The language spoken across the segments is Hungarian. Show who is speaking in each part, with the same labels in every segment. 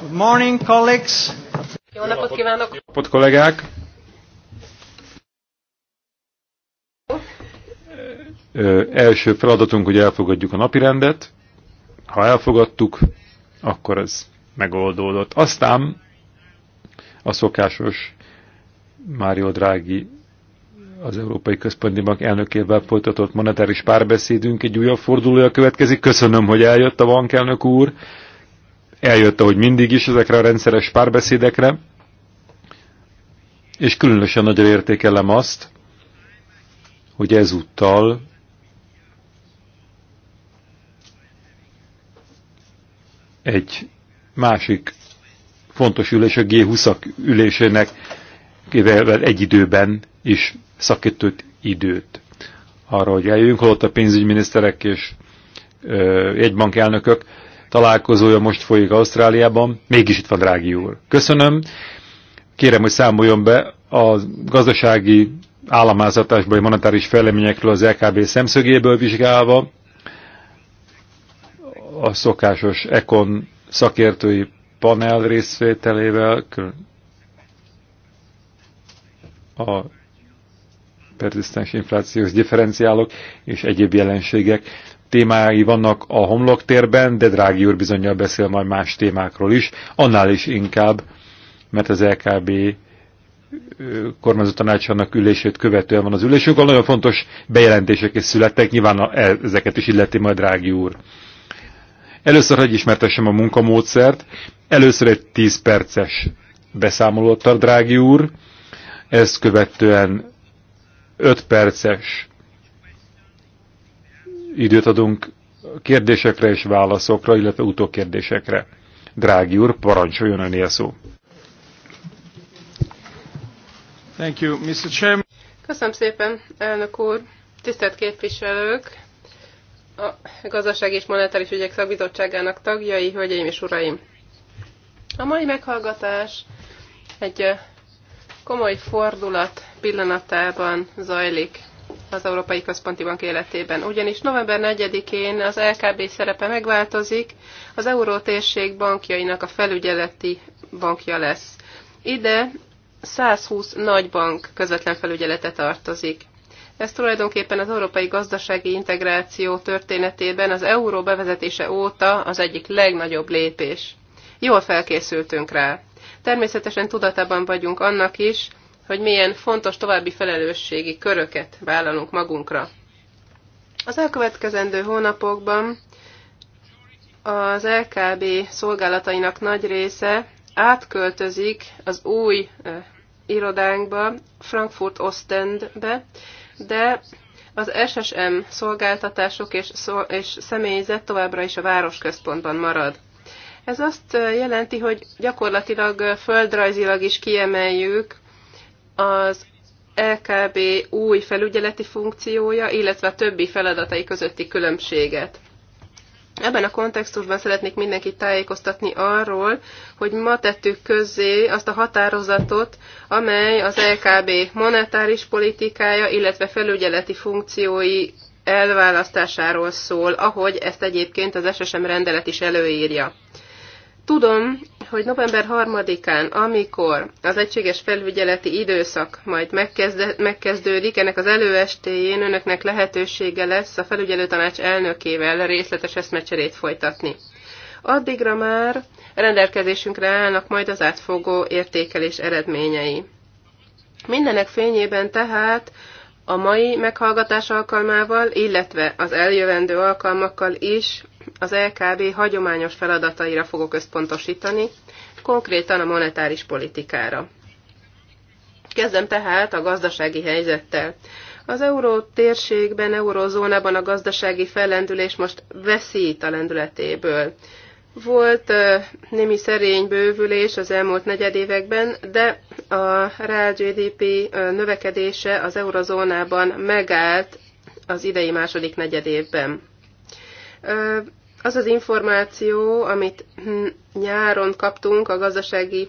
Speaker 1: Good morning, colleagues.
Speaker 2: Jó napot kívánok! Jó
Speaker 1: napot, kollégák! Ö, első feladatunk, hogy elfogadjuk a napirendet. Ha elfogadtuk, akkor ez megoldódott. Aztán a szokásos Mário Drági az Európai Központi Bank elnökével folytatott monetáris párbeszédünk egy újabb fordulója következik. Köszönöm, hogy eljött a bankelnök úr. Eljött, ahogy mindig is, ezekre a rendszeres párbeszédekre. És különösen nagyra értékelem azt, hogy ezúttal egy másik fontos ülés, a G20-ak ülésének egy időben is szakított időt arra, hogy eljöjjünk, holott a pénzügyminiszterek és ö, jegybank elnökök találkozója most folyik Ausztráliában, mégis itt van Drági úr. Köszönöm, kérem, hogy számoljon be a gazdasági a monetáris fejleményekről az LKB szemszögéből vizsgálva, a szokásos econ szakértői panel részvételével, a perzisztens inflációs differenciálok és egyéb jelenségek témái vannak a homloktérben, de Drági úr bizonyal beszél majd más témákról is, annál is inkább, mert az LKB kormányzatanácsának ülését követően van az ülésünk, ahol nagyon fontos bejelentések is születtek, nyilván e- ezeket is illeti majd Drági úr. Először, hogy ismertessem a munkamódszert, először egy 10 perces beszámolót tart Drági úr, ezt követően 5 perces időt adunk kérdésekre és válaszokra, illetve utókérdésekre. Drági úr, parancsoljon a szó.
Speaker 2: Thank you, Mr. Chairman.
Speaker 3: Köszönöm szépen, elnök úr, tisztelt képviselők, a Gazdaság és Monetáris Ügyek Szakbizottságának tagjai, hölgyeim és uraim. A mai meghallgatás egy komoly fordulat pillanatában zajlik az Európai Központi Bank életében. Ugyanis november 4-én az LKB szerepe megváltozik, az eurótérség bankjainak a felügyeleti bankja lesz. Ide 120 nagy bank közvetlen felügyelete tartozik. Ez tulajdonképpen az európai gazdasági integráció történetében az euró bevezetése óta az egyik legnagyobb lépés. Jól felkészültünk rá. Természetesen tudatában vagyunk annak is, hogy milyen fontos további felelősségi köröket vállalunk magunkra. Az elkövetkezendő hónapokban az LKB szolgálatainak nagy része átköltözik az új irodánkba, Frankfurt Ostendbe, de az SSM szolgáltatások és, szol és személyzet továbbra is a városközpontban marad. Ez azt jelenti, hogy gyakorlatilag földrajzilag is kiemeljük az LKB e új felügyeleti funkciója, illetve a többi feladatai közötti különbséget. Ebben a kontextusban szeretnék mindenkit tájékoztatni arról, hogy ma tettük közzé azt a határozatot, amely az LKB e monetáris politikája, illetve felügyeleti funkciói elválasztásáról szól, ahogy ezt egyébként az SSM rendelet is előírja. Tudom, hogy november 3-án, amikor az egységes felügyeleti időszak majd megkezdődik, ennek az előestéjén önöknek lehetősége lesz a felügyelőtanács elnökével részletes eszmecserét folytatni. Addigra már rendelkezésünkre állnak majd az átfogó értékelés eredményei. Mindenek fényében tehát a mai meghallgatás alkalmával, illetve az eljövendő alkalmakkal is az LKB hagyományos feladataira fogok összpontosítani, konkrétan a monetáris politikára. Kezdem tehát a gazdasági helyzettel. Az euró térségben, eurózónában a gazdasági fellendülés most veszít a lendületéből. Volt némi szerény bővülés az elmúlt negyedévekben, de a real GDP növekedése az eurozónában megállt az idei második évben. Az az információ, amit hm, nyáron kaptunk a gazdasági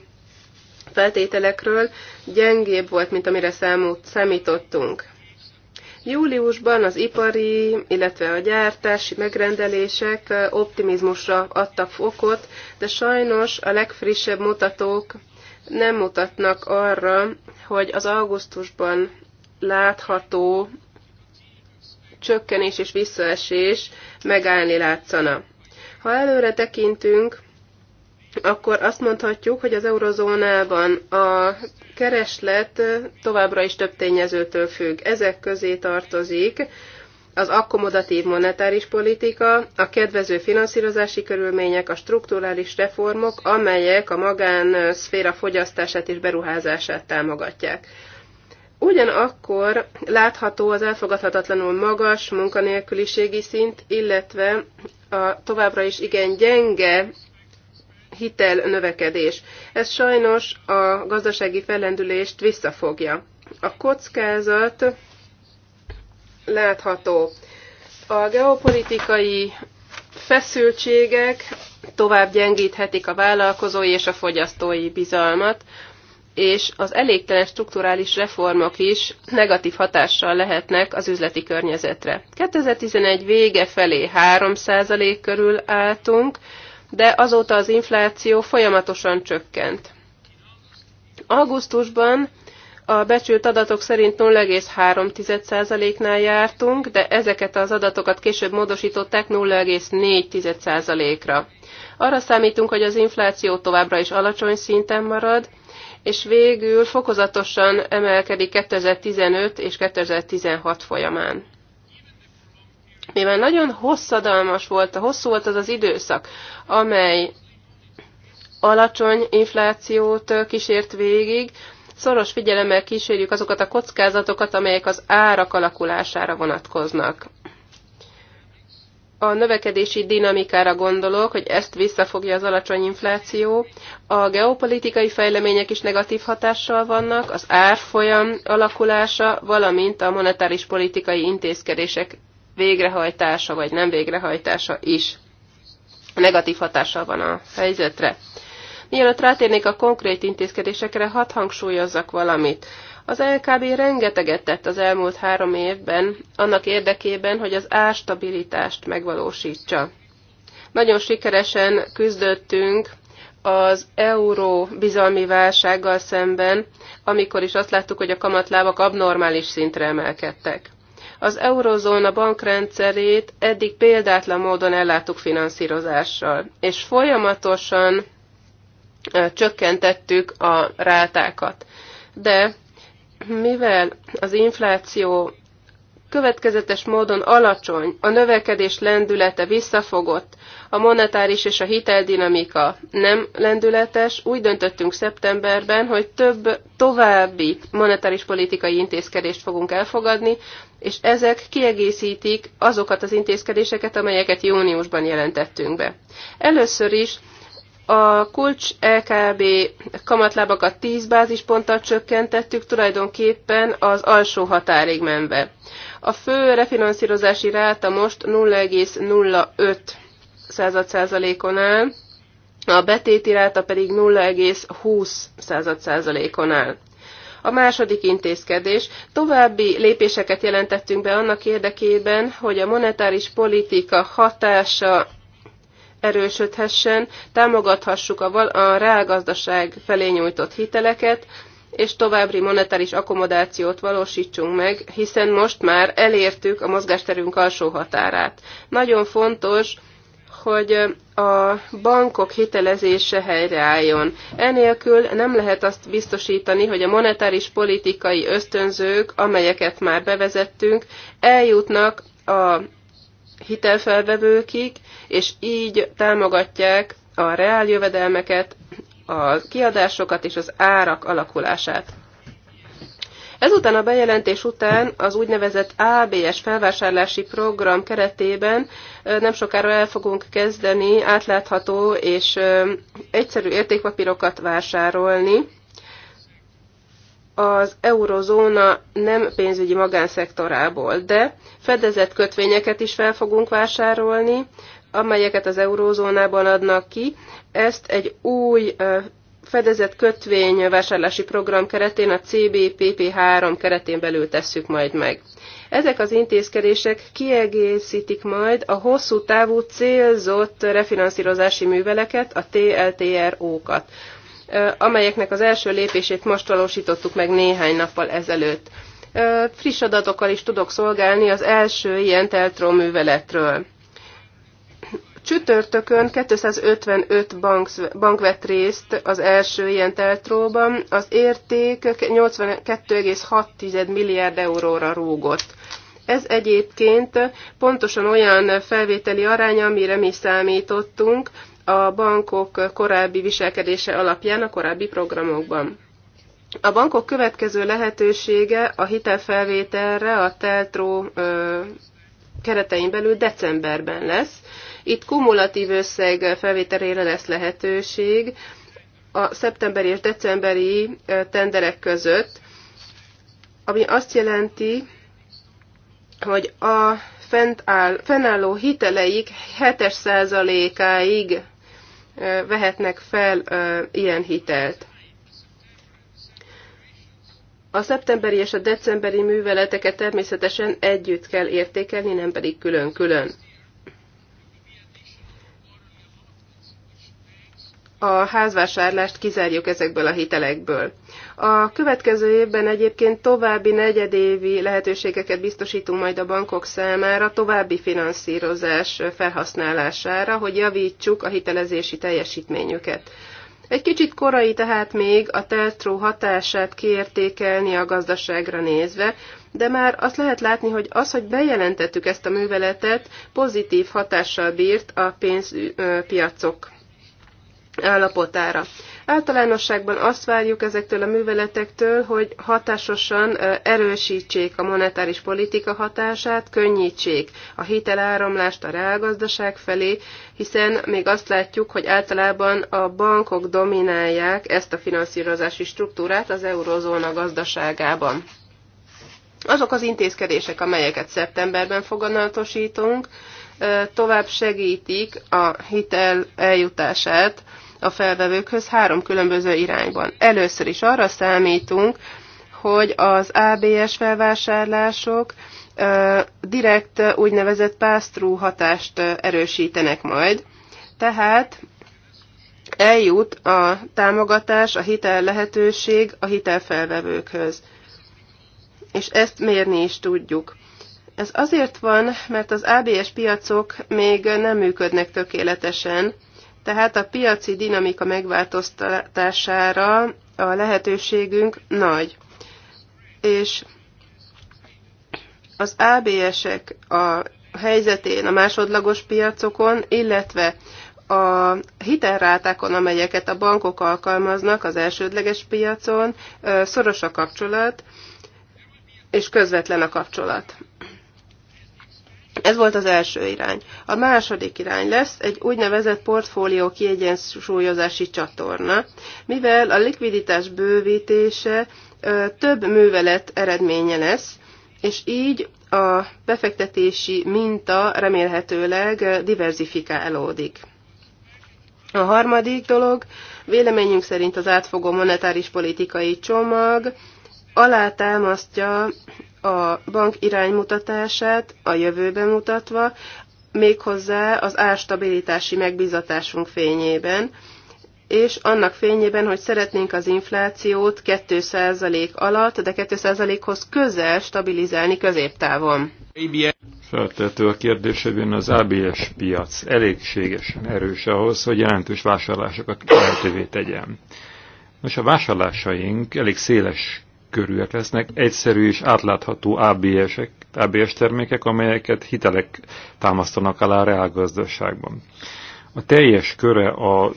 Speaker 3: feltételekről, gyengébb volt, mint amire számítottunk. Júliusban az ipari, illetve a gyártási megrendelések optimizmusra adtak fokot, de sajnos a legfrissebb mutatók nem mutatnak arra, hogy az augusztusban látható csökkenés és visszaesés megállni látszana. Ha előre tekintünk, akkor azt mondhatjuk, hogy az eurozónában a kereslet továbbra is több tényezőtől függ. Ezek közé tartozik az akkomodatív monetáris politika, a kedvező finanszírozási körülmények, a strukturális reformok, amelyek a magánszféra fogyasztását és beruházását támogatják. Ugyanakkor látható az elfogadhatatlanul magas munkanélküliségi szint, illetve a továbbra is igen gyenge hitel növekedés. Ez sajnos a gazdasági fellendülést visszafogja. A kockázat látható. A geopolitikai feszültségek tovább gyengíthetik a vállalkozói és a fogyasztói bizalmat, és az elégtelen strukturális reformok is negatív hatással lehetnek az üzleti környezetre. 2011 vége felé 3% körül álltunk, de azóta az infláció folyamatosan csökkent. Augusztusban a becsült adatok szerint 0,3%-nál jártunk, de ezeket az adatokat később módosították 0,4%-ra. Arra számítunk, hogy az infláció továbbra is alacsony szinten marad, és végül fokozatosan emelkedik 2015 és 2016 folyamán mivel nagyon hosszadalmas volt, a hosszú volt az az időszak, amely alacsony inflációt kísért végig, szoros figyelemmel kísérjük azokat a kockázatokat, amelyek az árak alakulására vonatkoznak. A növekedési dinamikára gondolok, hogy ezt visszafogja az alacsony infláció. A geopolitikai fejlemények is negatív hatással vannak, az árfolyam alakulása, valamint a monetáris politikai intézkedések végrehajtása vagy nem végrehajtása is negatív hatással van a helyzetre. Mielőtt rátérnék a konkrét intézkedésekre, hadd hangsúlyozzak valamit. Az LKB rengeteget tett az elmúlt három évben annak érdekében, hogy az árstabilitást megvalósítsa. Nagyon sikeresen küzdöttünk az euró bizalmi válsággal szemben, amikor is azt láttuk, hogy a kamatlábak abnormális szintre emelkedtek az eurozóna bankrendszerét eddig példátlan módon elláttuk finanszírozással, és folyamatosan csökkentettük a rátákat. De mivel az infláció következetes módon alacsony, a növekedés lendülete visszafogott, a monetáris és a hiteldinamika nem lendületes, úgy döntöttünk szeptemberben, hogy több további monetáris politikai intézkedést fogunk elfogadni, és ezek kiegészítik azokat az intézkedéseket, amelyeket júniusban jelentettünk be. Először is a kulcs LKB kamatlábakat 10 bázisponttal csökkentettük, tulajdonképpen az alsó határig menve. A fő refinanszírozási ráta most 0,05 százalékon áll, a betéti ráta pedig 0,20 százalékon áll. A második intézkedés. További lépéseket jelentettünk be annak érdekében, hogy a monetáris politika hatása erősödhessen, támogathassuk a, a reálgazdaság felé nyújtott hiteleket, és további monetáris akkomodációt valósítsunk meg, hiszen most már elértük a mozgásterünk alsó határát. Nagyon fontos, hogy a bankok hitelezése helyreálljon. Enélkül nem lehet azt biztosítani, hogy a monetáris politikai ösztönzők, amelyeket már bevezettünk, eljutnak a hitelfelvevőkig, és így támogatják a reáljövedelmeket, a kiadásokat és az árak alakulását. Ezután a bejelentés után az úgynevezett ABS felvásárlási program keretében nem sokára el fogunk kezdeni átlátható és egyszerű értékpapírokat vásárolni az eurozóna nem pénzügyi magánszektorából, de fedezett kötvényeket is fel fogunk vásárolni, amelyeket az eurózónában adnak ki. Ezt egy új fedezett kötvény vásárlási program keretén, a CBPP3 keretén belül tesszük majd meg. Ezek az intézkedések kiegészítik majd a hosszú távú célzott refinanszírozási műveleket, a TLTRO-kat, amelyeknek az első lépését most valósítottuk meg néhány nappal ezelőtt. Friss adatokkal is tudok szolgálni az első ilyen teltró műveletről. Csütörtökön 255 bank, bank vett részt az első ilyen teltróban, az érték 82,6 milliárd euróra rúgott. Ez egyébként pontosan olyan felvételi aránya, amire mi számítottunk a bankok korábbi viselkedése alapján a korábbi programokban. A bankok következő lehetősége a hitelfelvételre a Teltró keretein belül decemberben lesz, itt kumulatív összeg felvételére lesz lehetőség a szeptemberi és decemberi tenderek között, ami azt jelenti, hogy a fent áll, fennálló hiteleik 7%-áig vehetnek fel ilyen hitelt. A szeptemberi és a decemberi műveleteket természetesen együtt kell értékelni, nem pedig külön-külön. a házvásárlást kizárjuk ezekből a hitelekből. A következő évben egyébként további negyedévi lehetőségeket biztosítunk majd a bankok számára további finanszírozás felhasználására, hogy javítsuk a hitelezési teljesítményüket. Egy kicsit korai tehát még a teltró hatását kiértékelni a gazdaságra nézve, de már azt lehet látni, hogy az, hogy bejelentettük ezt a műveletet, pozitív hatással bírt a pénzpiacok állapotára. Általánosságban azt várjuk ezektől a műveletektől, hogy hatásosan erősítsék a monetáris politika hatását, könnyítsék a hiteláramlást a reálgazdaság felé, hiszen még azt látjuk, hogy általában a bankok dominálják ezt a finanszírozási struktúrát az eurozóna gazdaságában. Azok az intézkedések, amelyeket szeptemberben foganatosítunk, tovább segítik a hitel eljutását a felvevőkhöz három különböző irányban. Először is arra számítunk, hogy az ABS felvásárlások direkt úgynevezett pásztrú hatást erősítenek majd. Tehát eljut a támogatás, a hitel lehetőség a hitelfelvevőkhöz. És ezt mérni is tudjuk. Ez azért van, mert az ABS piacok még nem működnek tökéletesen, tehát a piaci dinamika megváltoztatására a lehetőségünk nagy. És az ABS-ek a helyzetén a másodlagos piacokon, illetve a hitelrátákon, amelyeket a bankok alkalmaznak az elsődleges piacon, szoros a kapcsolat, és közvetlen a kapcsolat. Ez volt az első irány. A második irány lesz egy úgynevezett portfólió kiegyensúlyozási csatorna, mivel a likviditás bővítése több művelet eredménye lesz, és így a befektetési minta remélhetőleg diversifikálódik. A harmadik dolog, véleményünk szerint az átfogó monetáris politikai csomag alátámasztja a bank iránymutatását a jövőbe mutatva, méghozzá az árstabilitási megbizatásunk fényében, és annak fényében, hogy szeretnénk az inflációt 2% alatt, de 2%-hoz közel stabilizálni középtávon.
Speaker 1: Feltető a kérdés, hogy az ABS piac elégségesen erős ahhoz, hogy jelentős vásárlásokat lehetővé tegyen. Most a vásárlásaink elég széles körűek lesznek, egyszerű és átlátható ABS-ek, ABS termékek, amelyeket hitelek támasztanak alá a reálgazdaságban. A teljes köre a,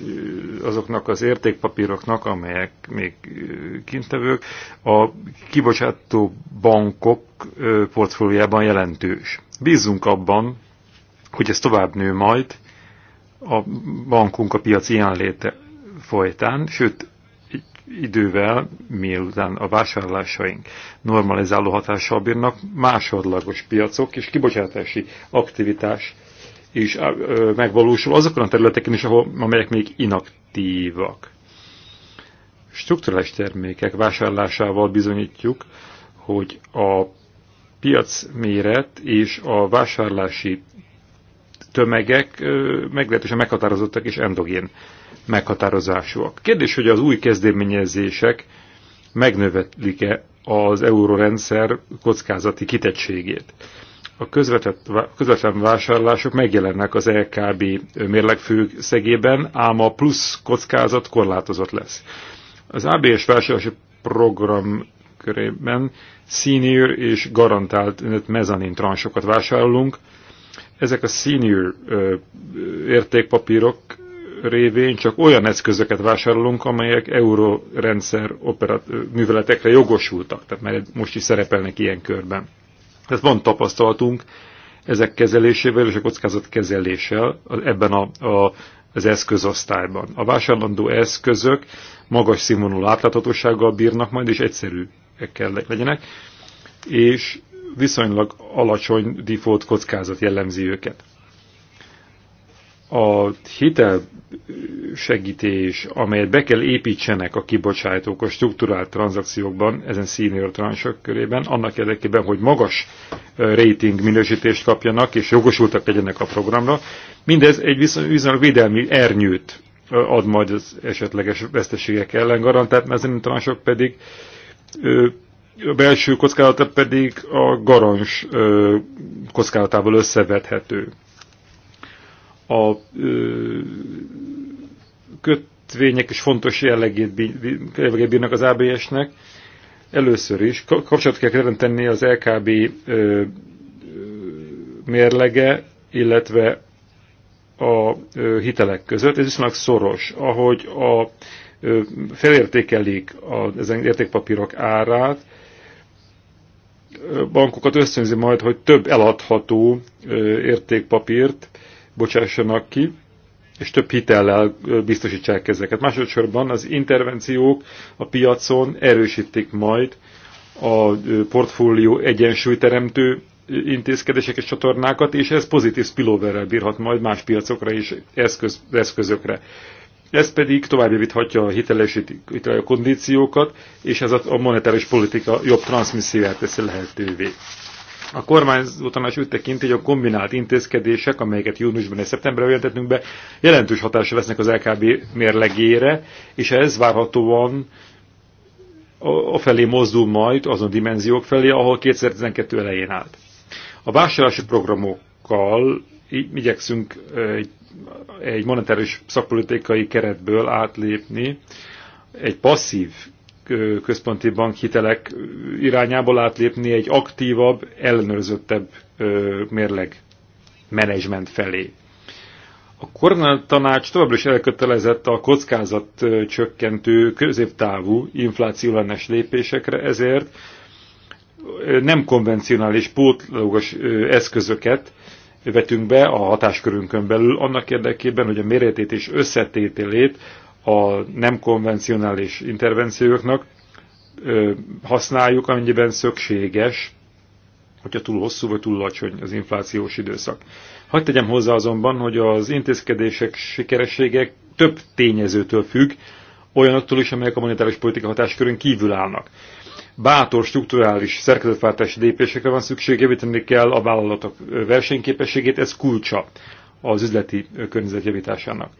Speaker 1: azoknak az értékpapíroknak, amelyek még kintevők, a kibocsátó bankok portfóliában jelentős. Bízunk abban, hogy ez tovább nő majd a bankunk a piaci jelenléte folytán, sőt, idővel, miután a vásárlásaink normalizáló hatással bírnak, másodlagos piacok és kibocsátási aktivitás is megvalósul azokon a területeken is, ahol, amelyek még inaktívak. Strukturális termékek vásárlásával bizonyítjuk, hogy a piac méret és a vásárlási tömegek meglehetősen meghatározottak és endogén meghatározásúak. Kérdés, hogy az új kezdeményezések megnövelik-e az eurórendszer kockázati kitettségét. A közvetlen vásárlások megjelennek az LKB mérlegfő szegében, ám a plusz kockázat korlátozott lesz. Az ABS vásárlási program körében senior és garantált mezanin transokat vásárolunk. Ezek a senior értékpapírok révén csak olyan eszközöket vásárolunk, amelyek eurórendszer műveletekre jogosultak, tehát már most is szerepelnek ilyen körben. Tehát van tapasztalatunk ezek kezelésével és a kockázat kezeléssel ebben a, a, az eszközosztályban. A vásárlandó eszközök magas színvonalú átláthatósággal bírnak majd, és egyszerű kell legyenek, és viszonylag alacsony default kockázat jellemzi őket a segítés, amelyet be kell építsenek a kibocsátók a struktúrált tranzakciókban, ezen senior transzak körében, annak érdekében, hogy magas rating minősítést kapjanak, és jogosultak legyenek a programra, mindez egy viszonylag védelmi ernyőt ad majd az esetleges veszteségek ellen garantált, mert ezen pedig a belső kockázata pedig a garancs kockázatából összevethető a kötvények is fontos jellegét bírnak az ABS-nek. Először is kapcsolatot kell teremteni az LKB mérlege, illetve a hitelek között. Ez viszonylag szoros, ahogy a, felértékelik az értékpapírok árát, bankokat összönzi majd, hogy több eladható értékpapírt bocsássanak ki, és több hitellel biztosítsák ezeket. Másodszorban az intervenciók a piacon erősítik majd a portfólió egyensúlyteremtő intézkedések és csatornákat, és ez pozitív spillover-rel bírhat majd más piacokra és eszköz, eszközökre. Ez pedig tovább javíthatja a hitelesítő kondíciókat, és ez a monetáris politika jobb transmisszióját teszi lehetővé. A kormány tanács úgy tekint, hogy a kombinált intézkedések, amelyeket júniusban és szeptemberben jelentettünk be, jelentős hatása lesznek az LKB mérlegére, és ez várhatóan a felé mozdul majd azon dimenziók felé, ahol 2012 elején állt. A vásárlási programokkal igyekszünk egy monetáris szakpolitikai keretből átlépni egy passzív központi bankhitelek irányából átlépni egy aktívabb, ellenőrzöttebb mérleg menedzsment felé. A kormánytanács továbbra is elkötelezett a kockázat csökkentő középtávú inflációellenes lépésekre, ezért nem konvencionális pótlagos eszközöket vetünk be a hatáskörünkön belül annak érdekében, hogy a méretét és összetételét a nem konvencionális intervencióknak használjuk, amennyiben szükséges, hogyha túl hosszú vagy túl alacsony az inflációs időszak. Hadd tegyem hozzá azonban, hogy az intézkedések sikeressége több tényezőtől függ, olyanoktól is, amelyek a monetáris politika hatáskörön kívül állnak. Bátor strukturális szerkezetváltási lépésekre van szükség, javítani kell a vállalatok versenyképességét, ez kulcsa az üzleti környezet javításának.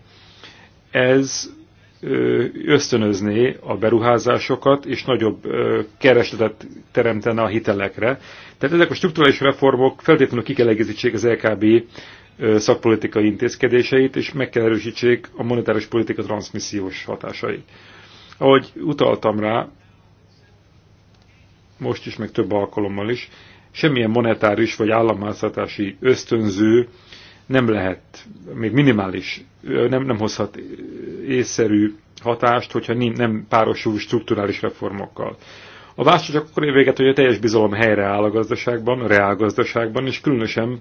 Speaker 1: Ez ösztönözné a beruházásokat, és nagyobb keresletet teremtene a hitelekre. Tehát ezek a strukturális reformok feltétlenül kikelégezítsék az LKB szakpolitikai intézkedéseit, és meg kell erősítsék a monetáris politika transmissziós hatásait. Ahogy utaltam rá, most is, meg több alkalommal is, semmilyen monetáris vagy államháztartási ösztönző nem lehet, még minimális, nem, nem hozhat észszerű hatást, hogyha nem párosul strukturális reformokkal. A válság csak akkor ér véget, hogy a teljes bizalom helyreáll a gazdaságban, a reálgazdaságban, és különösen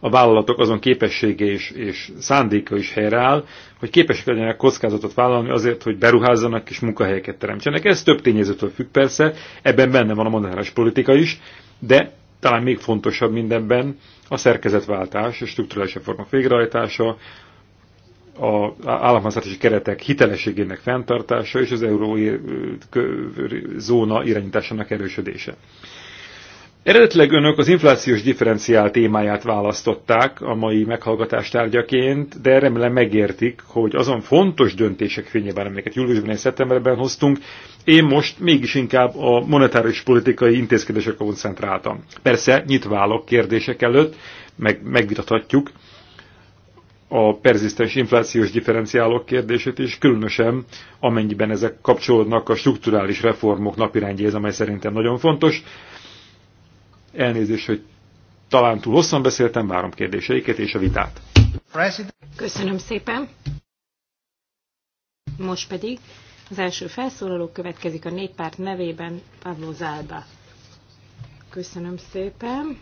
Speaker 1: a vállalatok azon képessége és, és szándéka is helyreáll, hogy képesek legyenek kockázatot vállalni azért, hogy beruházzanak és munkahelyeket teremtsenek. Ez több tényezőtől függ persze, ebben benne van a monetáris politika is, de talán még fontosabb mindenben a szerkezetváltás, a struktúrális reforma végrehajtása, a államháztartási keretek hitelességének fenntartása és az euró zóna irányításának erősödése. Eredetleg önök az inflációs differenciál témáját választották a mai meghallgatás tárgyaként, de remélem megértik, hogy azon fontos döntések fényében, amiket júliusban és szeptemberben hoztunk, én most mégis inkább a monetáris politikai intézkedésekre koncentráltam. Persze nyitválok kérdések előtt, meg, megvitathatjuk a perzisztens inflációs differenciálok kérdését is, különösen amennyiben ezek kapcsolódnak a strukturális reformok napirendjéhez, amely szerintem nagyon fontos, Elnézést, hogy talán túl hosszan beszéltem, várom kérdéseiket és a vitát.
Speaker 4: Köszönöm szépen. Most pedig az első felszólaló következik a néppárt nevében Pavlo Zálba. Köszönöm szépen.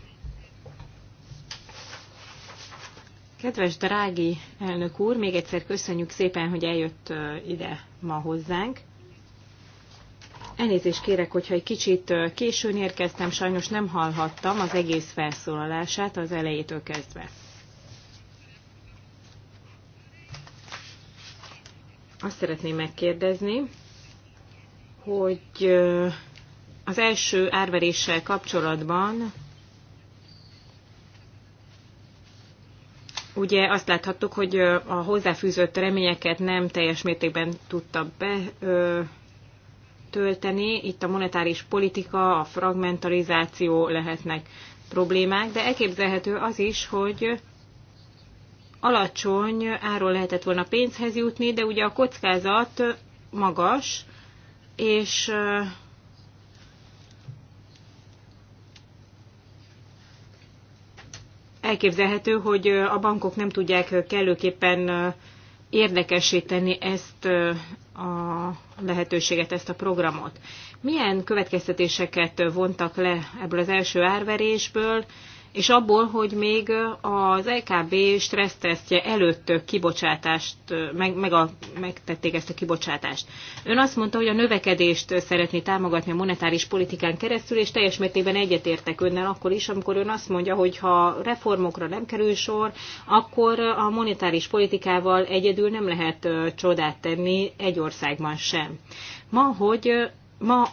Speaker 4: Kedves drági elnök úr, még egyszer köszönjük szépen, hogy eljött ide ma hozzánk. Elnézést kérek, hogyha egy kicsit későn érkeztem, sajnos nem hallhattam az egész felszólalását az elejétől kezdve. Azt szeretném megkérdezni, hogy az első árveréssel kapcsolatban ugye azt láthattuk, hogy a hozzáfűzött reményeket nem teljes mértékben tudta be tölteni. Itt a monetáris politika, a fragmentarizáció lehetnek problémák, de elképzelhető az is, hogy alacsony áról lehetett volna pénzhez jutni, de ugye a kockázat magas, és elképzelhető, hogy a bankok nem tudják kellőképpen érdekessé tenni ezt a lehetőséget, ezt a programot. Milyen következtetéseket vontak le ebből az első árverésből, és abból, hogy még az LKB stressztesztje előtt kibocsátást, meg, meg a, megtették ezt a kibocsátást. Ön azt mondta, hogy a növekedést szeretné támogatni a monetáris politikán keresztül, és teljes mértékben egyetértek önnel akkor is, amikor ön azt mondja, hogy ha reformokra nem kerül sor, akkor a monetáris politikával egyedül nem lehet csodát tenni egy országban sem. Ma, hogy ma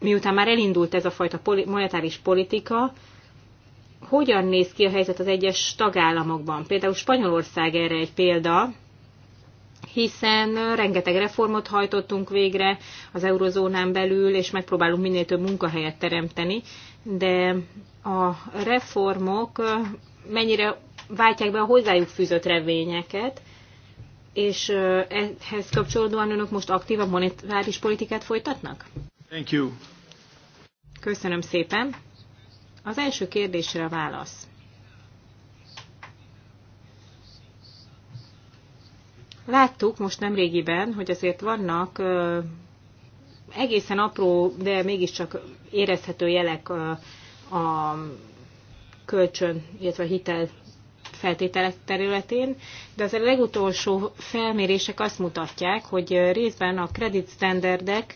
Speaker 4: miután már elindult ez a fajta monetáris politika, hogyan néz ki a helyzet az egyes tagállamokban. Például Spanyolország erre egy példa, hiszen rengeteg reformot hajtottunk végre az eurozónán belül, és megpróbálunk minél több munkahelyet teremteni, de a reformok mennyire váltják be a hozzájuk fűzött revényeket, és ehhez kapcsolódóan önök most a monetáris politikát folytatnak? Thank you. Köszönöm szépen. Az első kérdésre a válasz. Láttuk most nem régiben, hogy azért vannak ö, egészen apró, de mégiscsak érezhető jelek ö, a kölcsön, illetve hitel feltételek területén, de azért a legutolsó felmérések azt mutatják, hogy részben a kredit standardek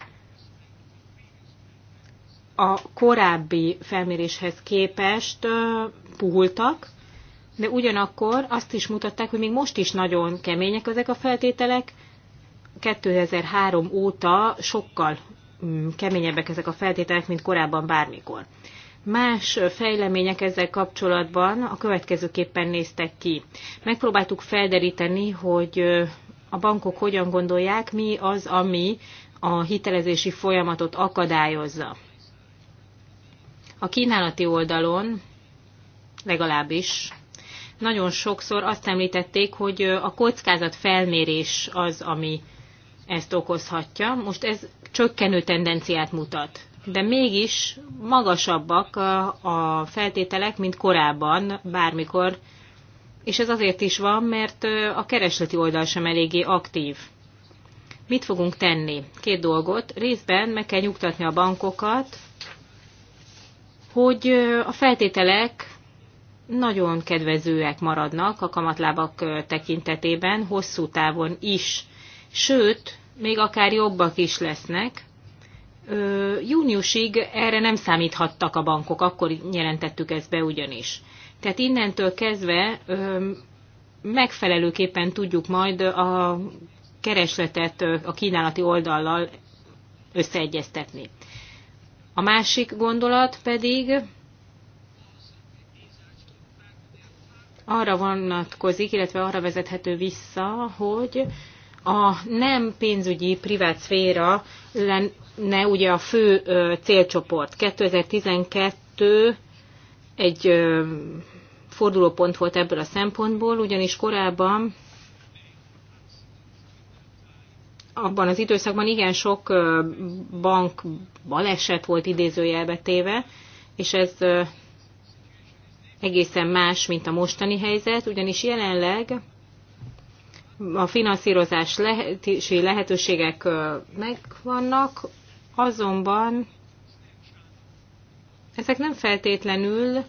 Speaker 4: a korábbi felméréshez képest puhultak, de ugyanakkor azt is mutatták, hogy még most is nagyon kemények ezek a feltételek. 2003 óta sokkal mm, keményebbek ezek a feltételek, mint korábban bármikor. Más fejlemények ezzel kapcsolatban a következőképpen néztek ki. Megpróbáltuk felderíteni, hogy a bankok hogyan gondolják, mi az, ami a hitelezési folyamatot akadályozza. A kínálati oldalon legalábbis nagyon sokszor azt említették, hogy a kockázat felmérés az, ami ezt okozhatja. Most ez csökkenő tendenciát mutat. De mégis magasabbak a feltételek, mint korábban, bármikor. És ez azért is van, mert a keresleti oldal sem eléggé aktív. Mit fogunk tenni? Két dolgot. Részben meg kell nyugtatni a bankokat, hogy a feltételek nagyon kedvezőek maradnak a kamatlábak tekintetében, hosszú távon is. Sőt, még akár jobbak is lesznek. júniusig erre nem számíthattak a bankok, akkor jelentettük ezt be ugyanis. Tehát innentől kezdve megfelelőképpen tudjuk majd a keresletet a kínálati oldallal összeegyeztetni. A másik gondolat pedig arra vonatkozik, illetve arra vezethető vissza, hogy a nem pénzügyi privát szféra lenne ugye a fő célcsoport. 2012 egy fordulópont volt ebből a szempontból, ugyanis korábban abban az időszakban igen sok bank baleset volt idézőjelbe téve, és ez egészen más, mint a mostani helyzet, ugyanis jelenleg a finanszírozás lehetőségek megvannak, azonban ezek nem feltétlenül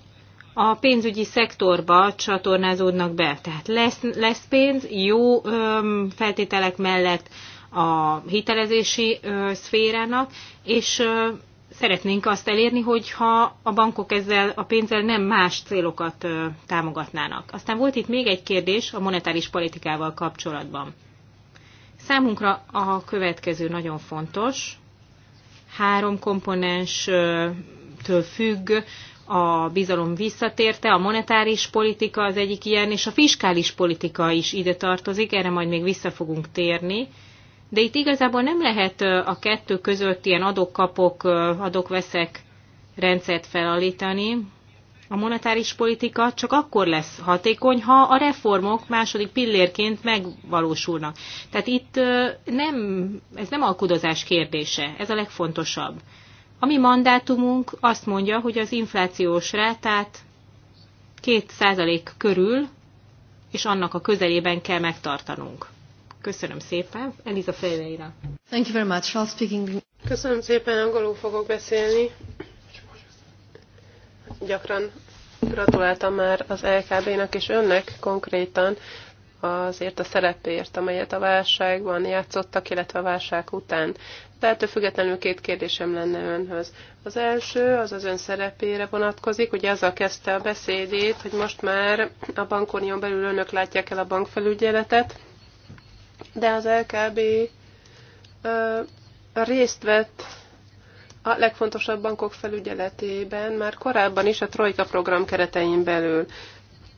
Speaker 4: a pénzügyi szektorba csatornázódnak be. Tehát lesz, lesz pénz jó öm, feltételek mellett a hitelezési szférának, és szeretnénk azt elérni, hogyha a bankok ezzel a pénzzel nem más célokat támogatnának. Aztán volt itt még egy kérdés a monetáris politikával kapcsolatban. Számunkra a következő nagyon fontos. Három komponenstől függ a bizalom visszatérte, a monetáris politika az egyik ilyen, és a fiskális politika is ide tartozik, erre majd még vissza fogunk térni. De itt igazából nem lehet a kettő között ilyen adok-kapok, adok-veszek rendszert felállítani. A monetáris politika csak akkor lesz hatékony, ha a reformok második pillérként megvalósulnak. Tehát itt nem, ez nem alkudozás kérdése, ez a legfontosabb. A mi mandátumunk azt mondja, hogy az inflációs rátát 2% körül és annak a közelében kell megtartanunk. Köszönöm szépen. Eliza Ferreira. Thank you very much. I'll speaking.
Speaker 3: Köszönöm szépen, angolul fogok beszélni. Gyakran gratuláltam már az LKB-nak és önnek konkrétan azért a szerepért, amelyet a válságban játszottak, illetve a válság után. De ettől függetlenül két kérdésem lenne önhöz. Az első az az ön szerepére vonatkozik, ugye azzal kezdte a beszédét, hogy most már a bankonion belül önök látják el a bankfelügyeletet, de az LKB ö, részt vett a legfontosabb bankok felügyeletében már korábban is a Trojka program keretein belül.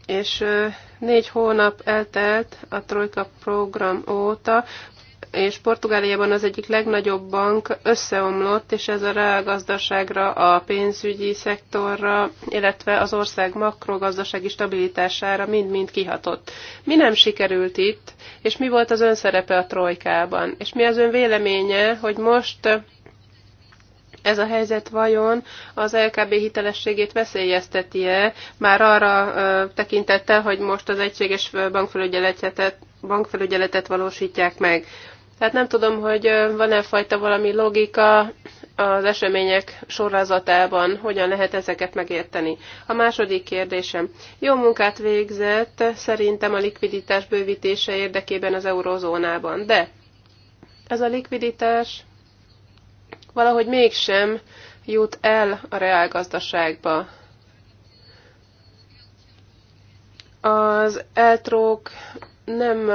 Speaker 3: És ö, négy hónap eltelt a Trojka program óta, és Portugáliában az egyik legnagyobb bank összeomlott, és ez a reálgazdaságra, a pénzügyi szektorra, illetve az ország makrogazdasági stabilitására mind-mind kihatott. Mi nem sikerült itt, és mi volt az ön szerepe a trojkában, és mi az ön véleménye, hogy most ez a helyzet vajon az LKB hitelességét veszélyezteti-e, már arra ö, tekintettel, hogy most az egységes bankfelügyeletet, bankfelügyeletet valósítják meg. Tehát nem tudom, hogy van-e fajta valami logika az események sorozatában, hogyan lehet ezeket megérteni. A második kérdésem. Jó munkát végzett szerintem a likviditás bővítése érdekében az eurozónában, de ez a likviditás valahogy mégsem jut el a reálgazdaságba. Az eltrók nem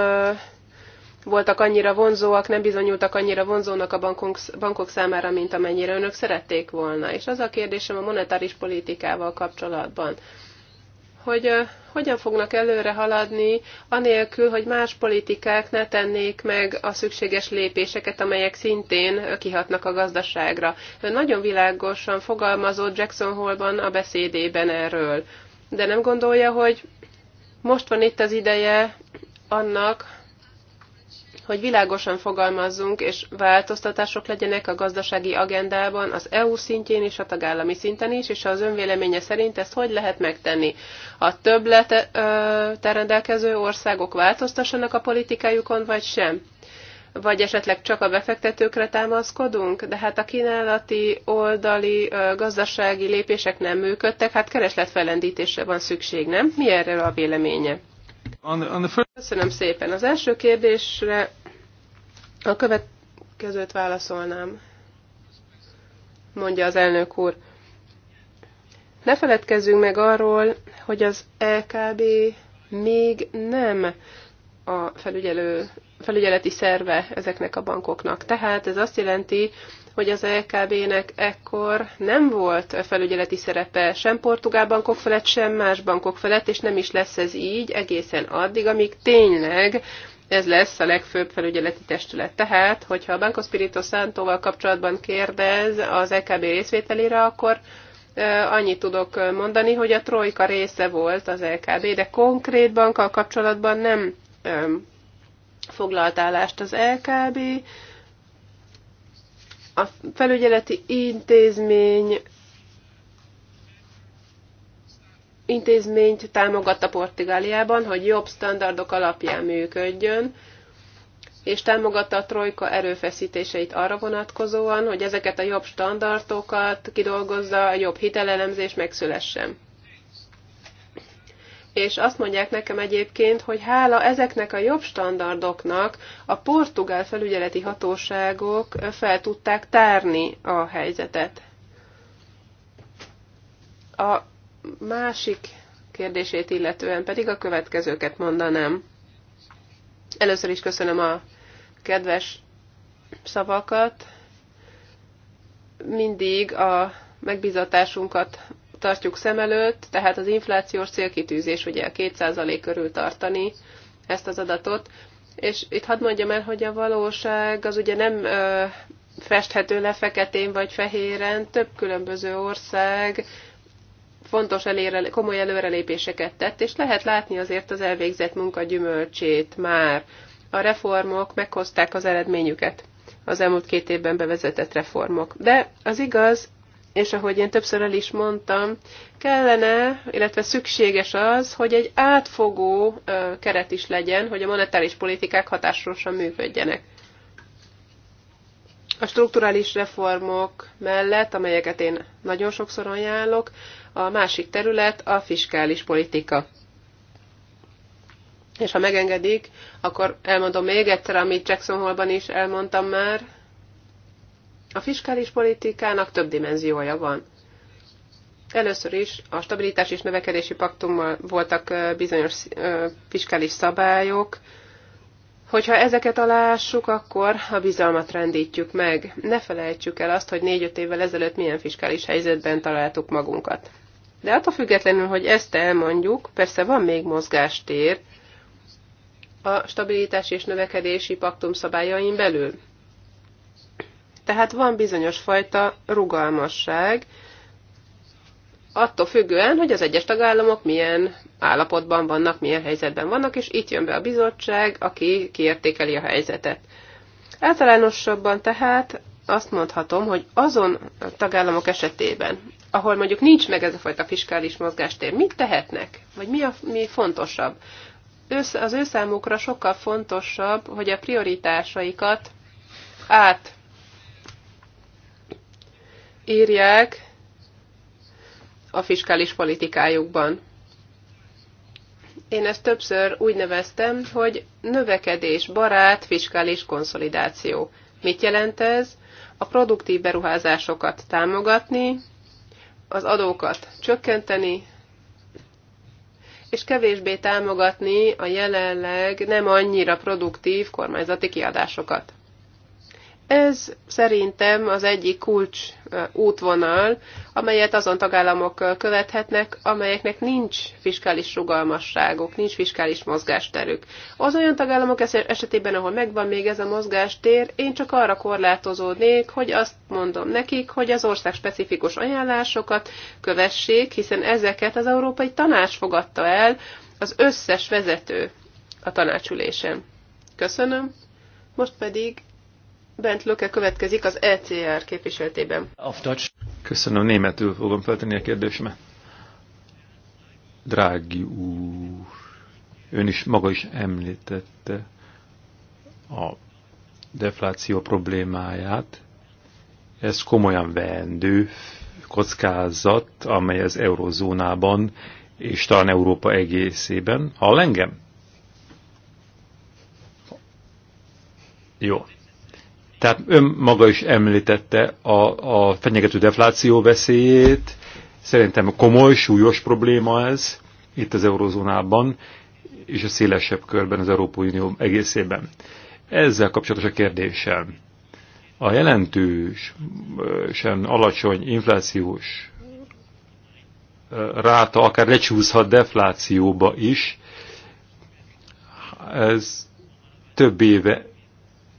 Speaker 3: voltak annyira vonzóak, nem bizonyultak annyira vonzónak a bankok, bankok számára, mint amennyire önök szerették volna. És az a kérdésem a monetáris politikával kapcsolatban, hogy uh, hogyan fognak előre haladni, anélkül, hogy más politikák ne tennék meg a szükséges lépéseket, amelyek szintén kihatnak a gazdaságra. Ön nagyon világosan fogalmazott Jackson Hole-ban a beszédében erről. De nem gondolja, hogy most van itt az ideje annak, hogy világosan fogalmazzunk, és változtatások legyenek a gazdasági agendában az EU szintjén és a tagállami szinten is, és az önvéleménye szerint ezt hogy lehet megtenni? A több rendelkező országok változtassanak a politikájukon, vagy sem? vagy esetleg csak a befektetőkre támaszkodunk, de hát a kínálati oldali gazdasági lépések nem működtek, hát keresletfelendítésre van szükség, nem? Mi erről a véleménye? Köszönöm szépen. Az első kérdésre a következőt válaszolnám, mondja az elnök úr. Ne feledkezzünk meg arról, hogy az LKB e még nem a felügyelő, felügyeleti szerve ezeknek a bankoknak. Tehát ez azt jelenti, hogy az LKB-nek e ekkor nem volt felügyeleti szerepe sem portugál bankok felett, sem más bankok felett, és nem is lesz ez így egészen addig, amíg tényleg ez lesz a legfőbb felügyeleti testület. Tehát, hogyha a Banco Spirito Santóval kapcsolatban kérdez az LKB e részvételére, akkor annyit tudok mondani, hogy a trojka része volt az LKB, e de konkrét bankkal kapcsolatban nem foglalt állást az LKB, a felügyeleti intézmény intézményt támogatta Portugáliában, hogy jobb standardok alapján működjön, és támogatta a trojka erőfeszítéseit arra vonatkozóan, hogy ezeket a jobb standardokat kidolgozza, jobb hitelelemzés megszülessen és azt mondják nekem egyébként, hogy hála ezeknek a jobb standardoknak a portugál felügyeleti hatóságok fel tudták tárni a helyzetet. A másik kérdését illetően pedig a következőket mondanám. Először is köszönöm a kedves szavakat. Mindig a megbizatásunkat tartjuk szem előtt, tehát az inflációs célkitűzés ugye a 2% körül tartani ezt az adatot, és itt hadd mondjam el, hogy a valóság az ugye nem ö, festhető le feketén vagy fehéren, több különböző ország fontos elére, komoly előrelépéseket tett, és lehet látni azért az elvégzett munka gyümölcsét már. A reformok meghozták az eredményüket, az elmúlt két évben bevezetett reformok. De az igaz, és ahogy én többször el is mondtam, kellene, illetve szükséges az, hogy egy átfogó keret is legyen, hogy a monetáris politikák hatásosan működjenek. A strukturális reformok mellett, amelyeket én nagyon sokszor ajánlok, a másik terület a fiskális politika. És ha megengedik, akkor elmondom még egyszer, amit Jackson Hole-ban is elmondtam már, a fiskális politikának több dimenziója van. Először is a stabilitás és növekedési paktummal voltak bizonyos fiskális szabályok, Hogyha ezeket alássuk, akkor a bizalmat rendítjük meg. Ne felejtsük el azt, hogy négy-öt évvel ezelőtt milyen fiskális helyzetben találtuk magunkat. De attól függetlenül, hogy ezt elmondjuk, persze van még mozgástér a stabilitás és növekedési paktum szabályain belül. Tehát van bizonyos fajta rugalmasság, attól függően, hogy az egyes tagállamok milyen állapotban vannak, milyen helyzetben vannak, és itt jön be a bizottság, aki kiértékeli a helyzetet. Általánosabban tehát azt mondhatom, hogy azon tagállamok esetében, ahol mondjuk nincs meg ez a fajta fiskális mozgástér, mit tehetnek? Vagy mi, a, mi fontosabb? Ősz, az ő számukra sokkal fontosabb, hogy a prioritásaikat át írják a fiskális politikájukban. Én ezt többször úgy neveztem, hogy növekedés barát fiskális konszolidáció. Mit jelent ez? A produktív beruházásokat támogatni, az adókat csökkenteni, és kevésbé támogatni a jelenleg nem annyira produktív kormányzati kiadásokat. Ez szerintem az egyik kulcs útvonal, amelyet azon tagállamok követhetnek, amelyeknek nincs fiskális rugalmasságok, nincs fiskális mozgásterük. Az olyan tagállamok esetében, ahol megvan még ez a mozgástér, én csak arra korlátozódnék, hogy azt mondom nekik, hogy az ország specifikus ajánlásokat kövessék, hiszen ezeket az Európai Tanács fogadta el az összes vezető a tanácsülésen. Köszönöm. Most pedig Bent Löke következik az ECR képviseltében.
Speaker 1: Köszönöm, németül fogom feltenni a kérdésemet. Drági úr, ön is maga is említette a defláció problémáját. Ez komolyan vendő kockázat, amely az eurozónában és talán Európa egészében. Hall engem? Jó. Tehát ön maga is említette a, a fenyegető defláció veszélyét. Szerintem komoly, súlyos probléma ez itt az eurozónában és a szélesebb körben az Európai Unió egészében. Ezzel kapcsolatos a kérdésem. A jelentősen alacsony inflációs ráta akár lecsúszhat deflációba is. Ez több éve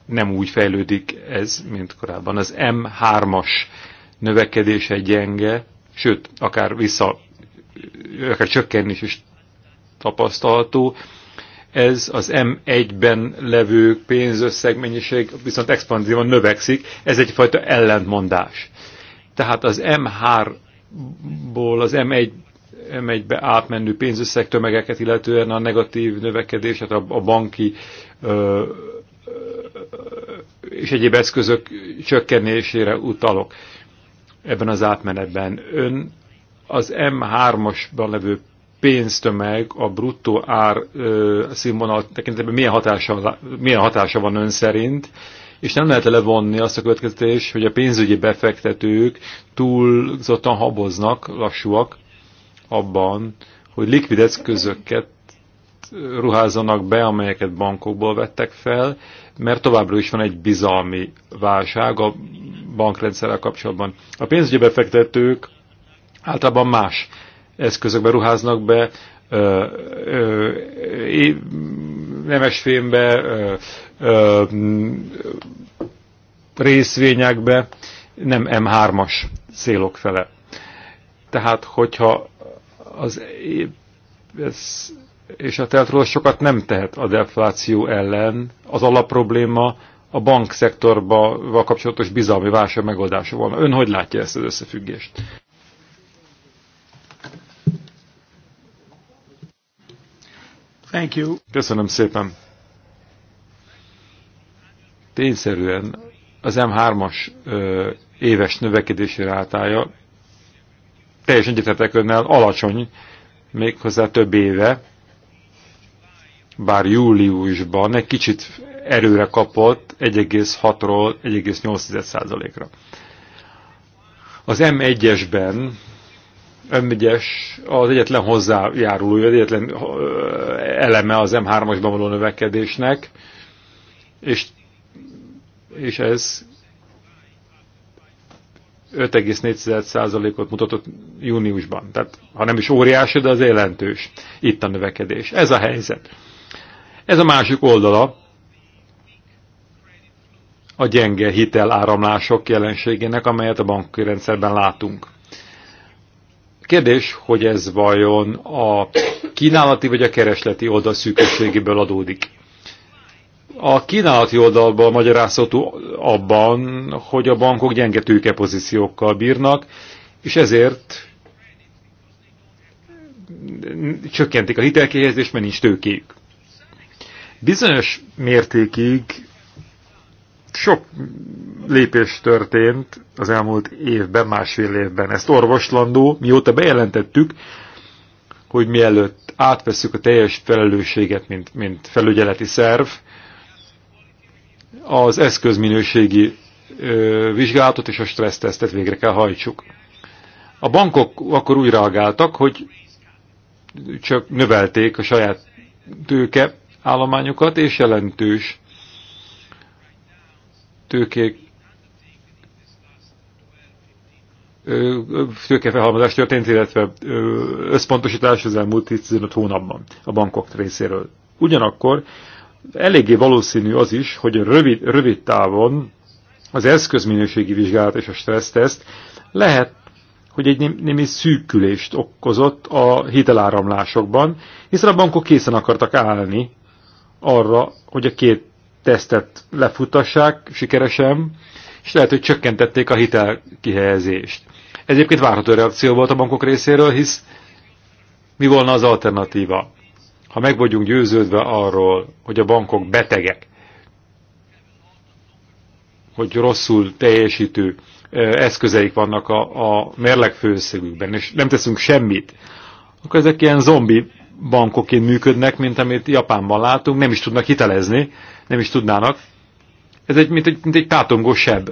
Speaker 1: nem úgy fejlődik ez, mint korábban. Az M3-as növekedése gyenge, sőt, akár vissza, akár csökkenni is tapasztalható. Ez az M1-ben levő pénzösszegmennyiség viszont expanzívan növekszik, ez egyfajta ellentmondás. Tehát az M3-ból az M1 M1-be átmenő pénzösszeg tömegeket, illetően a negatív növekedés, tehát a, a banki ö, és egyéb eszközök csökkenésére utalok ebben az átmenetben. Ön az M3-asban levő pénztömeg a bruttó ár ö, színvonal tekintetében milyen hatása, milyen hatása van ön szerint, és nem lehet levonni azt a következtetés, hogy a pénzügyi befektetők túlzottan haboznak, lassúak abban, hogy likvid eszközöket ruházzanak be, amelyeket bankokból vettek fel, mert továbbra is van egy bizalmi válság a bankrendszerrel kapcsolatban. A pénzügyi befektetők általában más eszközökbe ruháznak be, ö, ö, nemesfémbe, ö, ö, részvényekbe, nem M3-as célok fele. Tehát, hogyha az ez és a teltról sokat nem tehet a defláció ellen. Az alapprobléma a bankszektorba kapcsolatos bizalmi válság megoldása volna. Ön hogy látja ezt az összefüggést? Thank you. Köszönöm szépen. Tényszerűen az M3-as éves növekedési rátája teljesen egyetetek önnel alacsony, méghozzá több éve, bár júliusban egy kicsit erőre kapott 1,6-ról 1,8%-ra. Az M1-esben M1-es az egyetlen hozzájárulója, az egyetlen eleme az M3-asban való növekedésnek, és, és ez 5,4%-ot mutatott júniusban. Tehát ha nem is óriási, de az jelentős itt a növekedés. Ez a helyzet. Ez a másik oldala a gyenge hiteláramlások jelenségének, amelyet a banki rendszerben látunk. Kérdés, hogy ez vajon a kínálati vagy a keresleti oldal szűkösségéből adódik. A kínálati oldalban magyarázható abban, hogy a bankok gyenge tőkepozíciókkal bírnak, és ezért csökkentik a hitelkihelyezést, mert nincs tőkéjük. Bizonyos mértékig sok lépés történt az elmúlt évben, másfél évben. Ezt orvoslandó, mióta bejelentettük, hogy mielőtt átveszük a teljes felelősséget, mint, mint felügyeleti szerv, az eszközminőségi ö, vizsgálatot és a stressztesztet végre kell hajtsuk. A bankok akkor úgy reagáltak, hogy csak növelték a saját tőke állományokat, és jelentős tőkék tőkefelhalmozás történt, illetve összpontosítás az elmúlt 15 hónapban a bankok részéről. Ugyanakkor eléggé valószínű az is, hogy rövid, rövid távon az eszközminőségi vizsgálat és a stresszteszt lehet, hogy egy némi szűkülést okozott a hiteláramlásokban, hiszen a bankok készen akartak állni arra, hogy a két tesztet lefutassák sikeresen, és lehet, hogy csökkentették a hitelkihelyezést. Ez egyébként várható reakció volt a bankok részéről, hisz mi volna az alternatíva? Ha meg vagyunk győződve arról, hogy a bankok betegek, hogy rosszul teljesítő eszközeik vannak a, a mérleg főszögükben, és nem teszünk semmit, akkor ezek ilyen zombi bankoként működnek, mint amit Japánban látunk, nem is tudnak hitelezni, nem is tudnának. Ez egy, mint egy, mint egy tátongó seb,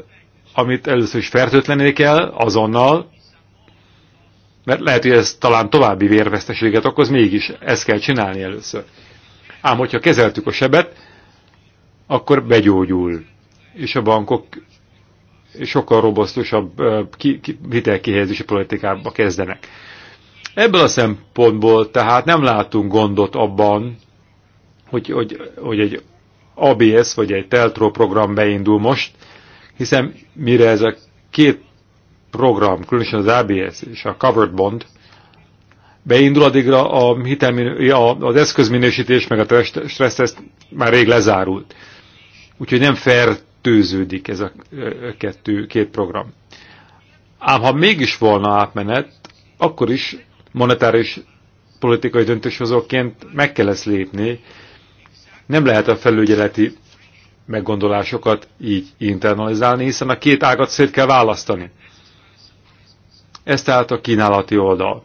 Speaker 1: amit először is fertőtlené kell azonnal, mert lehet, hogy ez talán további vérveszteséget okoz, mégis ezt kell csinálni először. Ám hogyha kezeltük a sebet, akkor begyógyul, és a bankok sokkal robosztusabb hitelkihelyezési politikába kezdenek. Ebből a szempontból tehát nem látunk gondot abban, hogy, hogy, hogy egy ABS vagy egy Teltro program beindul most, hiszen mire ez a két program, különösen az ABS és a Covered Bond beindul, addigra a hitelmin, a, az eszközminősítés meg a stressz már rég lezárult. Úgyhogy nem fertőződik ez a kettő, két program. Ám ha mégis volna átmenet, akkor is monetáris politikai döntéshozóként meg kell ezt lépni. Nem lehet a felügyeleti meggondolásokat így internalizálni, hiszen a két ágat szét kell választani. Ez tehát a kínálati oldal.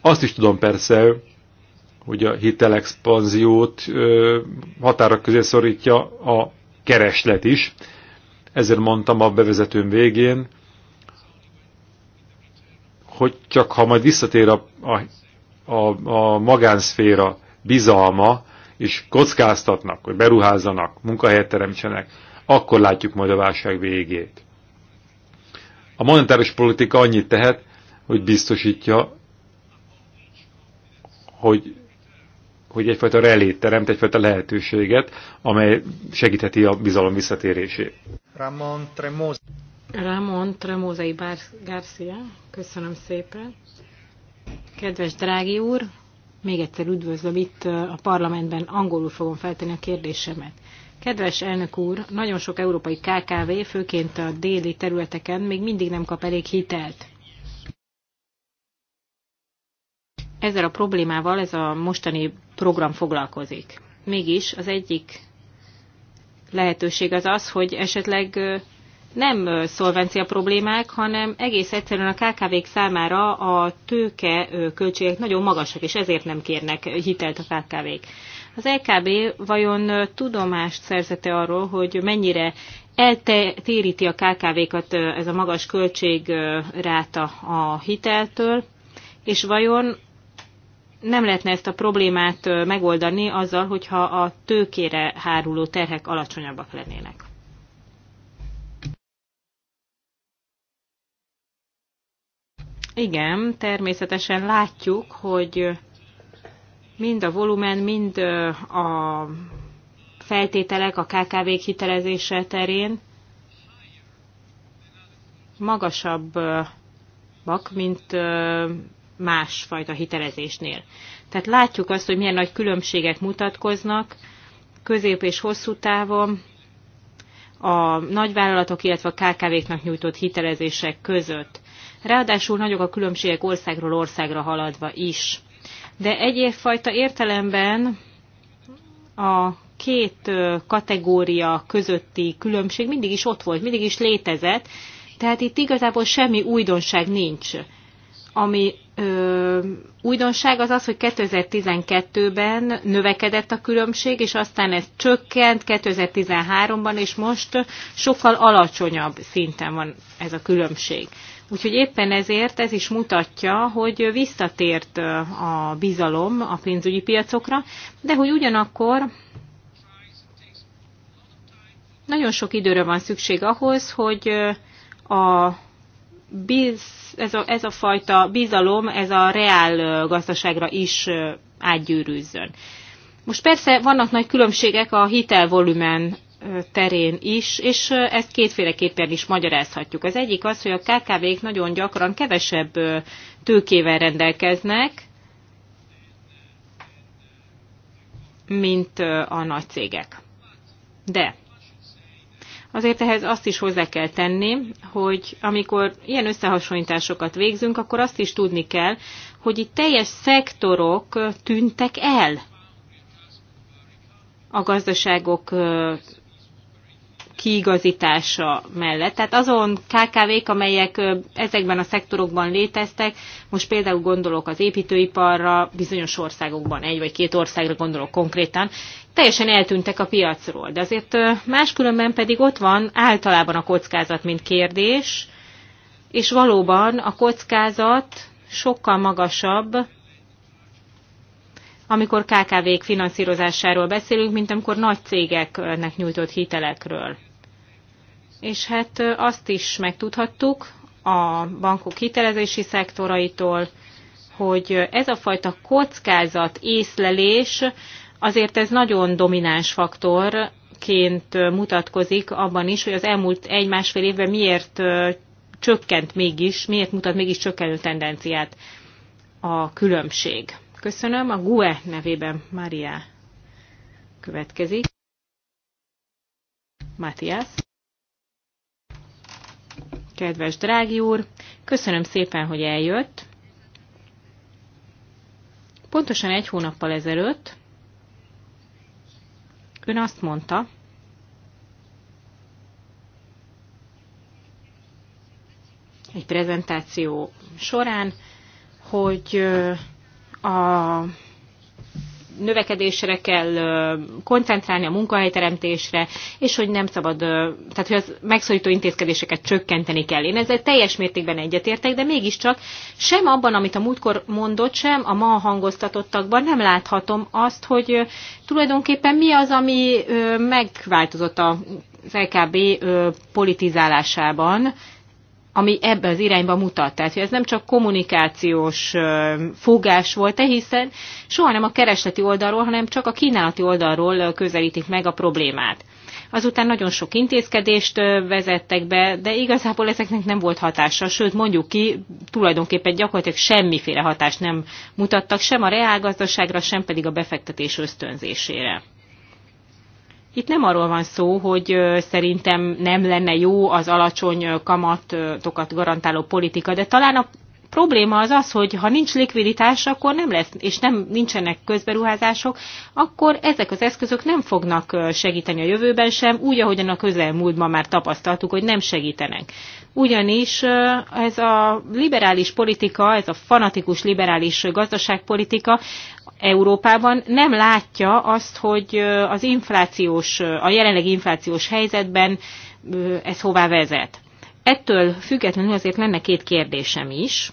Speaker 1: Azt is tudom persze, hogy a hitelexpanziót határok közé szorítja a kereslet is. Ezért mondtam a bevezetőm végén, hogy csak ha majd visszatér a, a, a, a magánszféra bizalma, és kockáztatnak, hogy beruházzanak, munkahelyet teremtsenek, akkor látjuk majd a válság végét. A monetáris politika annyit tehet, hogy biztosítja, hogy, hogy egyfajta relét teremt, egyfajta lehetőséget, amely segítheti a bizalom visszatérését. Ramon
Speaker 4: Ramon Tremózai Garcia, köszönöm szépen. Kedves drági úr, még egyszer üdvözlöm itt a parlamentben, angolul fogom feltenni a kérdésemet. Kedves elnök úr, nagyon sok európai KKV, főként a déli területeken még mindig nem kap elég hitelt. Ezzel a problémával ez a mostani program foglalkozik. Mégis az egyik lehetőség az az, hogy esetleg nem szolvencia problémák, hanem egész egyszerűen a KKV-k számára a tőke költségek nagyon magasak, és ezért nem kérnek hitelt a KKV-k. Az LKB vajon tudomást szerzete arról, hogy mennyire eltéríti a KKV-kat ez a magas költségráta a hiteltől, és vajon nem lehetne ezt a problémát megoldani azzal, hogyha a tőkére háruló terhek alacsonyabbak lennének? Igen, természetesen látjuk, hogy mind a volumen, mind a feltételek a KKV-k hitelezése terén magasabbak, mint másfajta hitelezésnél. Tehát látjuk azt, hogy milyen nagy különbségek mutatkoznak közép és hosszú távon a nagyvállalatok, illetve a KKV-knak nyújtott hitelezések között. Ráadásul nagyok a különbségek országról országra haladva is. De fajta értelemben a két kategória közötti különbség mindig is ott volt, mindig is létezett, tehát itt igazából semmi újdonság nincs. Ami ö, újdonság az az, hogy 2012-ben növekedett a különbség, és aztán ez csökkent 2013-ban, és most sokkal alacsonyabb szinten van ez a különbség. Úgyhogy éppen ezért ez is mutatja, hogy visszatért a bizalom a pénzügyi piacokra, de hogy ugyanakkor nagyon sok időre van szükség ahhoz, hogy a biz, ez, a, ez a fajta bizalom, ez a reál gazdaságra is átgyűrűzzön. Most persze vannak nagy különbségek a hitelvolumen terén is, és ezt kétféleképpen is magyarázhatjuk. Az egyik az, hogy a KKV-k nagyon gyakran kevesebb tőkével rendelkeznek, mint a nagy cégek. De azért ehhez azt is hozzá kell tenni, hogy amikor ilyen összehasonlításokat végzünk, akkor azt is tudni kell, hogy itt teljes szektorok tűntek el a gazdaságok kiigazítása mellett. Tehát azon KKV-k, amelyek ezekben a szektorokban léteztek, most például gondolok az építőiparra, bizonyos országokban, egy vagy két országra gondolok konkrétan, teljesen eltűntek a piacról. De azért máskülönben pedig ott van általában a kockázat, mint kérdés, és valóban a kockázat sokkal magasabb, amikor KKV-k finanszírozásáról beszélünk, mint amikor nagy cégeknek nyújtott hitelekről és hát azt is megtudhattuk a bankok hitelezési szektoraitól, hogy ez a fajta kockázat, észlelés, azért ez nagyon domináns faktorként mutatkozik abban is, hogy az elmúlt egy-másfél évben miért csökkent mégis, miért mutat mégis csökkenő tendenciát a különbség. Köszönöm. A GUE nevében Mária következik. Matthias. Kedves drági úr, köszönöm szépen, hogy eljött. Pontosan egy hónappal ezelőtt ön azt mondta, egy prezentáció során, hogy a növekedésre kell koncentrálni, a munkahelyteremtésre, és hogy nem szabad, tehát hogy az megszorító intézkedéseket csökkenteni kell. Én ezzel teljes mértékben egyetértek, de mégiscsak sem abban, amit a múltkor mondott, sem a ma hangoztatottakban nem láthatom azt, hogy tulajdonképpen mi az, ami megváltozott az LKB politizálásában, ami ebbe az irányba mutat. Tehát, hogy ez nem csak kommunikációs fogás volt, hiszen soha nem a keresleti oldalról, hanem csak a kínálati oldalról közelítik meg a problémát. Azután nagyon sok intézkedést vezettek be, de igazából ezeknek nem volt hatása, sőt mondjuk ki, tulajdonképpen gyakorlatilag semmiféle hatást nem mutattak sem a reálgazdaságra, sem pedig a befektetés ösztönzésére. Itt nem arról van szó, hogy szerintem nem lenne jó az alacsony kamatokat garantáló politika, de talán a probléma az az, hogy ha nincs likviditás, akkor nem lesz, és nem nincsenek közberuházások, akkor ezek az eszközök nem fognak segíteni a jövőben sem, úgy, ahogyan a közelmúltban már tapasztaltuk, hogy nem segítenek. Ugyanis ez a liberális politika, ez a fanatikus liberális gazdaságpolitika Európában nem látja azt, hogy az inflációs, a jelenleg inflációs helyzetben ez hová vezet. Ettől függetlenül azért lenne két kérdésem is.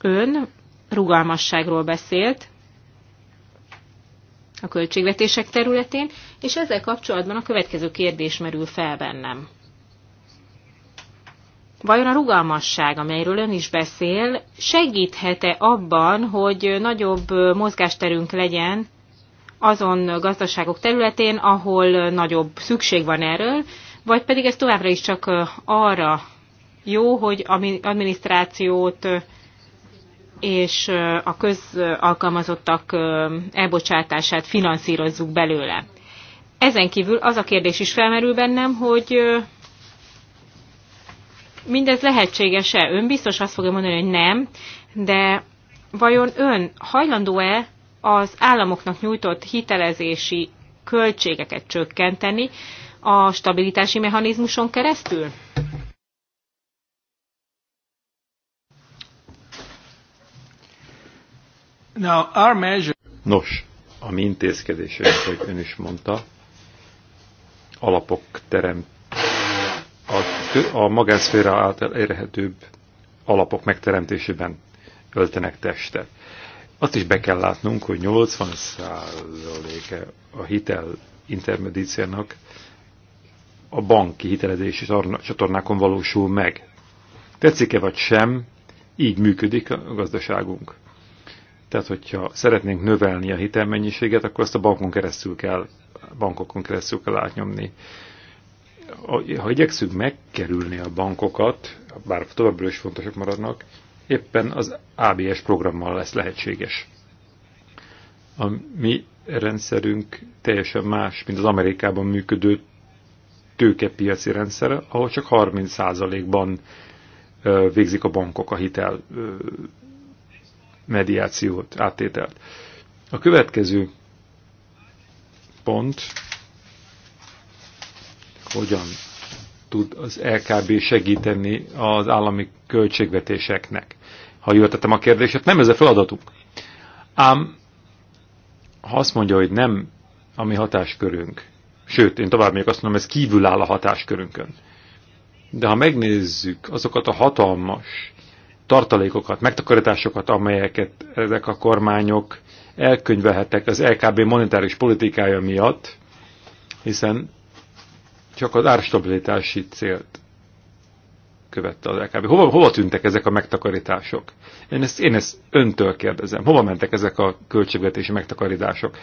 Speaker 4: Ön rugalmasságról beszélt a költségvetések területén, és ezzel kapcsolatban a következő kérdés merül fel bennem. Vajon a rugalmasság, amelyről ön is beszél, segíthet-e abban, hogy nagyobb mozgásterünk legyen azon gazdaságok területén, ahol nagyobb szükség van erről, vagy pedig ez továbbra is csak arra jó, hogy adminisztrációt és a közalkalmazottak elbocsátását finanszírozzuk belőle. Ezen kívül az a kérdés is felmerül bennem, hogy mindez lehetséges-e? Ön biztos azt fogja mondani, hogy nem, de vajon ön hajlandó-e az államoknak nyújtott hitelezési költségeket csökkenteni, a stabilitási mechanizmuson keresztül?
Speaker 2: Now, our measure...
Speaker 1: Nos, a mi intézkedéseink, ahogy ön is mondta, alapok teremt a, a magánszféra által érhetőbb alapok megteremtésében öltenek testet. Azt is be kell látnunk, hogy 80%-e a hitel intermedíciának a banki hitelezési csatornákon valósul meg. Tetszik-e vagy sem, így működik a gazdaságunk. Tehát, hogyha szeretnénk növelni a hitelmennyiséget, akkor ezt a bankon keresztül kell, bankokon keresztül kell átnyomni. Ha igyekszünk megkerülni a bankokat, bár továbbra is fontosak maradnak, éppen az ABS programmal lesz lehetséges. A mi rendszerünk teljesen más, mint az Amerikában működő tőkepiaci rendszere, ahol csak 30%-ban végzik a bankok a hitel mediációt, áttételt. A következő pont, hogyan tud az LKB segíteni az állami költségvetéseknek. Ha jól tettem a kérdéset, nem ez a feladatunk. Ám ha azt mondja, hogy nem a mi hatáskörünk, Sőt, én tovább még azt mondom, ez kívül áll a hatáskörünkön. De ha megnézzük azokat a hatalmas tartalékokat, megtakarításokat, amelyeket ezek a kormányok elkönyvelhettek az LKB monetáris politikája miatt, hiszen csak az árstabilitási célt követte az LKB. Hova, hova tűntek ezek a megtakarítások? Én ezt, én ezt öntől kérdezem. Hova mentek ezek a költségvetési megtakarítások?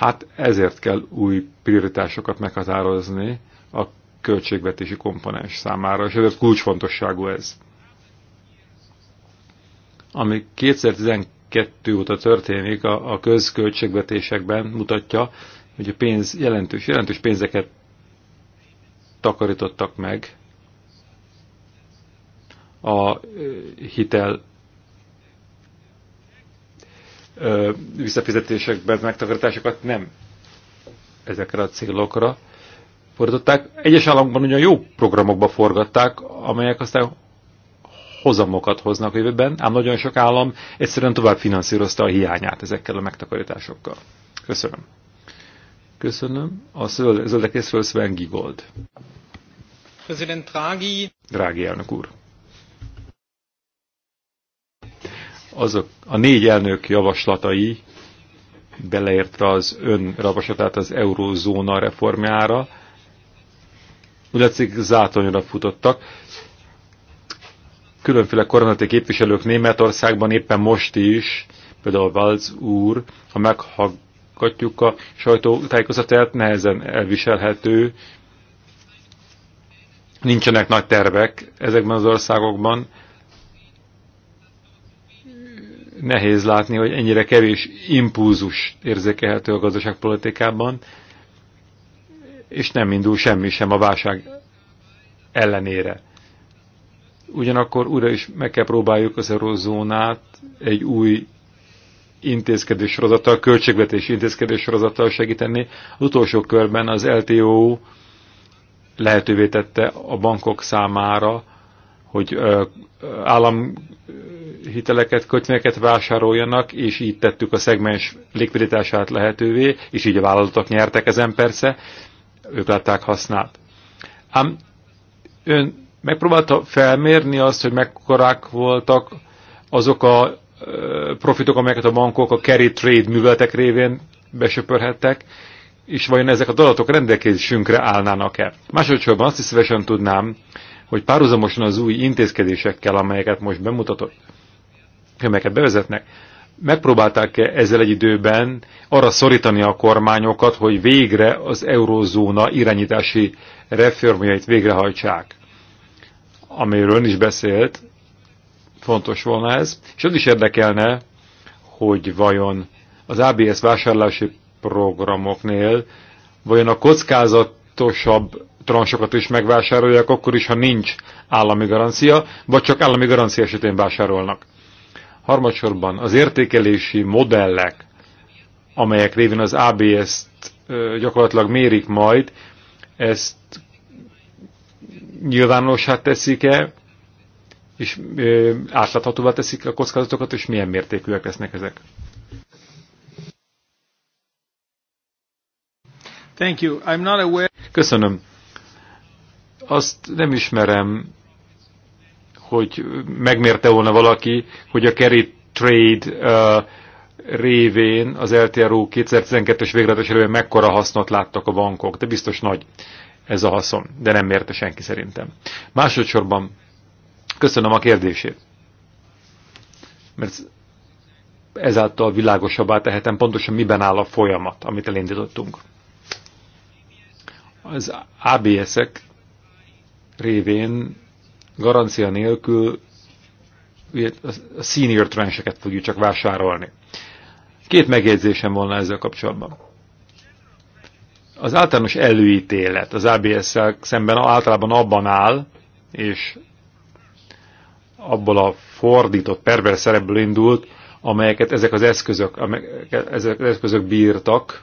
Speaker 1: Hát ezért kell új prioritásokat meghatározni a költségvetési komponens számára, és ezért kulcsfontosságú ez. Ami 2012 óta történik a, a közköltségvetésekben mutatja, hogy a pénz jelentős, jelentős pénzeket takarítottak meg a hitel visszafizetésekben megtakarításokat nem ezekre a célokra fordították. Egyes államokban ugyan jó programokba forgatták, amelyek aztán hozamokat hoznak jövőben, ám nagyon sok állam egyszerűen tovább finanszírozta a hiányát ezekkel a megtakarításokkal. Köszönöm. Köszönöm. A zöldekészről Sven Gigold. President Draghi. Drági elnök úr. azok a négy elnök javaslatai, beleértve az ön rabasatát az eurózóna reformjára, úgy látszik zátonyra futottak. Különféle koronati képviselők Németországban éppen most is, például Valc úr, ha meghallgatjuk a sajtótájékozatát, nehezen elviselhető, nincsenek nagy tervek ezekben az országokban, nehéz látni, hogy ennyire kevés impulzus érzékelhető a gazdaságpolitikában, és nem indul semmi sem a válság ellenére. Ugyanakkor újra is meg kell próbáljuk az eurozónát egy új intézkedés sorozattal, költségvetési intézkedés sorozattal segíteni. Az utolsó körben az LTO lehetővé tette a bankok számára, hogy államhiteleket, kötvényeket vásároljanak, és így tettük a szegmens likviditását lehetővé, és így a vállalatok nyertek ezen persze, ők látták hasznát. Ám ön megpróbálta felmérni azt, hogy mekkorák voltak azok a profitok, amelyeket a bankok a carry trade műveletek révén besöpörhettek, és vajon ezek a adatok rendelkezésünkre állnának-e? Másodszorban azt is szívesen tudnám, hogy párhuzamosan az új intézkedésekkel, amelyeket most bemutatott, amelyeket bevezetnek, megpróbálták -e ezzel egy időben arra szorítani a kormányokat, hogy végre az eurózóna irányítási reformjait végrehajtsák, amiről ön is beszélt, fontos volna ez, és az is érdekelne, hogy vajon az ABS vásárlási programoknél vajon a kockázatosabb transokat is megvásárolják, akkor is, ha nincs állami garancia, vagy csak állami garancia esetén vásárolnak. Harmadsorban az értékelési modellek, amelyek révén az ABS-t gyakorlatilag mérik majd, ezt nyilvánossá teszik-e, és átláthatóvá teszik a kockázatokat, és milyen mértékűek lesznek ezek. Thank you. I'm not aware... Köszönöm azt nem ismerem, hogy megmérte volna valaki, hogy a Kerry trade uh, révén az LTRO 2012-es végletes előben mekkora hasznot láttak a bankok, de biztos nagy ez a haszon, de nem mérte senki szerintem. Másodszorban köszönöm a kérdését, mert ezáltal világosabbá tehetem pontosan miben áll a folyamat, amit elindítottunk. Az ABS-ek révén garancia nélkül a senior trencheket fogjuk csak vásárolni. Két megjegyzésem volna ezzel kapcsolatban. Az általános előítélet az ABS-szel szemben általában abban áll, és abból a fordított pervers szerepből indult, amelyeket ezek az eszközök, amelyeket ezek az eszközök bírtak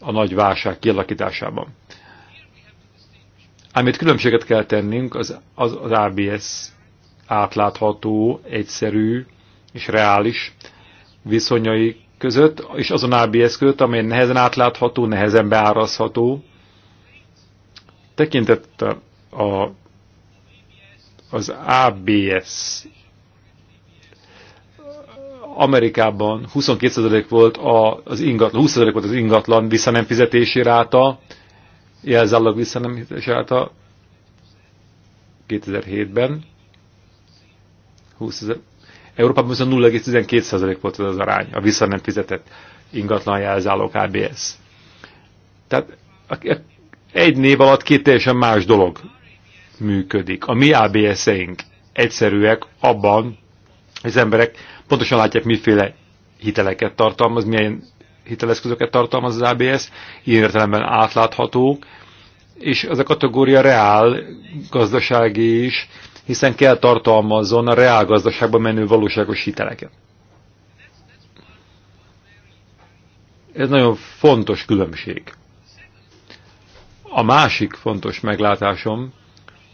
Speaker 1: a nagy válság kialakításában. Amit különbséget kell tennünk, az, az, az ABS átlátható, egyszerű és reális viszonyai között, és azon ABS között, amely nehezen átlátható, nehezen beárazható. Tekintett a, az ABS Amerikában 22% volt az ingatlan, 20% volt az ingatlan visszanemfizetési ráta, jelzállag visszanemítés a 2007-ben 20 ezer, Európában viszont 0,12% volt az, az arány, a vissza nem fizetett ingatlan jelzálog ABS. Tehát egy név alatt két teljesen más dolog működik. A mi ABS-eink egyszerűek abban, hogy az emberek pontosan látják, miféle hiteleket tartalmaz, milyen hiteleszközöket tartalmaz az ABS, ilyen értelemben átláthatók, és ez a kategória reál gazdasági is, hiszen kell tartalmazzon a reál gazdaságba menő valóságos hiteleket. Ez nagyon fontos különbség. A másik fontos meglátásom,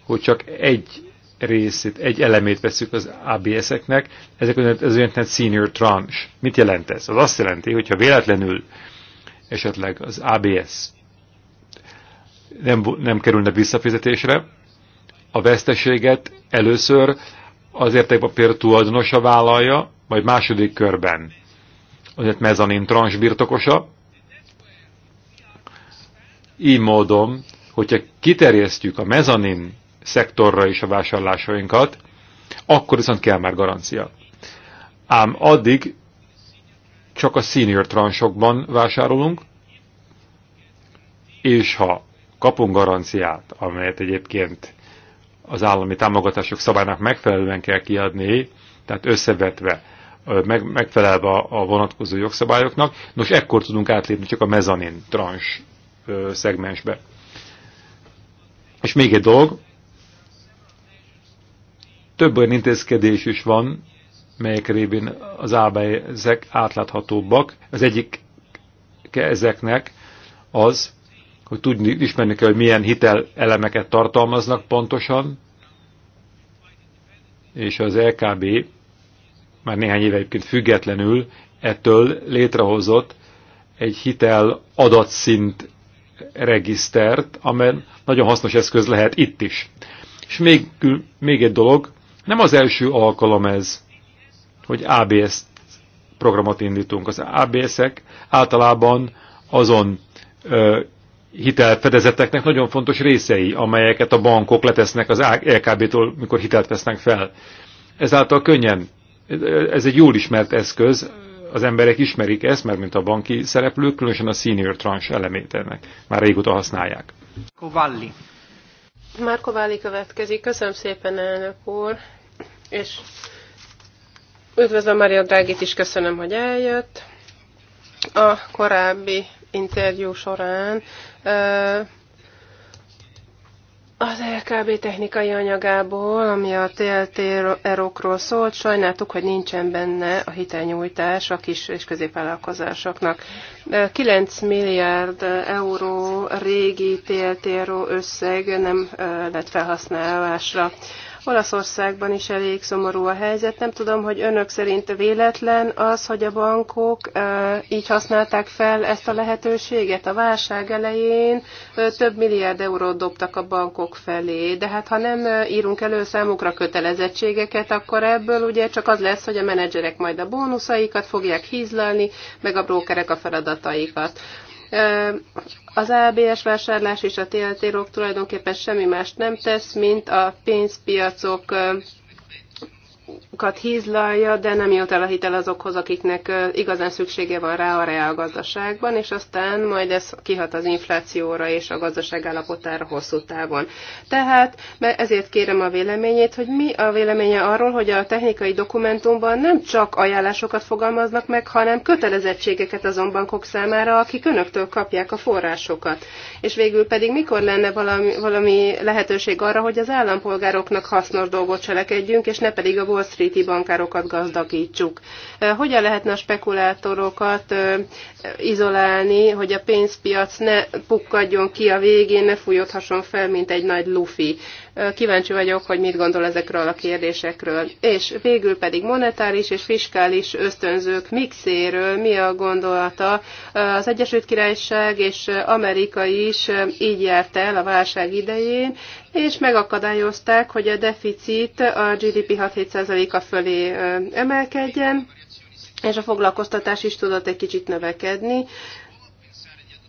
Speaker 1: hogy csak egy részét, egy elemét veszük az ABS-eknek, ezek az olyan senior tranche. Mit jelent ez? Az azt jelenti, hogyha véletlenül esetleg az ABS nem, nem kerülne visszafizetésre, a veszteséget először az értékpapír tulajdonosa vállalja, majd második körben egy mezanin Tranche birtokosa. Így módon, hogyha kiterjesztjük a mezanin szektorra is a vásárlásainkat, akkor viszont kell már garancia. Ám addig csak a senior transokban vásárolunk, és ha kapunk garanciát, amelyet egyébként az állami támogatások szabálynak megfelelően kell kiadni, tehát összevetve, meg, megfelelve a vonatkozó jogszabályoknak, nos ekkor tudunk átlépni csak a mezanin trans szegmensbe. És még egy dolog, több olyan intézkedés is van, melyek révén az ábezek átláthatóbbak. Az egyik ezeknek az, hogy tudni, ismerni kell, hogy milyen hitel elemeket tartalmaznak pontosan, és az LKB már néhány éve egyébként függetlenül ettől létrehozott egy hitel adatszint regisztert, amely nagyon hasznos eszköz lehet itt is. És még, még egy dolog, nem az első alkalom ez, hogy ABS programot indítunk. Az ABS-ek általában azon ö, hitelfedezeteknek nagyon fontos részei, amelyeket a bankok letesznek az LKB-tól, mikor hitelt vesznek fel. Ezáltal könnyen, ez egy jól ismert eszköz, az emberek ismerik ezt, mert mint a banki szereplők, különösen a senior tranche elemét ennek már régóta használják.
Speaker 2: Kovalli.
Speaker 3: Márko Váli következik. Köszönöm szépen, elnök úr, és üdvözlöm Mária Drágit is, köszönöm, hogy eljött. A korábbi interjú során az LKB technikai anyagából, ami a TLT erokról szólt, sajnáltuk, hogy nincsen benne a hitelnyújtás a kis és középvállalkozásoknak. 9 milliárd euró régi TLT összeg nem lett felhasználásra Olaszországban is elég szomorú a helyzet. Nem tudom, hogy önök szerint véletlen az, hogy a bankok így használták fel ezt a lehetőséget. A válság elején több milliárd eurót dobtak a bankok felé, de hát ha nem írunk elő számukra kötelezettségeket, akkor ebből ugye csak az lesz, hogy a menedzserek majd a bónuszaikat fogják hízlalni, meg a brókerek a feladataikat. Az ABS vásárlás és a tlt rok tulajdonképpen semmi mást nem tesz, mint a pénzpiacok hízlalja, de nem jut el a hitel azokhoz, akiknek igazán szüksége van rá a reálgazdaságban, és aztán majd ez kihat az inflációra és a gazdaság állapotára hosszú távon. Tehát ezért kérem a véleményét, hogy mi a véleménye arról, hogy a technikai dokumentumban nem csak ajánlásokat fogalmaznak meg, hanem kötelezettségeket azon bankok számára, akik önöktől kapják a forrásokat. És végül pedig mikor lenne valami, valami lehetőség arra, hogy az állampolgároknak hasznos dolgot cselekedjünk, és ne pedig a Wall Street-i bankárokat gazdagítsuk. Hogyan lehetne a spekulátorokat izolálni, hogy a pénzpiac ne pukkadjon ki a végén, ne fújódhasson fel, mint egy nagy lufi. Kíváncsi vagyok, hogy mit gondol ezekről a kérdésekről. És végül pedig monetáris és fiskális ösztönzők mixéről mi a gondolata. Az Egyesült Királyság és Amerika is így járt el a válság idején, és megakadályozták, hogy a deficit a GDP 6-7%-a fölé emelkedjen, és a foglalkoztatás is tudott egy kicsit növekedni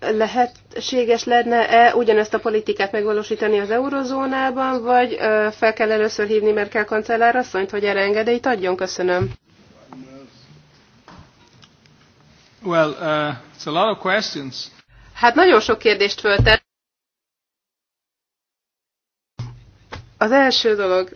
Speaker 3: lehetséges lenne-e ugyanezt a politikát megvalósítani az eurozónában, vagy fel kell először hívni Merkel kancellár asszonyt, hogy erre engedélyt adjon? Köszönöm.
Speaker 2: Well, uh, it's a lot of questions.
Speaker 3: Hát nagyon sok kérdést föltett. Az első dolog,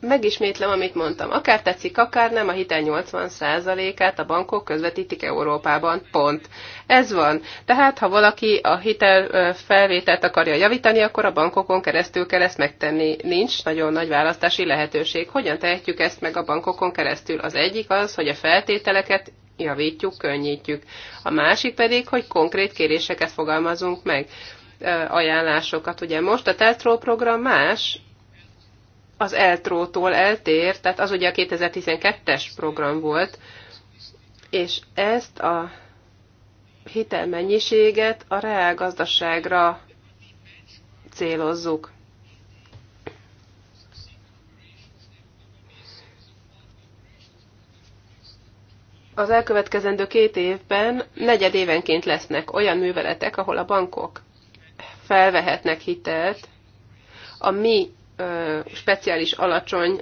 Speaker 3: megismétlem, amit mondtam. Akár tetszik, akár nem, a hitel 80%-át a bankok közvetítik Európában. Pont. Ez van. Tehát, ha valaki a hitel felvételt akarja javítani, akkor a bankokon keresztül kell ezt megtenni. Nincs nagyon nagy választási lehetőség. Hogyan tehetjük ezt meg a bankokon keresztül? Az egyik az, hogy a feltételeket javítjuk, könnyítjük. A másik pedig, hogy konkrét kéréseket fogalmazunk meg ajánlásokat. Ugye most a Teltró program más, az eltrótól eltér, tehát az ugye a 2012-es program volt, és ezt a hitelmennyiséget a reálgazdaságra célozzuk. Az elkövetkezendő két évben negyed évenként lesznek olyan műveletek, ahol a bankok felvehetnek hitelt a mi ö, speciális alacsony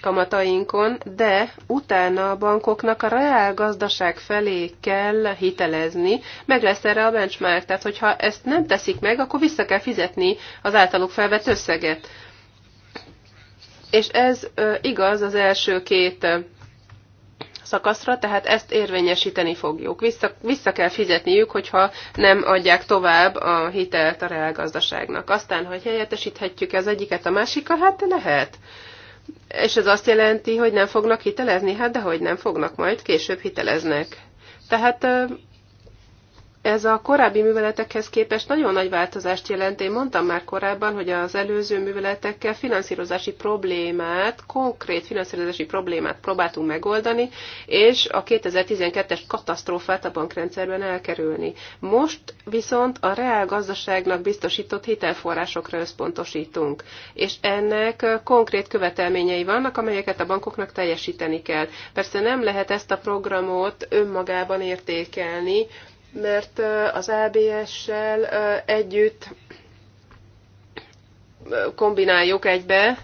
Speaker 3: kamatainkon, de utána a bankoknak a reál gazdaság felé kell hitelezni, meg lesz erre a benchmark, tehát hogyha ezt nem teszik meg, akkor vissza kell fizetni az általuk felvett összeget. És ez ö, igaz az első két szakaszra, tehát ezt érvényesíteni fogjuk. Vissza, vissza kell fizetniük, hogyha nem adják tovább a hitelt a reálgazdaságnak. Aztán, hogy helyettesíthetjük az egyiket a másikkal, hát lehet. És ez azt jelenti, hogy nem fognak hitelezni? Hát hogy nem fognak, majd később hiteleznek. Tehát ez a korábbi műveletekhez képest nagyon nagy változást jelent. Én mondtam már korábban, hogy az előző műveletekkel finanszírozási problémát, konkrét finanszírozási problémát próbáltunk megoldani, és a 2012-es katasztrófát a bankrendszerben elkerülni. Most viszont a reál gazdaságnak biztosított hitelforrásokra összpontosítunk, és ennek konkrét követelményei vannak, amelyeket a bankoknak teljesíteni kell. Persze nem lehet ezt a programot önmagában értékelni, mert az ABS-sel együtt kombináljuk egybe,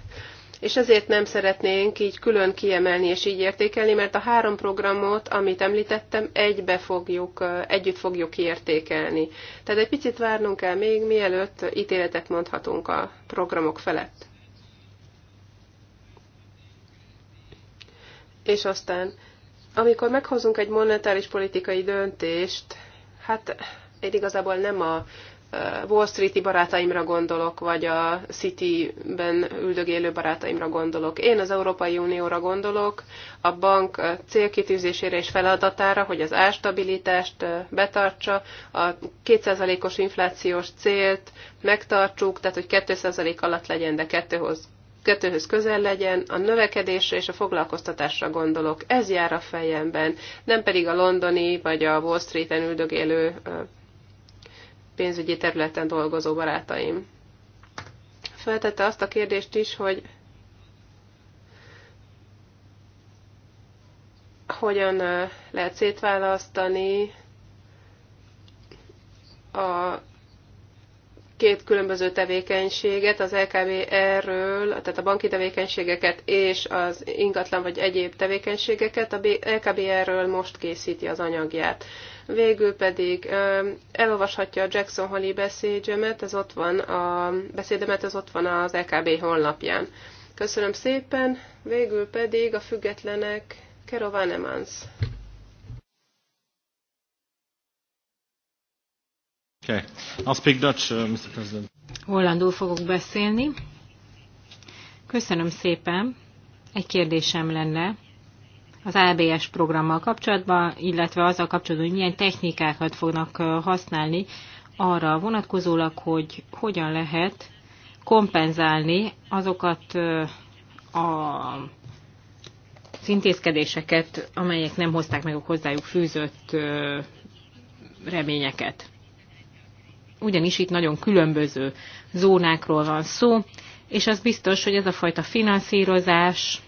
Speaker 3: és ezért nem szeretnénk így külön kiemelni és így értékelni, mert a három programot, amit említettem, egybe fogjuk, együtt fogjuk kiértékelni. Tehát egy picit várnunk kell még, mielőtt ítéletet mondhatunk a programok felett. És aztán, amikor meghozunk egy monetáris politikai döntést, Hát én igazából nem a Wall Street-i barátaimra gondolok, vagy a City-ben üldögélő barátaimra gondolok. Én az Európai Unióra gondolok, a bank célkitűzésére és feladatára, hogy az árstabilitást betartsa, a 2%-os inflációs célt megtartsuk, tehát hogy 2% alatt legyen, de 2-hoz kettőhöz közel legyen, a növekedésre és a foglalkoztatásra gondolok. Ez jár a fejemben, nem pedig a londoni vagy a Wall Street-en üldögélő pénzügyi területen dolgozó barátaim. Feltette azt a kérdést is, hogy hogyan lehet szétválasztani a két különböző tevékenységet, az LKBR-ről, tehát a banki tevékenységeket és az ingatlan vagy egyéb tevékenységeket, a LKBR-ről most készíti az anyagját. Végül pedig elolvashatja a Jackson Holly beszédemet, ez ott van a beszédemet, ez ott van az LKB honlapján. Köszönöm szépen, végül pedig a függetlenek Kerovanemans.
Speaker 1: Okay. I'll speak Dutch, uh, Mr. President.
Speaker 4: Hollandul fogok beszélni. Köszönöm szépen. Egy kérdésem lenne az ABS programmal kapcsolatban, illetve azzal kapcsolatban, hogy milyen technikákat fognak uh, használni arra vonatkozólag, hogy hogyan lehet kompenzálni azokat uh, a az intézkedéseket, amelyek nem hozták meg a hozzájuk fűzött uh, reményeket ugyanis itt nagyon különböző zónákról van szó, és az biztos, hogy ez a fajta finanszírozás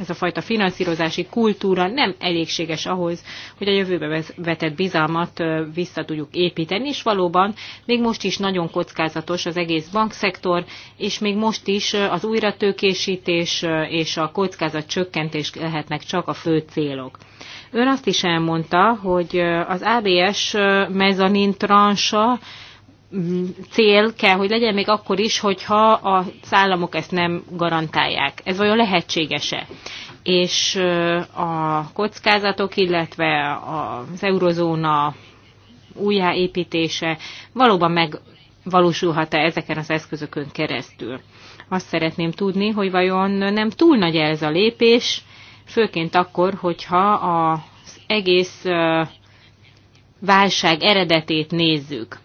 Speaker 4: ez a fajta finanszírozási kultúra nem elégséges ahhoz, hogy a jövőbe vetett bizalmat vissza tudjuk építeni, és valóban még most is nagyon kockázatos az egész bankszektor, és még most is az újratőkésítés és a kockázat csökkentés lehetnek csak a fő célok. Ön azt is elmondta, hogy az ABS mezanin transa cél kell, hogy legyen még akkor is, hogyha az államok ezt nem garantálják. Ez olyan lehetséges-e? És a kockázatok, illetve az eurozóna újjáépítése valóban megvalósulhat-e ezeken az eszközökön keresztül? Azt szeretném tudni, hogy vajon nem túl nagy ez a lépés, főként akkor, hogyha az egész válság eredetét nézzük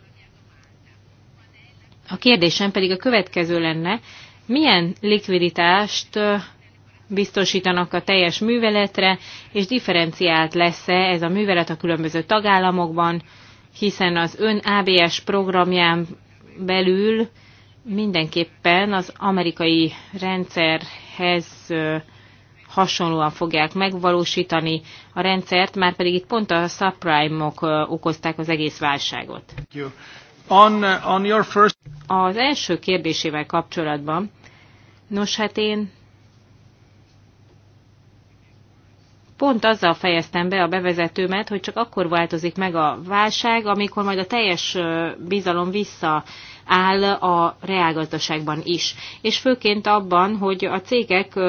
Speaker 4: a kérdésem pedig a következő lenne, milyen likviditást biztosítanak a teljes műveletre, és differenciált lesz-e ez a művelet a különböző tagállamokban, hiszen az ön ABS programján belül mindenképpen az amerikai rendszerhez hasonlóan fogják megvalósítani a rendszert, már pedig itt pont a subprime-ok -ok okozták az egész válságot. On, on your first... Az első kérdésével kapcsolatban, nos hát én pont azzal fejeztem be a bevezetőmet, hogy csak akkor változik meg a válság, amikor majd a teljes bizalom vissza áll a reálgazdaságban is. És főként abban, hogy a cégek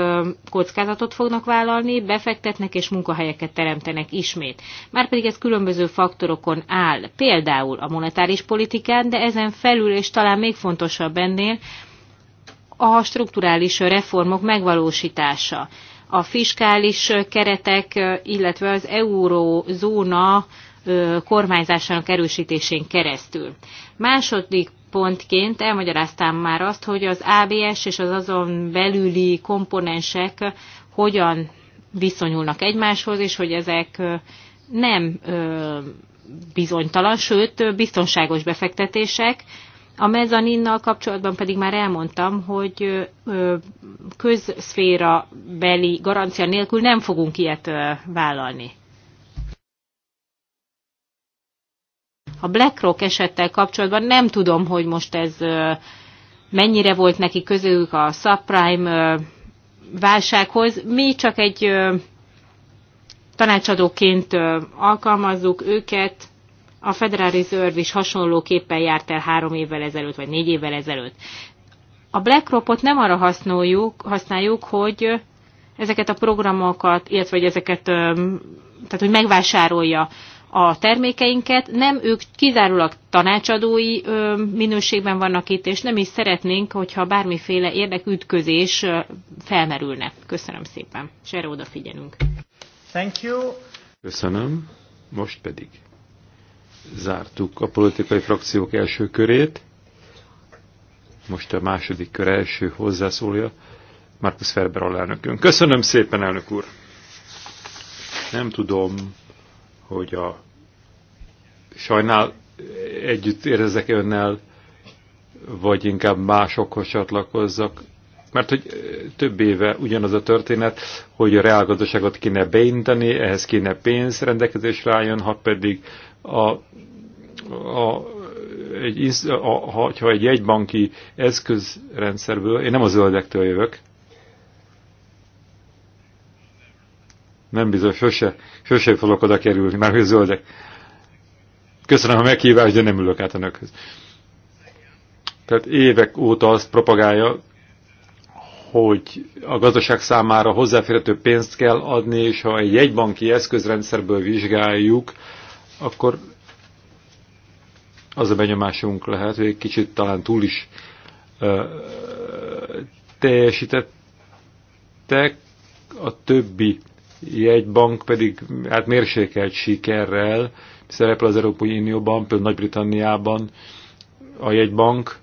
Speaker 4: kockázatot fognak vállalni, befektetnek és munkahelyeket teremtenek ismét. Márpedig ez különböző faktorokon áll, például a monetáris politikán, de ezen felül és talán még fontosabb ennél a strukturális reformok megvalósítása a fiskális keretek, illetve az eurózóna kormányzásának erősítésén keresztül. Második pontként elmagyaráztam már azt, hogy az ABS és az azon belüli komponensek hogyan viszonyulnak egymáshoz, és hogy ezek nem bizonytalan, sőt biztonságos befektetések. A mezzaninnal kapcsolatban pedig már elmondtam, hogy közszféra beli garancia nélkül nem fogunk ilyet vállalni. A BlackRock esettel kapcsolatban nem tudom, hogy most ez mennyire volt neki közülük a subprime válsághoz. Mi csak egy tanácsadóként alkalmazzuk őket. A Federal Reserve is hasonlóképpen járt el három évvel ezelőtt, vagy négy évvel ezelőtt. A BlackRockot nem arra használjuk, használjuk, hogy ezeket a programokat, illetve hogy ezeket, tehát hogy megvásárolja a termékeinket, nem ők kizárólag tanácsadói minőségben vannak itt, és nem is szeretnénk, hogyha bármiféle érdekütközés felmerülne. Köszönöm szépen, és erre odafigyelünk.
Speaker 2: Thank you.
Speaker 1: Köszönöm. Most pedig zártuk a politikai frakciók első körét. Most a második kör első hozzászólja Markus Ferber alelnökünk. Köszönöm szépen, elnök úr! Nem tudom, hogy a sajnál együtt érezzek önnel, vagy inkább másokhoz csatlakozzak. Mert hogy több éve ugyanaz a történet, hogy a reálgazdaságot kéne beinteni, ehhez kéne pénz rendelkezésre álljon, ha pedig a, a egy, a, ha, egy jegybanki eszközrendszerből, én nem a zöldektől jövök, nem bizony, sose, sose fogok oda kerülni, már hogy zöldek Köszönöm a meghívást, de nem ülök át önökhöz. Tehát évek óta azt propagálja, hogy a gazdaság számára hozzáférhető pénzt kell adni, és ha egy jegybanki eszközrendszerből vizsgáljuk, akkor az a benyomásunk lehet, hogy egy kicsit talán túl is ö, teljesítettek, a többi jegybank pedig hát mérsékelt sikerrel szerepel az Európai Unióban, például Nagy-Britanniában a jegybank,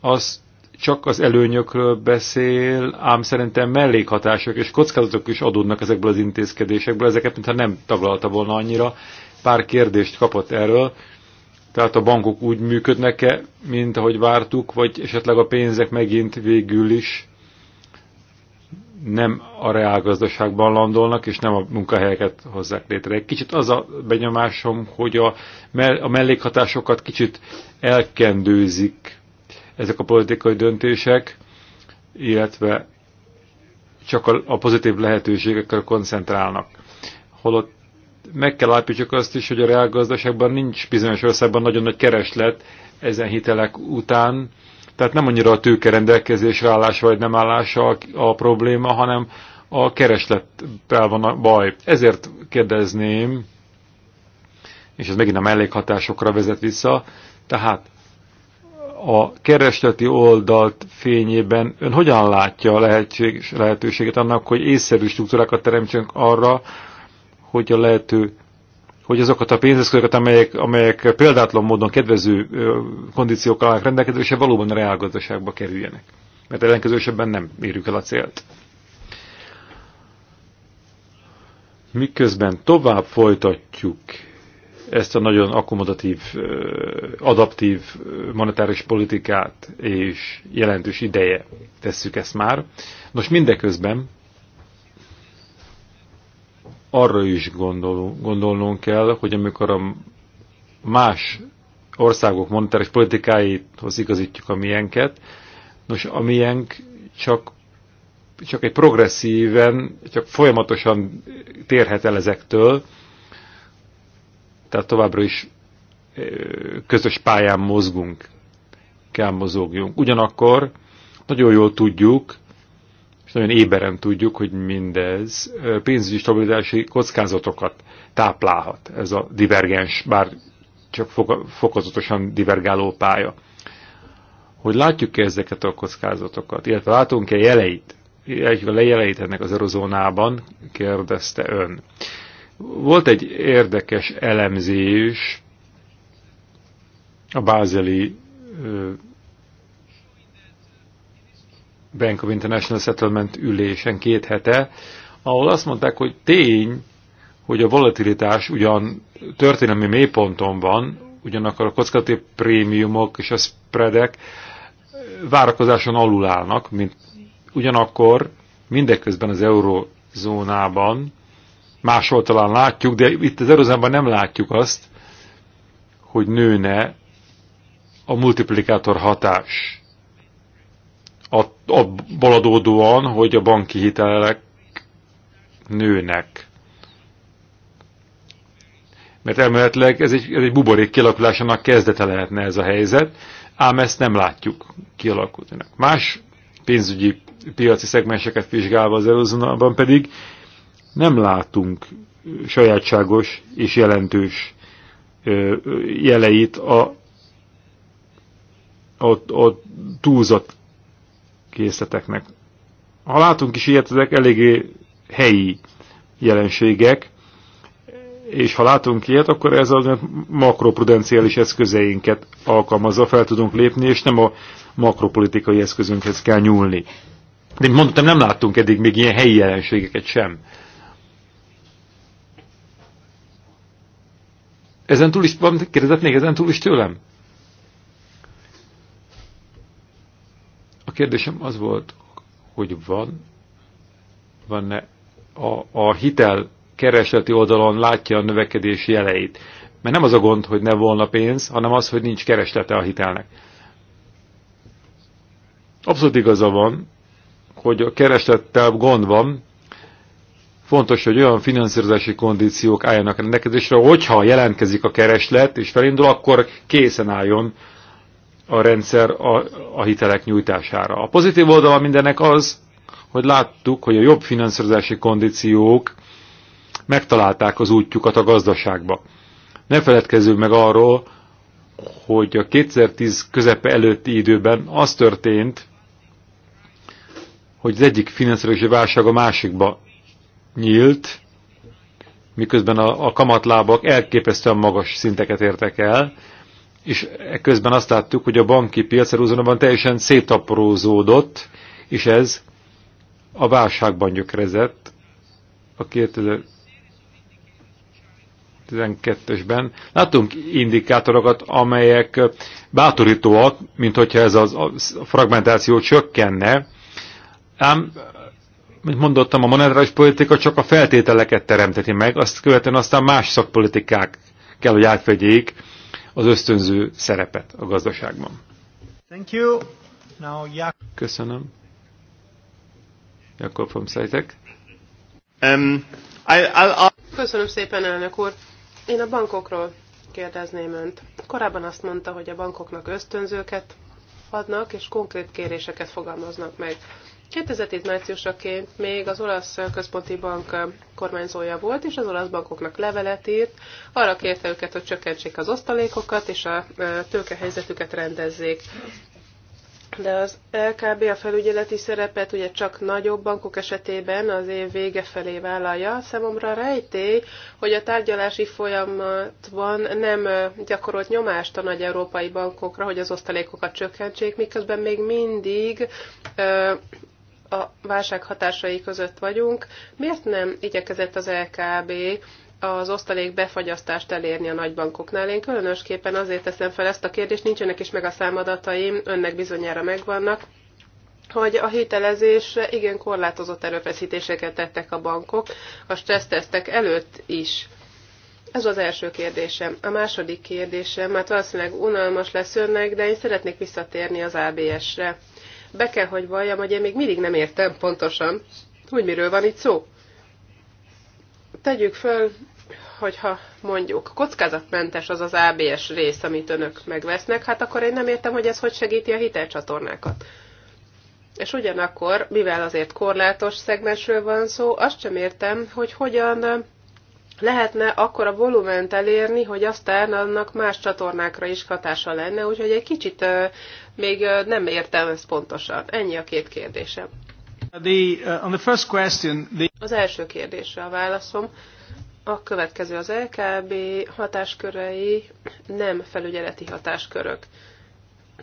Speaker 1: az csak az előnyökről beszél, ám szerintem mellékhatások és kockázatok is adódnak ezekből az intézkedésekből, ezeket mintha nem taglalta volna annyira. Pár kérdést kapott erről, tehát a bankok úgy működnek-e, mint ahogy vártuk, vagy esetleg a pénzek megint végül is nem a reálgazdaságban landolnak, és nem a munkahelyeket hozzák létre. Kicsit az a benyomásom, hogy a, a mellékhatásokat kicsit elkendőzik ezek a politikai döntések, illetve csak a, a pozitív lehetőségekkel koncentrálnak. Holott meg kell állapítsuk azt is, hogy a reálgazdaságban nincs bizonyos országban nagyon nagy kereslet ezen hitelek után, tehát nem annyira a tőke rendelkezésre állás vagy nem állása a, a probléma, hanem a kereslettel van a baj. Ezért kérdezném, és ez megint a mellékhatásokra vezet vissza, tehát a keresleti oldalt fényében ön hogyan látja a lehetőséget annak, hogy észszerű struktúrákat teremtsünk arra, hogy a lehető hogy azokat a pénzeszközöket, amelyek, amelyek példátlan módon kedvező kondíciókkal állnak rendelkezésre, valóban a reálgazdaságba kerüljenek. Mert ellenkezősebben nem érjük el a célt. Miközben tovább folytatjuk ezt a nagyon akkomodatív, adaptív monetáris politikát, és jelentős ideje tesszük ezt már. Nos, mindeközben arra is gondolunk, gondolnunk kell, hogy amikor a más országok monetáris politikáihoz igazítjuk a miénket, nos, a miénk csak, csak egy progresszíven, csak folyamatosan térhet el ezektől, tehát továbbra is közös pályán mozgunk, kell mozogjunk. Ugyanakkor nagyon jól tudjuk, és nagyon éberen tudjuk, hogy mindez pénzügyi stabilitási kockázatokat táplálhat ez a divergens, bár csak fokozatosan divergáló pálya. Hogy látjuk-e ezeket a kockázatokat, illetve látunk-e jeleit, a lejeleit ennek az erozónában, kérdezte ön. Volt egy érdekes elemzés a bázeli Bank of International Settlement ülésen két hete, ahol azt mondták, hogy tény, hogy a volatilitás ugyan történelmi mélyponton van, ugyanakkor a kockázati prémiumok és a spreadek eh, várakozáson alul állnak, mint ugyanakkor mindeközben az eurozónában máshol talán látjuk, de itt az eurozónában nem látjuk azt, hogy nőne a multiplikátor hatás abból adódóan, hogy a banki hitelek nőnek. Mert elméletileg ez egy, ez egy buborék kialakulásának kezdete lehetne ez a helyzet, ám ezt nem látjuk kialakulni. Más pénzügyi piaci szegmenseket vizsgálva az előzónában pedig nem látunk sajátságos és jelentős jeleit a, a, a túlzott készleteknek. Ha látunk is ilyet, ezek eléggé helyi jelenségek, és ha látunk ilyet, akkor ez a makroprudenciális eszközeinket alkalmazza, fel tudunk lépni, és nem a makropolitikai eszközünkhez kell nyúlni. De mint mondtam, nem láttunk eddig még ilyen helyi jelenségeket sem. Ezen túl is, kérdezett még ezen túl is tőlem? A kérdésem az volt, hogy van, van-e a, a hitel keresleti oldalon látja a növekedés jeleit. Mert nem az a gond, hogy ne volna pénz, hanem az, hogy nincs kereslete a hitelnek. Abszolút igaza van, hogy a kereslettel gond van, fontos, hogy olyan finanszírozási kondíciók álljanak rendelkezésre, hogyha jelentkezik a kereslet és felindul, akkor készen álljon a rendszer a, a hitelek nyújtására. A pozitív oldala mindennek az, hogy láttuk, hogy a jobb finanszírozási kondíciók megtalálták az útjukat a gazdaságba. Ne feledkezzünk meg arról, hogy a 2010 közepe előtti időben az történt, hogy az egyik finanszírozási válság a másikba nyílt, miközben a, a kamatlábak elképesztően magas szinteket értek el, és közben azt láttuk, hogy a banki piac Jeruzsálemben teljesen szétaprózódott, és ez a válságban gyökerezett a 2012-esben. Látunk indikátorokat, amelyek bátorítóak, mint hogyha ez a fragmentáció csökkenne, ám mint mondottam, a monetáris politika csak a feltételeket teremteti meg, azt követően aztán más szakpolitikák kell, hogy átvegyék az ösztönző szerepet a gazdaságban.
Speaker 2: Thank you. Now,
Speaker 1: Köszönöm. Jakob von Szeitek. Um,
Speaker 3: Köszönöm szépen, elnök úr. Én a bankokról kérdezném önt. Korábban azt mondta, hogy a bankoknak ösztönzőket adnak, és konkrét kéréseket fogalmaznak meg. 2007 márciusaként még az olasz központi bank kormányzója volt, és az olasz bankoknak levelet írt, arra kérte őket, hogy csökkentsék az osztalékokat, és a tőkehelyzetüket rendezzék. De az LKB a felügyeleti szerepet ugye csak nagyobb bankok esetében az év vége felé vállalja. Számomra rejtély, hogy a tárgyalási folyamatban nem gyakorolt nyomást a nagy európai bankokra, hogy az osztalékokat csökkentsék, miközben még mindig a válság hatásai között vagyunk. Miért nem igyekezett az LKB az osztalék befagyasztást elérni a nagybankoknál. Én különösképpen azért teszem fel ezt a kérdést, nincsenek is meg a számadataim, önnek bizonyára megvannak, hogy a hitelezésre igen korlátozott erőfeszítéseket tettek a bankok a stressztesztek előtt is. Ez az első kérdésem. A második kérdésem, mert hát valószínűleg unalmas lesz önnek, de én szeretnék visszatérni az ABS-re be kell, hogy valljam, hogy én még mindig nem értem pontosan, hogy miről van itt szó. Tegyük föl, hogyha mondjuk kockázatmentes az az ABS rész, amit önök megvesznek, hát akkor én nem értem, hogy ez hogy segíti a hitelcsatornákat. És ugyanakkor, mivel azért korlátos szegmensről van szó, azt sem értem, hogy hogyan lehetne akkor a volument elérni, hogy aztán annak más csatornákra is hatása lenne, úgyhogy egy kicsit még nem értem ezt pontosan. Ennyi a két kérdésem.
Speaker 2: The, uh, on the first question, the...
Speaker 3: Az első kérdésre a válaszom. A következő az LKB hatáskörei nem felügyeleti hatáskörök.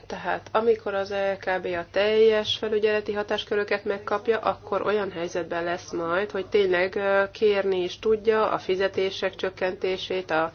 Speaker 3: Tehát amikor az LKB a teljes felügyeleti hatásköröket megkapja, akkor olyan helyzetben lesz majd, hogy tényleg kérni is tudja a fizetések csökkentését, a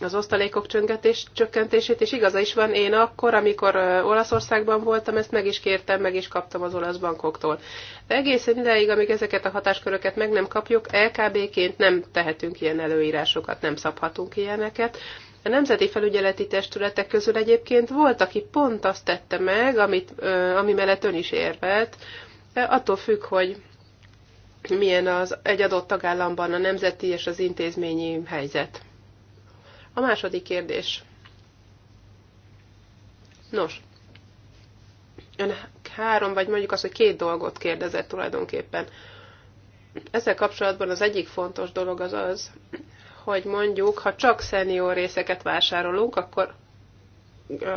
Speaker 3: az osztalékok csöngetés, csökkentését, és igaza is van, én akkor, amikor Olaszországban voltam, ezt meg is kértem, meg is kaptam az olasz bankoktól. De egészen ideig, amíg ezeket a hatásköröket meg nem kapjuk, LKB-ként nem tehetünk ilyen előírásokat, nem szabhatunk ilyeneket. A nemzeti felügyeleti testületek közül egyébként volt, aki pont azt tette meg, amit, ami mellett ön is érvelt, attól függ, hogy milyen az egy adott tagállamban a nemzeti és az intézményi helyzet. A második kérdés. Nos, ön három, vagy mondjuk az, hogy két dolgot kérdezett tulajdonképpen. Ezzel kapcsolatban az egyik fontos dolog az az, hogy mondjuk, ha csak szenior részeket vásárolunk, akkor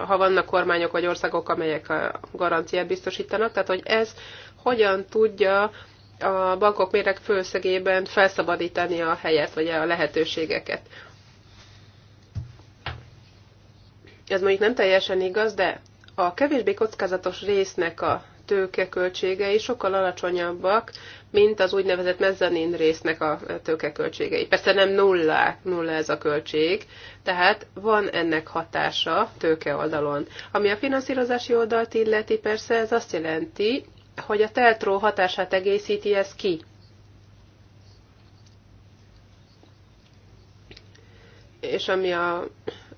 Speaker 3: ha vannak kormányok vagy országok, amelyek a garanciát biztosítanak, tehát hogy ez hogyan tudja a bankok méreg főszegében felszabadítani a helyet, vagy a lehetőségeket. Ez mondjuk nem teljesen igaz, de a kevésbé kockázatos résznek a tőkeköltségei sokkal alacsonyabbak, mint az úgynevezett mezzanin résznek a tőkeköltségei. Persze nem nulla, nulla ez a költség, tehát van ennek hatása tőke oldalon. Ami a finanszírozási oldalt illeti, persze ez azt jelenti, hogy a teltró hatását egészíti ez ki. És ami a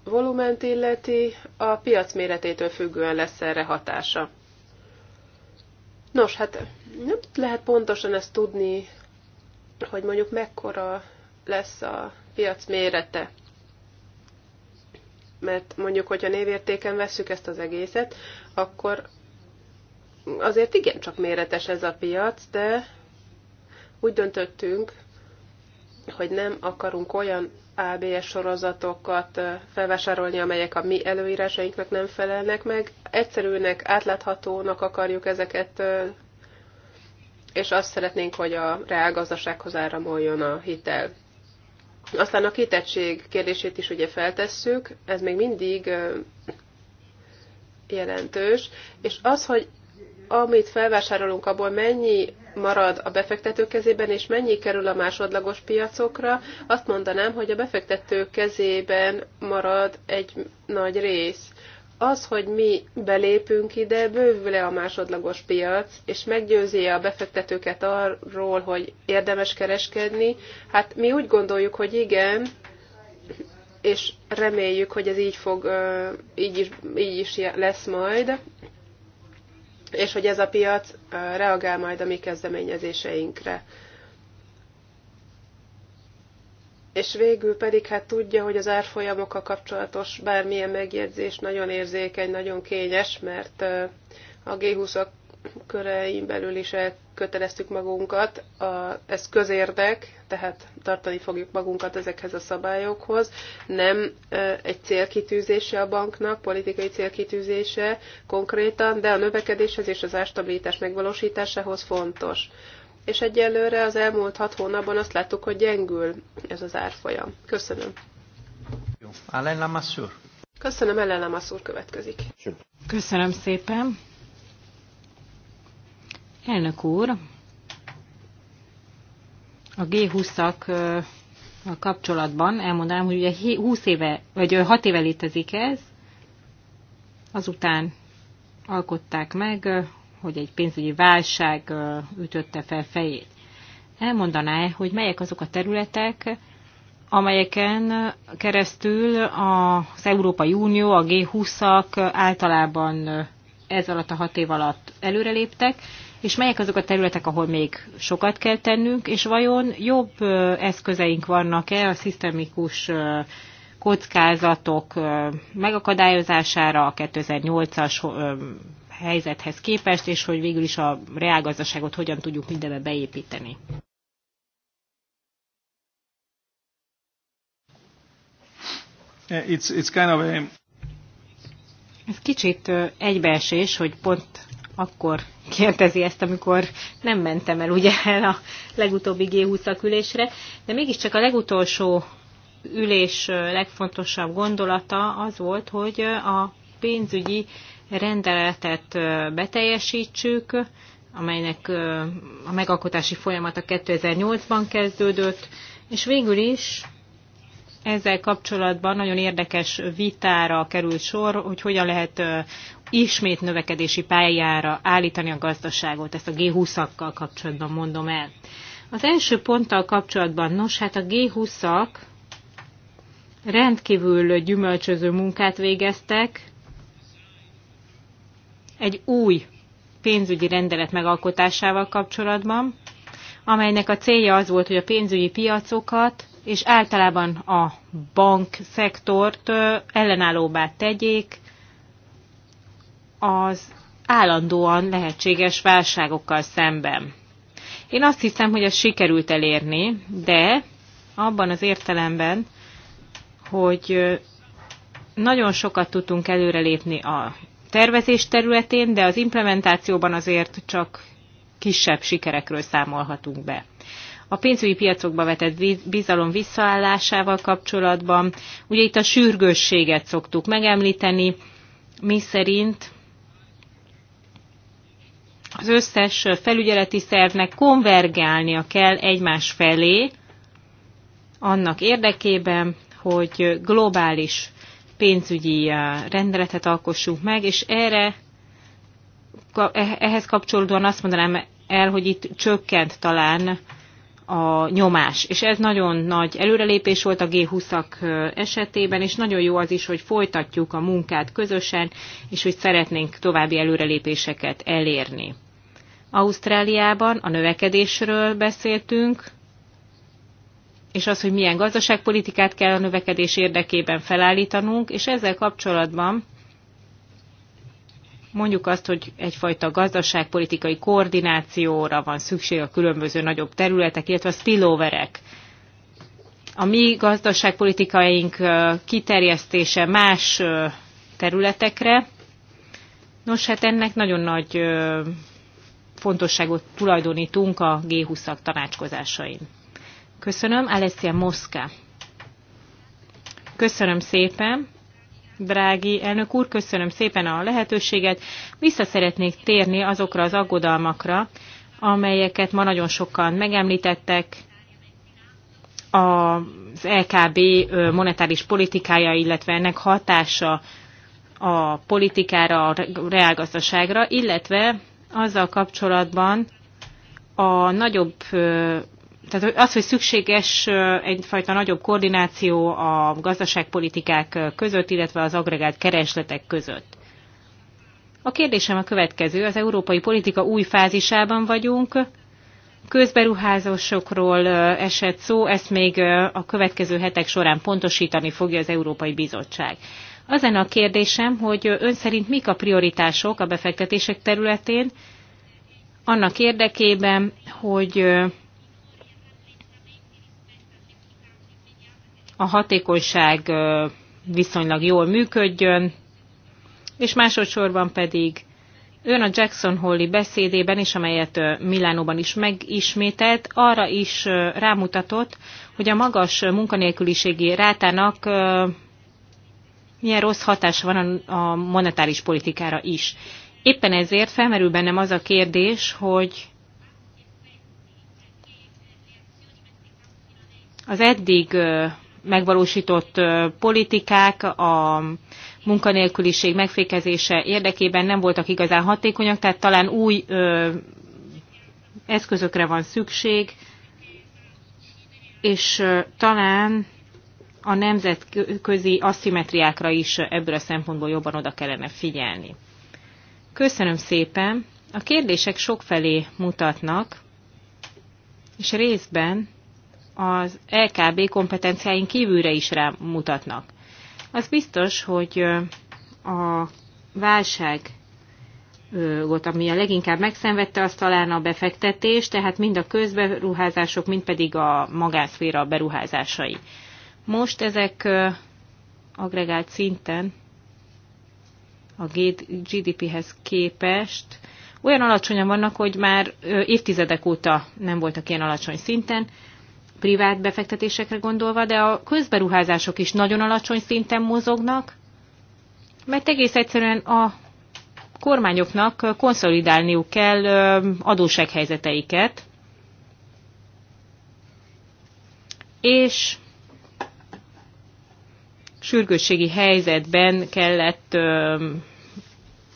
Speaker 3: volument illeti, a piac méretétől függően lesz erre hatása. Nos, hát nem lehet pontosan ezt tudni, hogy mondjuk mekkora lesz a piac mérete. Mert mondjuk, hogyha névértéken vesszük ezt az egészet, akkor azért igencsak méretes ez a piac, de úgy döntöttünk, hogy nem akarunk olyan ABS sorozatokat felvásárolni, amelyek a mi előírásainknak nem felelnek meg. Egyszerűnek, átláthatónak akarjuk ezeket, és azt szeretnénk, hogy a reálgazdasághoz áramoljon a hitel. Aztán a kitettség kérdését is ugye feltesszük, ez még mindig jelentős, és az, hogy amit felvásárolunk, abból mennyi marad a befektető kezében, és mennyi kerül a másodlagos piacokra, azt mondanám, hogy a befektető kezében marad egy nagy rész. Az, hogy mi belépünk ide, bővül-e a másodlagos piac, és meggyőzi -e a befektetőket arról, hogy érdemes kereskedni, hát mi úgy gondoljuk, hogy igen, és reméljük, hogy ez így fog, így is, így is lesz majd, és hogy ez a piac reagál majd a mi kezdeményezéseinkre. És végül pedig hát tudja, hogy az árfolyamokkal kapcsolatos bármilyen megjegyzés nagyon érzékeny, nagyon kényes, mert a G20-ak körein belül is elköteleztük magunkat, a, ez közérdek, tehát tartani fogjuk magunkat ezekhez a szabályokhoz. Nem egy célkitűzése a banknak, politikai célkitűzése konkrétan, de a növekedéshez és az árstabilitás megvalósításához fontos. És egyelőre az elmúlt hat hónapban azt láttuk, hogy gyengül ez az árfolyam. Köszönöm. Köszönöm, Ellen Lamassur következik.
Speaker 4: Köszönöm szépen. Elnök úr, a G20-ak a kapcsolatban elmondanám, hogy ugye 20 éve, vagy 6 éve létezik ez, azután alkották meg, hogy egy pénzügyi válság ütötte fel fejét. Elmondaná, hogy melyek azok a területek, amelyeken keresztül az Európai Unió, a G20-ak általában ez alatt a hat év alatt előreléptek, és melyek azok a területek, ahol még sokat kell tennünk, és vajon jobb eszközeink vannak-e a szisztemikus kockázatok megakadályozására a 2008-as helyzethez képest, és hogy végül is a reálgazdaságot hogyan tudjuk mindenbe beépíteni.
Speaker 2: It's, it's kind of a...
Speaker 4: Ez kicsit egybeesés, hogy pont akkor kérdezi ezt, amikor nem mentem el ugye el a legutóbbi g 20 ülésre, de mégiscsak a legutolsó ülés legfontosabb gondolata az volt, hogy a pénzügyi rendeletet beteljesítsük, amelynek a megalkotási folyamata 2008-ban kezdődött, és végül is ezzel kapcsolatban nagyon érdekes vitára került sor, hogy hogyan lehet ismét növekedési pályára állítani a gazdaságot. Ezt a G20-akkal kapcsolatban mondom el. Az első ponttal kapcsolatban, nos, hát a G20-ak rendkívül gyümölcsöző munkát végeztek, egy új pénzügyi rendelet megalkotásával kapcsolatban, amelynek a célja az volt, hogy a pénzügyi piacokat és általában a bankszektort ellenállóbbá tegyék az állandóan lehetséges válságokkal szemben. Én azt hiszem, hogy ezt sikerült elérni, de abban az értelemben, hogy nagyon sokat tudtunk előrelépni a tervezés területén, de az implementációban azért csak kisebb sikerekről számolhatunk be. A pénzügyi piacokba vetett bizalom visszaállásával kapcsolatban, ugye itt a sürgősséget szoktuk megemlíteni, mi szerint az összes felügyeleti szervnek konvergálnia kell egymás felé, annak érdekében, hogy globális pénzügyi uh, rendeletet alkossunk meg, és erre eh, ehhez kapcsolódóan azt mondanám el, hogy itt csökkent talán a nyomás. És ez nagyon nagy előrelépés volt a G20-ak esetében, és nagyon jó az is, hogy folytatjuk a munkát közösen, és hogy szeretnénk további előrelépéseket elérni. Ausztráliában a növekedésről beszéltünk, és az, hogy milyen gazdaságpolitikát kell a növekedés érdekében felállítanunk, és ezzel kapcsolatban mondjuk azt, hogy egyfajta gazdaságpolitikai koordinációra van szükség a különböző nagyobb területek, illetve a spilloverek. A mi gazdaságpolitikaink kiterjesztése más területekre, nos hát ennek nagyon nagy fontosságot tulajdonítunk a G20-ak tanácskozásain. Köszönöm, Alessia Moszka. Köszönöm szépen drági elnök úr, köszönöm szépen a lehetőséget. Vissza szeretnék térni azokra az aggodalmakra, amelyeket ma nagyon sokan megemlítettek, az LKB monetáris politikája, illetve ennek hatása a politikára, a reálgazdaságra, illetve azzal kapcsolatban a nagyobb tehát az, hogy szükséges egyfajta nagyobb koordináció a gazdaságpolitikák között, illetve az agregált keresletek között. A kérdésem a következő. Az európai politika új fázisában vagyunk. Közberuházásokról esett szó, ezt még a következő hetek során pontosítani fogja az Európai Bizottság. Az a kérdésem, hogy ön szerint mik a prioritások a befektetések területén, annak érdekében, hogy a hatékonyság viszonylag jól működjön, és másodszorban pedig ön a Jackson Hole-i beszédében is, amelyet Milánóban is megismételt, arra is rámutatott, hogy a magas munkanélküliségi rátának milyen rossz hatása van a monetáris politikára is. Éppen ezért felmerül bennem az a kérdés, hogy az eddig megvalósított politikák a munkanélküliség megfékezése érdekében nem voltak igazán hatékonyak, tehát talán új eszközökre van szükség, és talán a nemzetközi aszimetriákra is ebből a szempontból jobban oda kellene figyelni. Köszönöm szépen! A kérdések sokfelé mutatnak, és részben az LKB kompetenciáin kívülre is rámutatnak. Az biztos, hogy a válság volt, ami a leginkább megszenvedte, az talán a befektetés, tehát mind a közberuházások, mind pedig a magánszféra beruházásai. Most ezek agregált szinten a GDP-hez képest olyan alacsonyan vannak, hogy már évtizedek óta nem voltak ilyen alacsony szinten, privát befektetésekre gondolva, de a közberuházások is nagyon alacsony szinten mozognak, mert egész egyszerűen a kormányoknak konszolidálniuk kell adóssághelyzeteiket, és sürgősségi helyzetben kellett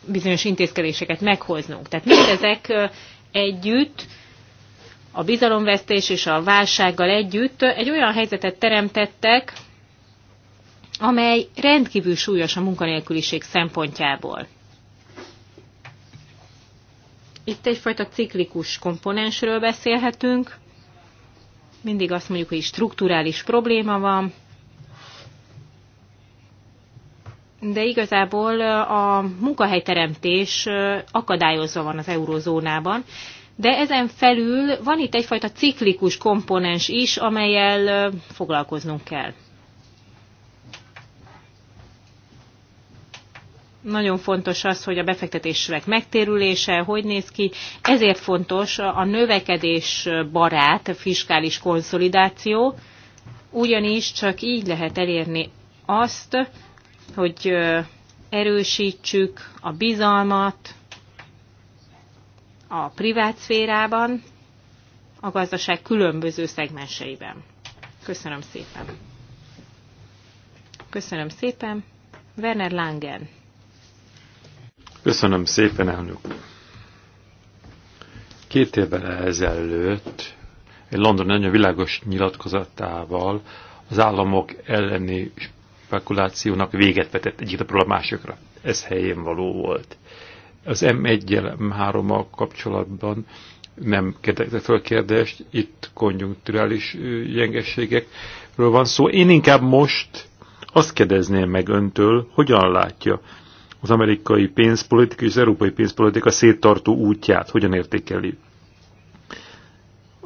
Speaker 4: bizonyos intézkedéseket meghoznunk. Tehát mindezek együtt a bizalomvesztés és a válsággal együtt egy olyan helyzetet teremtettek, amely rendkívül súlyos a munkanélküliség szempontjából. Itt egyfajta ciklikus komponensről beszélhetünk. Mindig azt mondjuk, hogy strukturális probléma van, de igazából a munkahelyteremtés akadályozva van az eurozónában, de ezen felül van itt egyfajta ciklikus komponens is, amelyel foglalkoznunk kell. Nagyon fontos az, hogy a befektetések megtérülése hogy néz ki, ezért fontos a növekedés barát fiskális konszolidáció, ugyanis csak így lehet elérni azt, hogy erősítsük a bizalmat, a privát szférában, a gazdaság különböző szegmenseiben. Köszönöm szépen. Köszönöm szépen. Werner Langen.
Speaker 1: Köszönöm szépen, elnök. Két évvel ezelőtt egy London nagyon világos nyilatkozatával az államok elleni spekulációnak véget vetett egyik a másikra. Ez helyén való volt. Az M1-jel, M3-mal kapcsolatban nem kérdezte fel kérdést, itt konjunkturális gyengességekről van szó. Én inkább most azt kérdezném meg öntől, hogyan látja az amerikai pénzpolitika és az európai pénzpolitika széttartó útját, hogyan értékeli.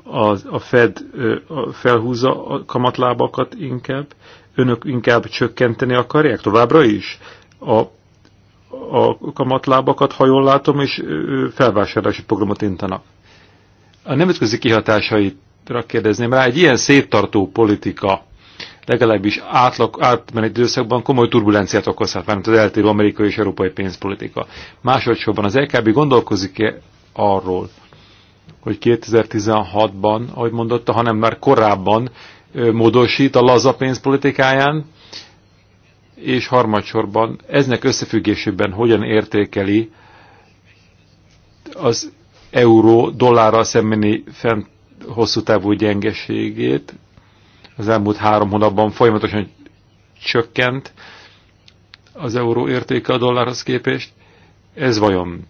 Speaker 1: A, a Fed felhúzza a kamatlábakat inkább, önök inkább csökkenteni akarják továbbra is a a kamatlábakat, ha jól látom, és felvásárlási programot intanak. A nemzetközi kihatásaitra kérdezném rá, egy ilyen széttartó politika legalábbis átlag, átmenet időszakban komoly turbulenciát okozhat, mert az eltérő amerikai és európai pénzpolitika. Másodszorban az LKB gondolkozik-e arról, hogy 2016-ban, ahogy mondotta, hanem már korábban módosít a laza pénzpolitikáján, és harmadsorban eznek összefüggésében hogyan értékeli az euró dollárral szembeni fent hosszú távú gyengeségét. Az elmúlt három hónapban folyamatosan csökkent az euró értéke a dollárhoz képest. Ez vajon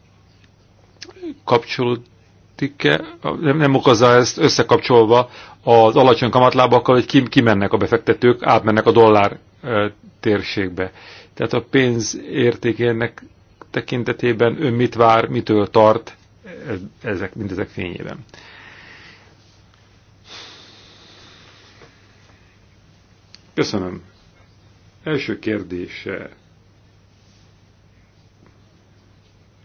Speaker 1: kapcsolódik-e? Nem, nem okozza ezt összekapcsolva az alacsony kamatlábakkal, hogy kim, kimennek a befektetők, átmennek a dollár térségbe. Tehát a pénz értékének tekintetében ön mit vár, mitől tart e, ezek, mindezek fényében. Köszönöm. Első kérdése,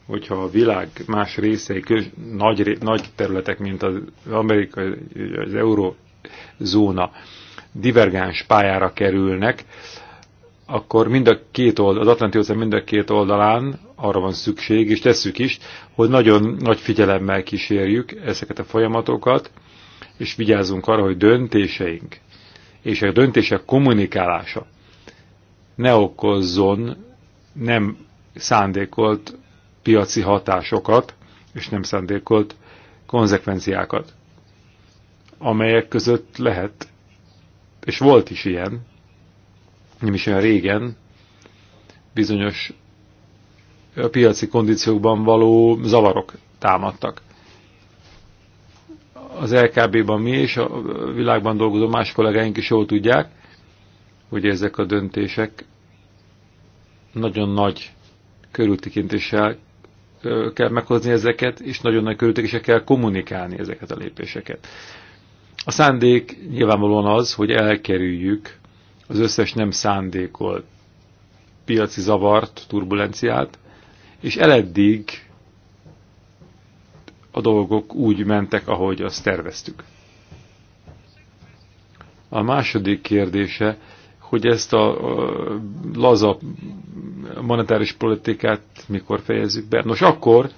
Speaker 1: hogyha a világ más részei, köz, nagy, nagy területek, mint az Amerika, az Eurózóna divergáns pályára kerülnek, akkor mind a két oldal, az Atlanti óceán mind a két oldalán arra van szükség, és tesszük is, hogy nagyon nagy figyelemmel kísérjük ezeket a folyamatokat, és vigyázzunk arra, hogy döntéseink és a döntések kommunikálása ne okozzon nem szándékolt piaci hatásokat, és nem szándékolt konzekvenciákat, amelyek között lehet és volt is ilyen, nem is olyan régen, bizonyos a piaci kondíciókban való zavarok támadtak. Az LKB-ban mi és a világban dolgozó más kollégáink is jól tudják, hogy ezek a döntések nagyon nagy körültekintéssel kell meghozni ezeket, és nagyon nagy körültekintéssel kell kommunikálni ezeket a lépéseket. A szándék nyilvánvalóan az, hogy elkerüljük az összes nem szándékolt piaci zavart, turbulenciát, és eleddig a dolgok úgy mentek, ahogy azt terveztük. A második kérdése, hogy ezt a laza monetáris politikát mikor fejezzük be? Nos, akkor,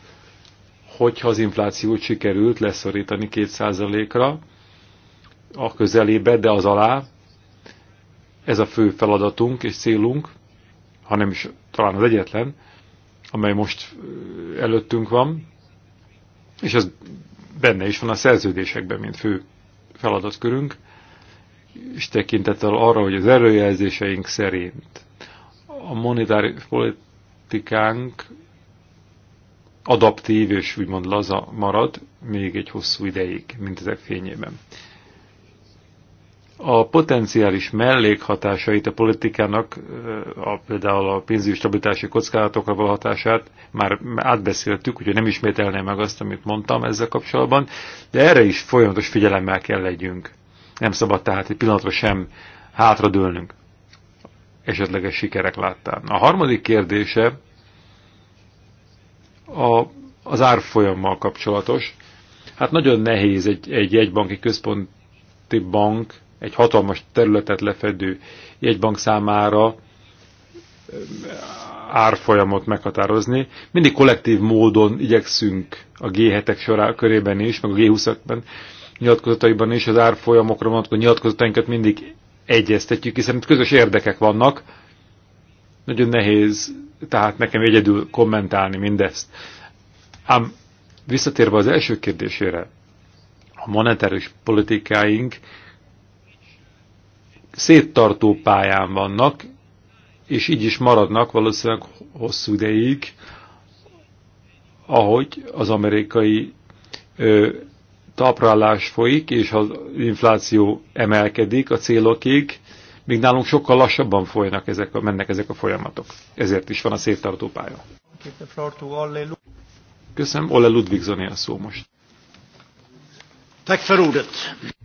Speaker 1: hogyha az inflációt sikerült leszorítani 2%-ra, a közelébe, de az alá. Ez a fő feladatunk és célunk, hanem is talán az egyetlen, amely most előttünk van, és ez benne is van a szerződésekben, mint fő feladatkörünk, és tekintettel arra, hogy az előjelzéseink szerint a monetáris politikánk adaptív és úgymond laza marad még egy hosszú ideig, mint ezek fényében a potenciális mellékhatásait a politikának, a, például a pénzügyi stabilitási kockázatokra való hatását már átbeszéltük, úgyhogy nem ismételném meg azt, amit mondtam ezzel kapcsolatban, de erre is folyamatos figyelemmel kell legyünk. Nem szabad tehát egy pillanatra sem hátradőlnünk esetleges sikerek láttán. A harmadik kérdése a, az árfolyammal kapcsolatos. Hát nagyon nehéz egy, egy jegybanki központi bank egy hatalmas területet lefedő jegybank számára árfolyamot meghatározni. Mindig kollektív módon igyekszünk a G7-ek körében is, meg a G20-ekben nyilatkozataiban is az árfolyamokra vonatkozó nyilatkozatainkat mindig egyeztetjük, hiszen itt közös érdekek vannak. Nagyon nehéz tehát nekem egyedül kommentálni mindezt. Ám visszatérve az első kérdésére, a monetáris politikáink széttartó pályán vannak, és így is maradnak valószínűleg hosszú ideig, ahogy az amerikai ö, taprálás folyik, és az infláció emelkedik a célokig, míg nálunk sokkal lassabban folynak ezek a, mennek ezek a folyamatok. Ezért is van a széttartó pálya. Köszönöm, Ole Ludvigzoni a szó most.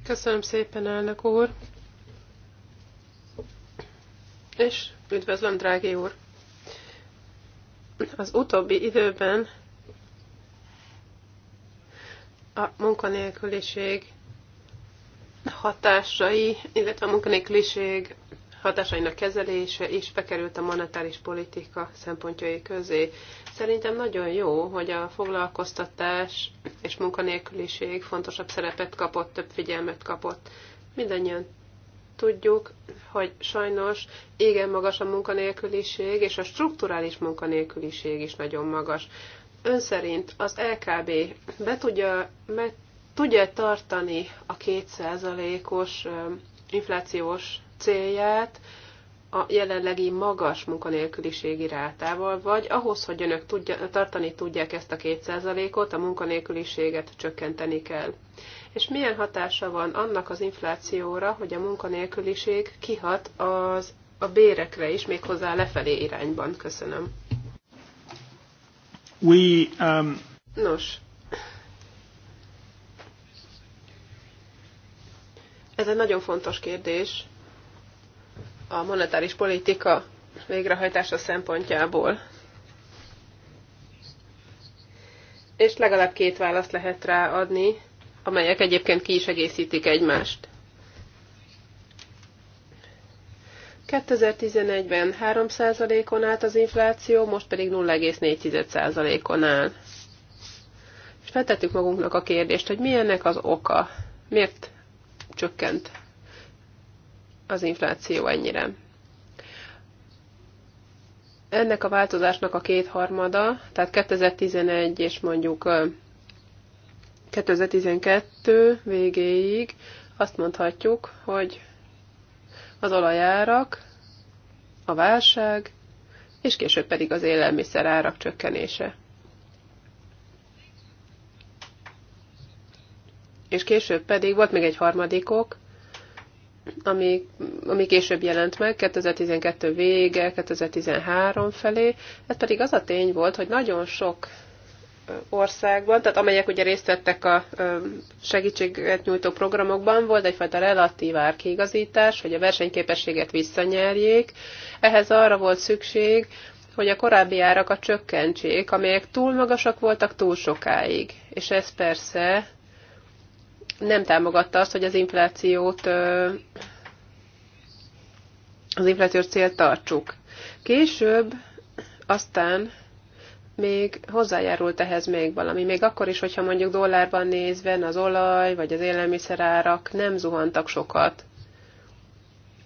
Speaker 3: Köszönöm szépen, elnök úr és üdvözlöm, drági úr! Az utóbbi időben a munkanélküliség hatásai, illetve a munkanélküliség hatásainak kezelése is bekerült a monetáris politika szempontjai közé. Szerintem nagyon jó, hogy a foglalkoztatás és munkanélküliség fontosabb szerepet kapott, több figyelmet kapott. Mindannyian Tudjuk, hogy sajnos igen magas a munkanélküliség, és a strukturális munkanélküliség is nagyon magas. Ön szerint az LKB be tudja, be tudja tartani a kétszázalékos inflációs célját a jelenlegi magas munkanélküliségi rátával, vagy ahhoz, hogy önök tudja, tartani tudják ezt a kétszázalékot, a munkanélküliséget csökkenteni kell és milyen hatása van annak az inflációra, hogy a munkanélküliség kihat az a bérekre is, méghozzá lefelé irányban. Köszönöm.
Speaker 2: We, um...
Speaker 3: Nos, ez egy nagyon fontos kérdés a monetáris politika végrehajtása szempontjából. És legalább két választ lehet rá adni amelyek egyébként ki is egészítik egymást. 2011-ben 3%-on állt az infláció, most pedig 0,4%-on áll. És feltettük magunknak a kérdést, hogy mi ennek az oka? Miért csökkent az infláció ennyire? Ennek a változásnak a kétharmada, tehát 2011 és mondjuk 2012 végéig azt mondhatjuk, hogy az olajárak, a válság, és később pedig az élelmiszer árak csökkenése. És később pedig volt még egy harmadikok, ami, ami később jelent meg, 2012 vége, 2013 felé, ez pedig az a tény volt, hogy nagyon sok országban, tehát amelyek ugye részt vettek a segítséget nyújtó programokban, volt egyfajta relatív árkiigazítás, hogy a versenyképességet visszanyerjék. Ehhez arra volt szükség, hogy a korábbi árakat csökkentsék, amelyek túl magasak voltak túl sokáig. És ez persze nem támogatta azt, hogy az inflációt az inflációt célt tartsuk. Később aztán még hozzájárult ehhez még valami. Még akkor is, hogyha mondjuk dollárban nézve az olaj vagy az élelmiszerárak nem zuhantak sokat.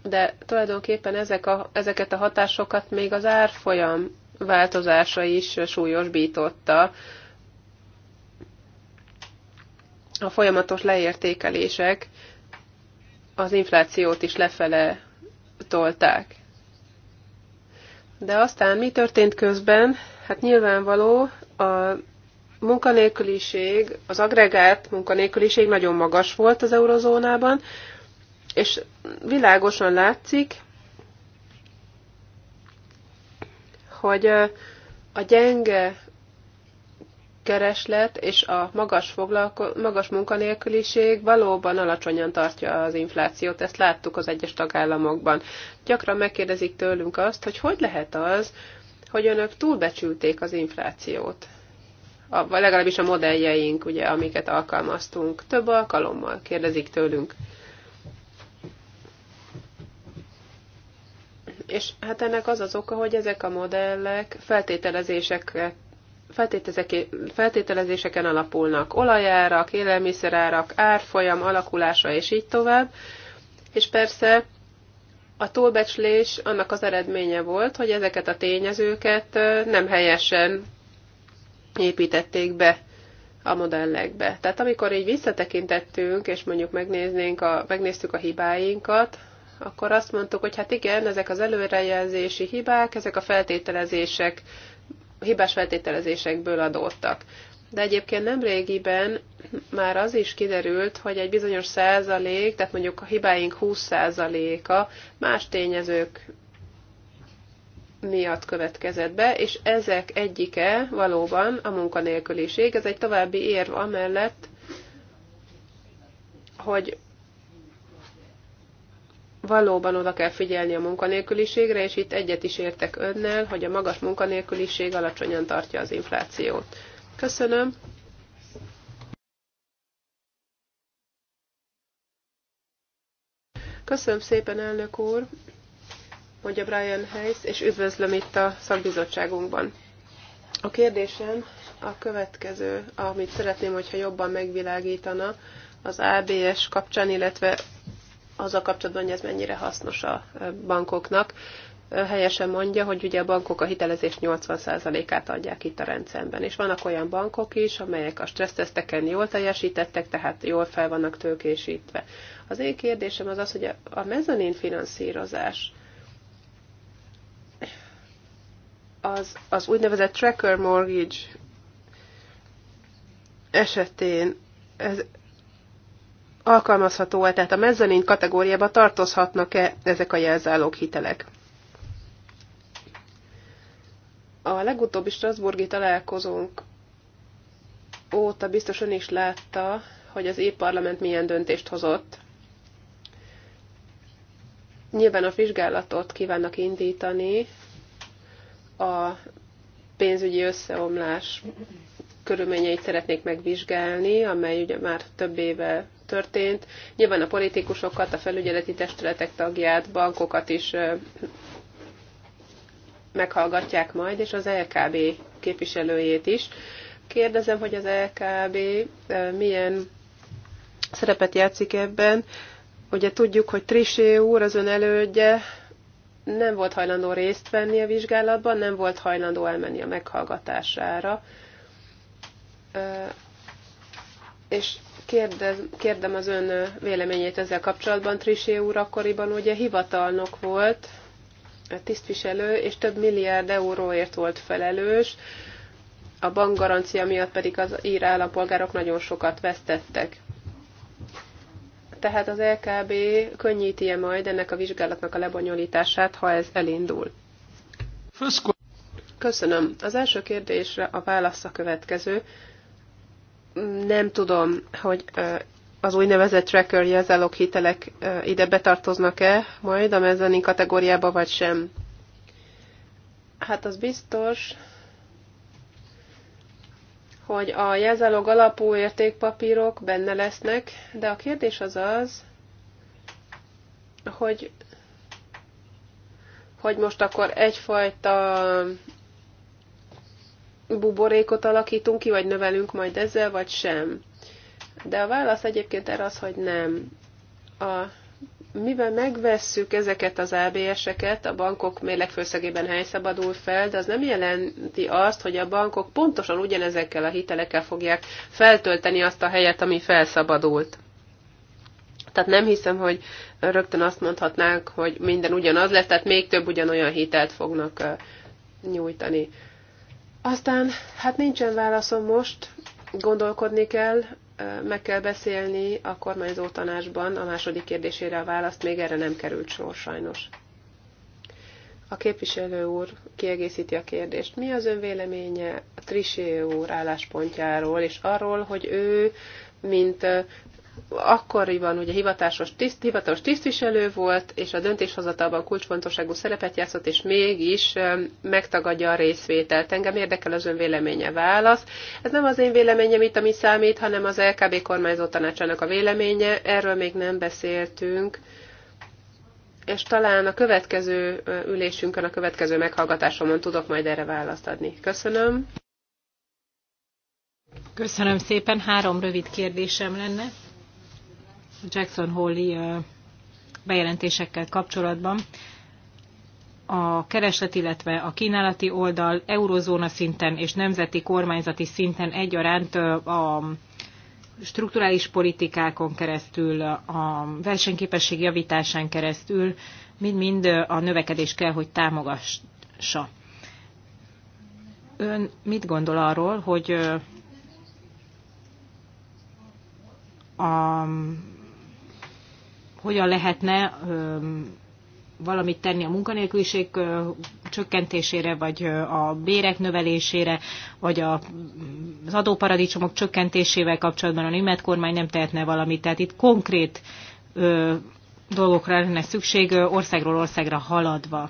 Speaker 3: De tulajdonképpen ezek a, ezeket a hatásokat még az árfolyam változása is súlyosbította. A folyamatos leértékelések az inflációt is lefele tolták. De aztán mi történt közben? Hát nyilvánvaló, a munkanélküliség, az agregált munkanélküliség nagyon magas volt az eurozónában, és világosan látszik, hogy a gyenge kereslet és a magas, foglalko- magas munkanélküliség valóban alacsonyan tartja az inflációt, ezt láttuk az egyes tagállamokban. Gyakran megkérdezik tőlünk azt, hogy hogy lehet az, hogy önök túlbecsülték az inflációt. A, legalábbis a modelljeink, ugye, amiket alkalmaztunk, több alkalommal kérdezik tőlünk. És hát ennek az az oka, hogy ezek a modellek feltételezéseket feltételezéseken alapulnak olajárak, élelmiszerárak, árfolyam alakulása és így tovább. És persze a túlbecslés annak az eredménye volt, hogy ezeket a tényezőket nem helyesen építették be a modellekbe. Tehát amikor így visszatekintettünk, és mondjuk megnéznénk a, megnéztük a hibáinkat, akkor azt mondtuk, hogy hát igen, ezek az előrejelzési hibák, ezek a feltételezések, hibás feltételezésekből adódtak de egyébként nem régiben már az is kiderült, hogy egy bizonyos százalék, tehát mondjuk a hibáink 20 százaléka más tényezők miatt következett be, és ezek egyike valóban a munkanélküliség. Ez egy további érv amellett, hogy valóban oda kell figyelni a munkanélküliségre, és itt egyet is értek önnel, hogy a magas munkanélküliség alacsonyan tartja az inflációt. Köszönöm. Köszönöm szépen, elnök úr, mondja Brian Hayes, és üdvözlöm itt a szakbizottságunkban. A kérdésem a következő, amit szeretném, hogyha jobban megvilágítana az ABS kapcsán, illetve az a kapcsolatban, hogy ez mennyire hasznos a bankoknak helyesen mondja, hogy ugye a bankok a hitelezés 80%-át adják itt a rendszerben. És vannak olyan bankok is, amelyek a stresszteszteken jól teljesítettek, tehát jól fel vannak tőkésítve. Az én kérdésem az az, hogy a mezanin finanszírozás az, az úgynevezett tracker mortgage esetén ez, alkalmazható-e, tehát a mezzanin kategóriába tartozhatnak-e ezek a jelzálók hitelek? A legutóbbi Strasburgi találkozónk óta biztos ön is látta, hogy az épp parlament milyen döntést hozott. Nyilván a vizsgálatot kívánnak indítani a pénzügyi összeomlás körülményeit szeretnék megvizsgálni, amely ugye már több éve történt. Nyilván a politikusokat, a felügyeleti testületek tagját, bankokat is meghallgatják majd, és az LKB képviselőjét is. Kérdezem, hogy az LKB milyen szerepet játszik ebben. Ugye tudjuk, hogy Trisé úr, az ön elődje, nem volt hajlandó részt venni a vizsgálatban, nem volt hajlandó elmenni a meghallgatására. És kérdez, kérdem az ön véleményét ezzel kapcsolatban. Trisé úr akkoriban ugye hivatalnok volt, tisztviselő, és több milliárd euróért volt felelős, a bankgarancia miatt pedig az ír állampolgárok nagyon sokat vesztettek. Tehát az LKB könnyíti -e majd ennek a vizsgálatnak a lebonyolítását, ha ez elindul? Köszönöm. Az első kérdésre a válasz a következő. Nem tudom, hogy az úgynevezett tracker jelzálók hitelek ide betartoznak-e majd a mezzanin kategóriába, vagy sem? Hát az biztos, hogy a jelzálog alapú értékpapírok benne lesznek, de a kérdés az az, hogy, hogy most akkor egyfajta buborékot alakítunk ki, vagy növelünk majd ezzel, vagy sem. De a válasz egyébként erre az, hogy nem. A, mivel megvesszük ezeket az ABS-eket, a bankok mérlegfőszegében hány szabadul fel, de az nem jelenti azt, hogy a bankok pontosan ugyanezekkel a hitelekkel fogják feltölteni azt a helyet, ami felszabadult. Tehát nem hiszem, hogy rögtön azt mondhatnánk, hogy minden ugyanaz lett, tehát még több ugyanolyan hitelt fognak nyújtani. Aztán, hát nincsen válaszom most, gondolkodni kell, meg kell beszélni a kormányzó tanácsban a második kérdésére a választ, még erre nem került sor sajnos. A képviselő úr kiegészíti a kérdést. Mi az ön véleménye a Trisé úr álláspontjáról, és arról, hogy ő, mint akkoriban ugye hivatásos tiszt, hivatalos tisztviselő volt, és a döntéshozatalban kulcsfontosságú szerepet játszott, és mégis megtagadja a részvételt. Engem érdekel az ön véleménye válasz. Ez nem az én véleményem itt, ami számít, hanem az LKB kormányzó tanácsának a véleménye. Erről még nem beszéltünk és talán a következő ülésünkön, a következő meghallgatásomon tudok majd erre választ adni. Köszönöm.
Speaker 4: Köszönöm szépen. Három rövid kérdésem lenne. Jackson Hole bejelentésekkel kapcsolatban a kereslet, illetve a kínálati oldal eurozóna szinten és nemzeti kormányzati szinten egyaránt a strukturális politikákon keresztül, a versenyképesség javításán keresztül mind-mind a növekedés kell, hogy támogassa. Ön mit gondol arról, hogy a hogyan lehetne valamit tenni a munkanélküliség csökkentésére, vagy a bérek növelésére, vagy a, az adóparadicsomok csökkentésével kapcsolatban a német kormány nem tehetne valamit. Tehát itt konkrét ö, dolgokra lenne szükség országról országra haladva.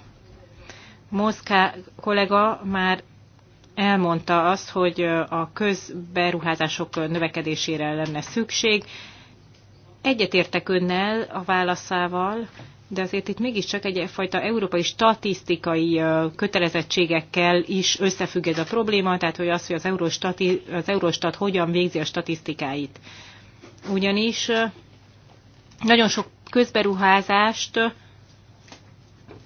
Speaker 4: Moszká kollega már elmondta azt, hogy a közberuházások növekedésére lenne szükség, Egyetértek önnel a válaszával, de azért itt mégiscsak egyfajta európai statisztikai kötelezettségekkel is összefügg ez a probléma, tehát hogy az, hogy az Eurostat, az Eurostat hogyan végzi a statisztikáit. Ugyanis nagyon sok közberuházást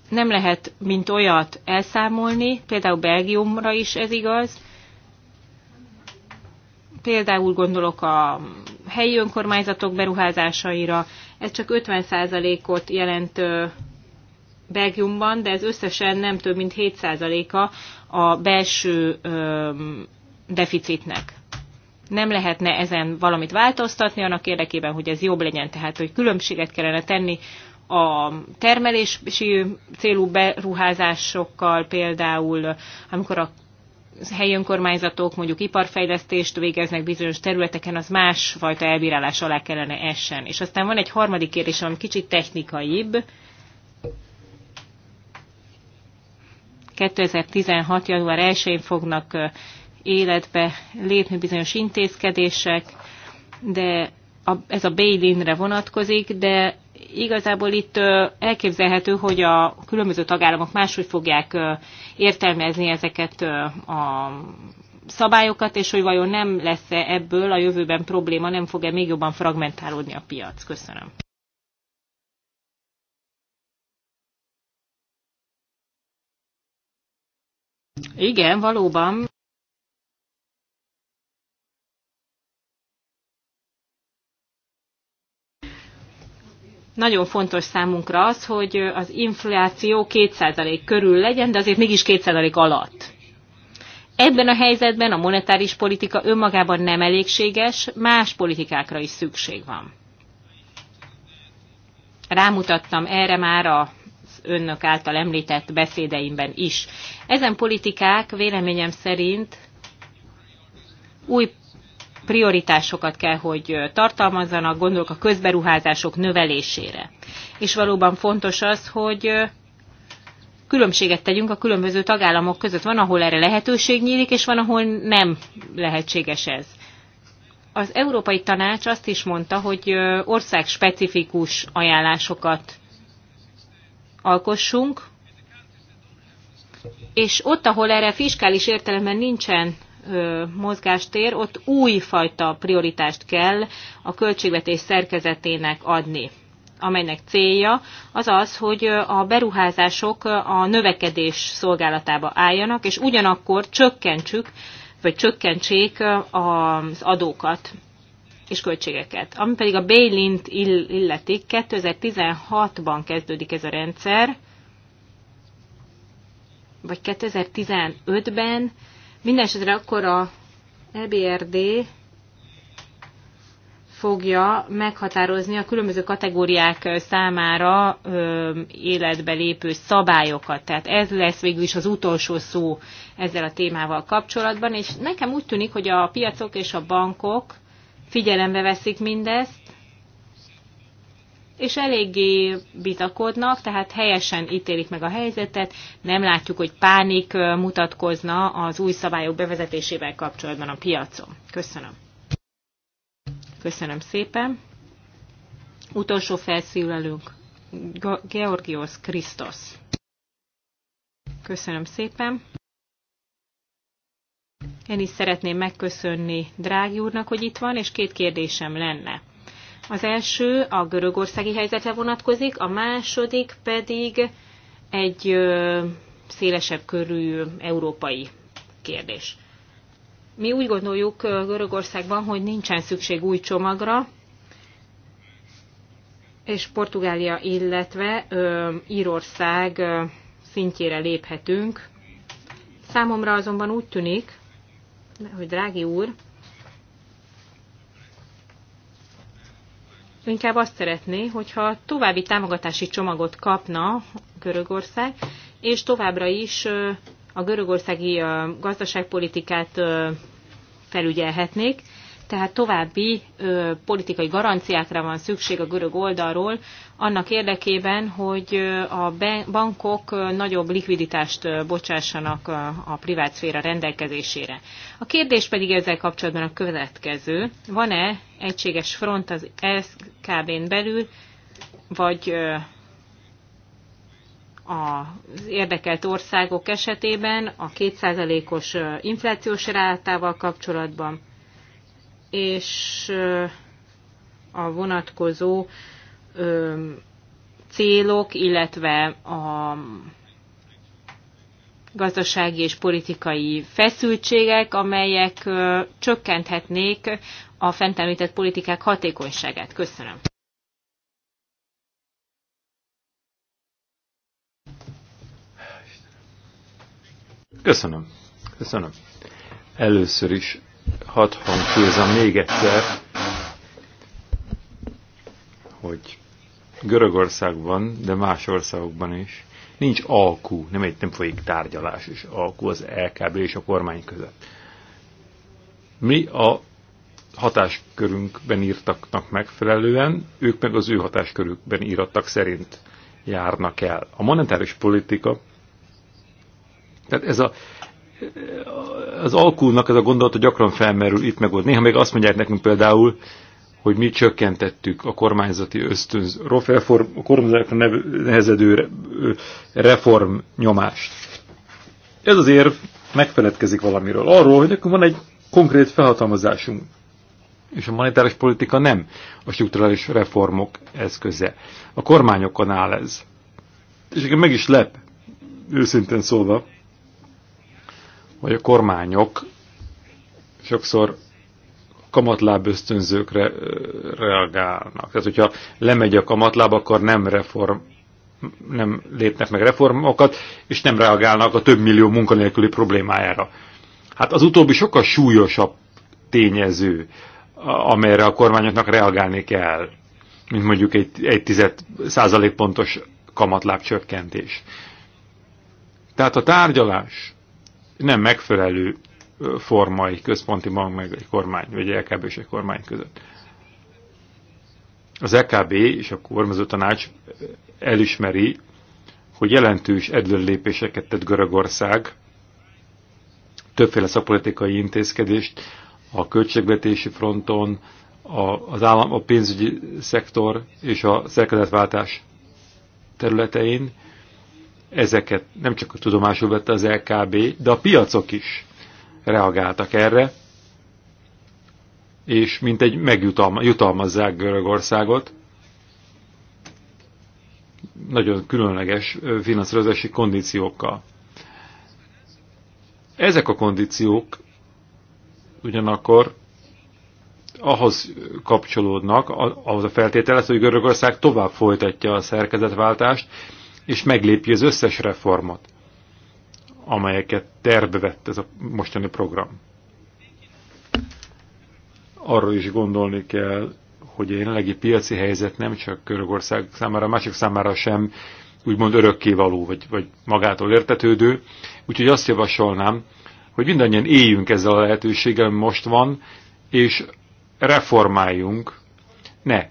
Speaker 4: nem lehet, mint olyat elszámolni, például Belgiumra is ez igaz. Például gondolok a helyi önkormányzatok beruházásaira. Ez csak 50%-ot jelent Belgiumban, de ez összesen nem több mint 7%-a a belső deficitnek. Nem lehetne ezen valamit változtatni annak érdekében, hogy ez jobb legyen, tehát hogy különbséget kellene tenni a termelési célú beruházásokkal, például amikor a helyi önkormányzatok mondjuk iparfejlesztést végeznek bizonyos területeken, az másfajta elbírálás alá kellene essen. És aztán van egy harmadik kérdés, ami kicsit technikaibb. 2016. január 1-én fognak életbe lépni bizonyos intézkedések, de a, ez a bail-inre vonatkozik, de igazából itt elképzelhető, hogy a különböző tagállamok máshogy fogják értelmezni ezeket a szabályokat, és hogy vajon nem lesz-e ebből a jövőben probléma, nem fog-e még jobban fragmentálódni a piac. Köszönöm. Igen, valóban. nagyon fontos számunkra az, hogy az infláció 2% körül legyen, de azért mégis 2% alatt. Ebben a helyzetben a monetáris politika önmagában nem elégséges, más politikákra is szükség van. Rámutattam erre már a önök által említett beszédeimben is. Ezen politikák véleményem szerint új prioritásokat kell, hogy tartalmazzanak, gondolok a közberuházások növelésére. És valóban fontos az, hogy különbséget tegyünk a különböző tagállamok között. Van, ahol erre lehetőség nyílik, és van, ahol nem lehetséges ez. Az Európai Tanács azt is mondta, hogy ország specifikus ajánlásokat alkossunk, és ott, ahol erre fiskális értelemben nincsen mozgástér, ott újfajta prioritást kell a költségvetés szerkezetének adni amelynek célja az az, hogy a beruházások a növekedés szolgálatába álljanak, és ugyanakkor csökkentsük, vagy csökkentsék az adókat és költségeket. Ami pedig a Bélint illetik, 2016-ban kezdődik ez a rendszer, vagy 2015-ben, Mindenesetre akkor a EBRD fogja meghatározni a különböző kategóriák számára ö, életbe lépő szabályokat. Tehát ez lesz végül is az utolsó szó ezzel a témával kapcsolatban, és nekem úgy tűnik, hogy a piacok és a bankok figyelembe veszik mindezt, és eléggé bitakodnak, tehát helyesen ítélik meg a helyzetet, nem látjuk, hogy pánik mutatkozna az új szabályok bevezetésével kapcsolatban a piacon. Köszönöm. Köszönöm szépen. Utolsó felszílelünk, Georgios Krisztos. Köszönöm szépen. Én is szeretném megköszönni Drági úrnak, hogy itt van, és két kérdésem lenne. Az első a görögországi helyzetre vonatkozik, a második pedig egy szélesebb körű európai kérdés. Mi úgy gondoljuk Görögországban, hogy nincsen szükség új csomagra, és Portugália, illetve ö, Írország ö, szintjére léphetünk. Számomra azonban úgy tűnik, hogy drági úr, inkább azt szeretné, hogyha további támogatási csomagot kapna Görögország, és továbbra is a görögországi gazdaságpolitikát felügyelhetnék, tehát további ö, politikai garanciákra van szükség a görög oldalról annak érdekében, hogy a bankok nagyobb likviditást bocsássanak a privát szféra rendelkezésére. A kérdés pedig ezzel kapcsolatban a következő. Van-e egységes front az SKB-n belül, vagy az érdekelt országok esetében a kétszázalékos inflációs rátával kapcsolatban, és a vonatkozó célok, illetve a gazdasági és politikai feszültségek, amelyek csökkenthetnék a fent említett politikák hatékonyságát. Köszönöm.
Speaker 1: Köszönöm. Köszönöm. Először is hadd hangsúlyozom még egyszer, hogy Görögországban, de más országokban is nincs alkú, nem, egy, nem folyik tárgyalás is alkú az LKB és a kormány között. Mi a hatáskörünkben írtaknak megfelelően, ők meg az ő hatáskörükben írattak szerint járnak el. A monetáris politika, tehát ez a, az alkulnak ez a gondolata gyakran felmerül itt meg ott. Néha még azt mondják nekünk például, hogy mi csökkentettük a kormányzati ösztönz, reform, a kormányzatra nehezedő reform nyomást. Ez az érv megfeledkezik valamiről. Arról, hogy akkor van egy konkrét felhatalmazásunk. És a monetáris politika nem a strukturális reformok eszköze. A kormányokon áll ez. És igen, meg is lep, őszintén szólva, hogy a kormányok sokszor kamatláb ösztönzőkre reagálnak. Tehát, hogyha lemegy a kamatláb, akkor nem reform nem lépnek meg reformokat, és nem reagálnak a több millió munkanélküli problémájára. Hát az utóbbi sokkal súlyosabb tényező, amelyre a kormányoknak reagálni kell, mint mondjuk egy, egy tized százalékpontos kamatláb csökkentés. Tehát a tárgyalás nem megfelelő formai központi bank meg egy kormány, vagy egy LKB és egy kormány között. Az LKB és a kormányzó tanács elismeri, hogy jelentős lépéseket tett Görögország, többféle szakpolitikai intézkedést a költségvetési fronton, a, az állam, a pénzügyi szektor és a szerkezetváltás területein. Ezeket nem csak a tudomásul vette az LKB, de a piacok is reagáltak erre, és mint egy megjutalmazzák Görögországot. Nagyon különleges finanszírozási kondíciókkal. Ezek a kondíciók ugyanakkor ahhoz kapcsolódnak, ahhoz a feltételhez, hogy Görögország tovább folytatja a szerkezetváltást, és meglépje az összes reformot, amelyeket terbe vett ez a mostani program. Arról is gondolni kell, hogy a jelenlegi piaci helyzet nem csak Körögország számára, másik számára sem úgymond örökkévaló, vagy, vagy magától értetődő. Úgyhogy azt javasolnám, hogy mindannyian éljünk ezzel a lehetőséggel, ami most van, és reformáljunk, ne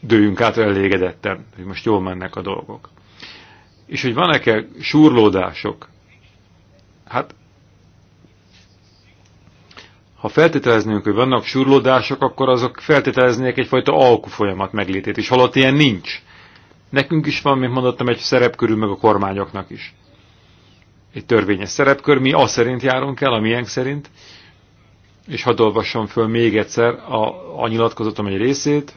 Speaker 1: dőljünk át elégedetten, hogy most jól mennek a dolgok. És hogy vannak-e súrlódások? Hát, ha feltételeznénk, hogy vannak súrlódások, akkor azok feltételeznék egyfajta folyamat meglétét, és holott ilyen nincs. Nekünk is van, mint mondottam, egy szerepkörül, meg a kormányoknak is. Egy törvényes szerepkör, mi az szerint járunk el, a miénk szerint, és hadd olvassam föl még egyszer a, a nyilatkozatom egy részét.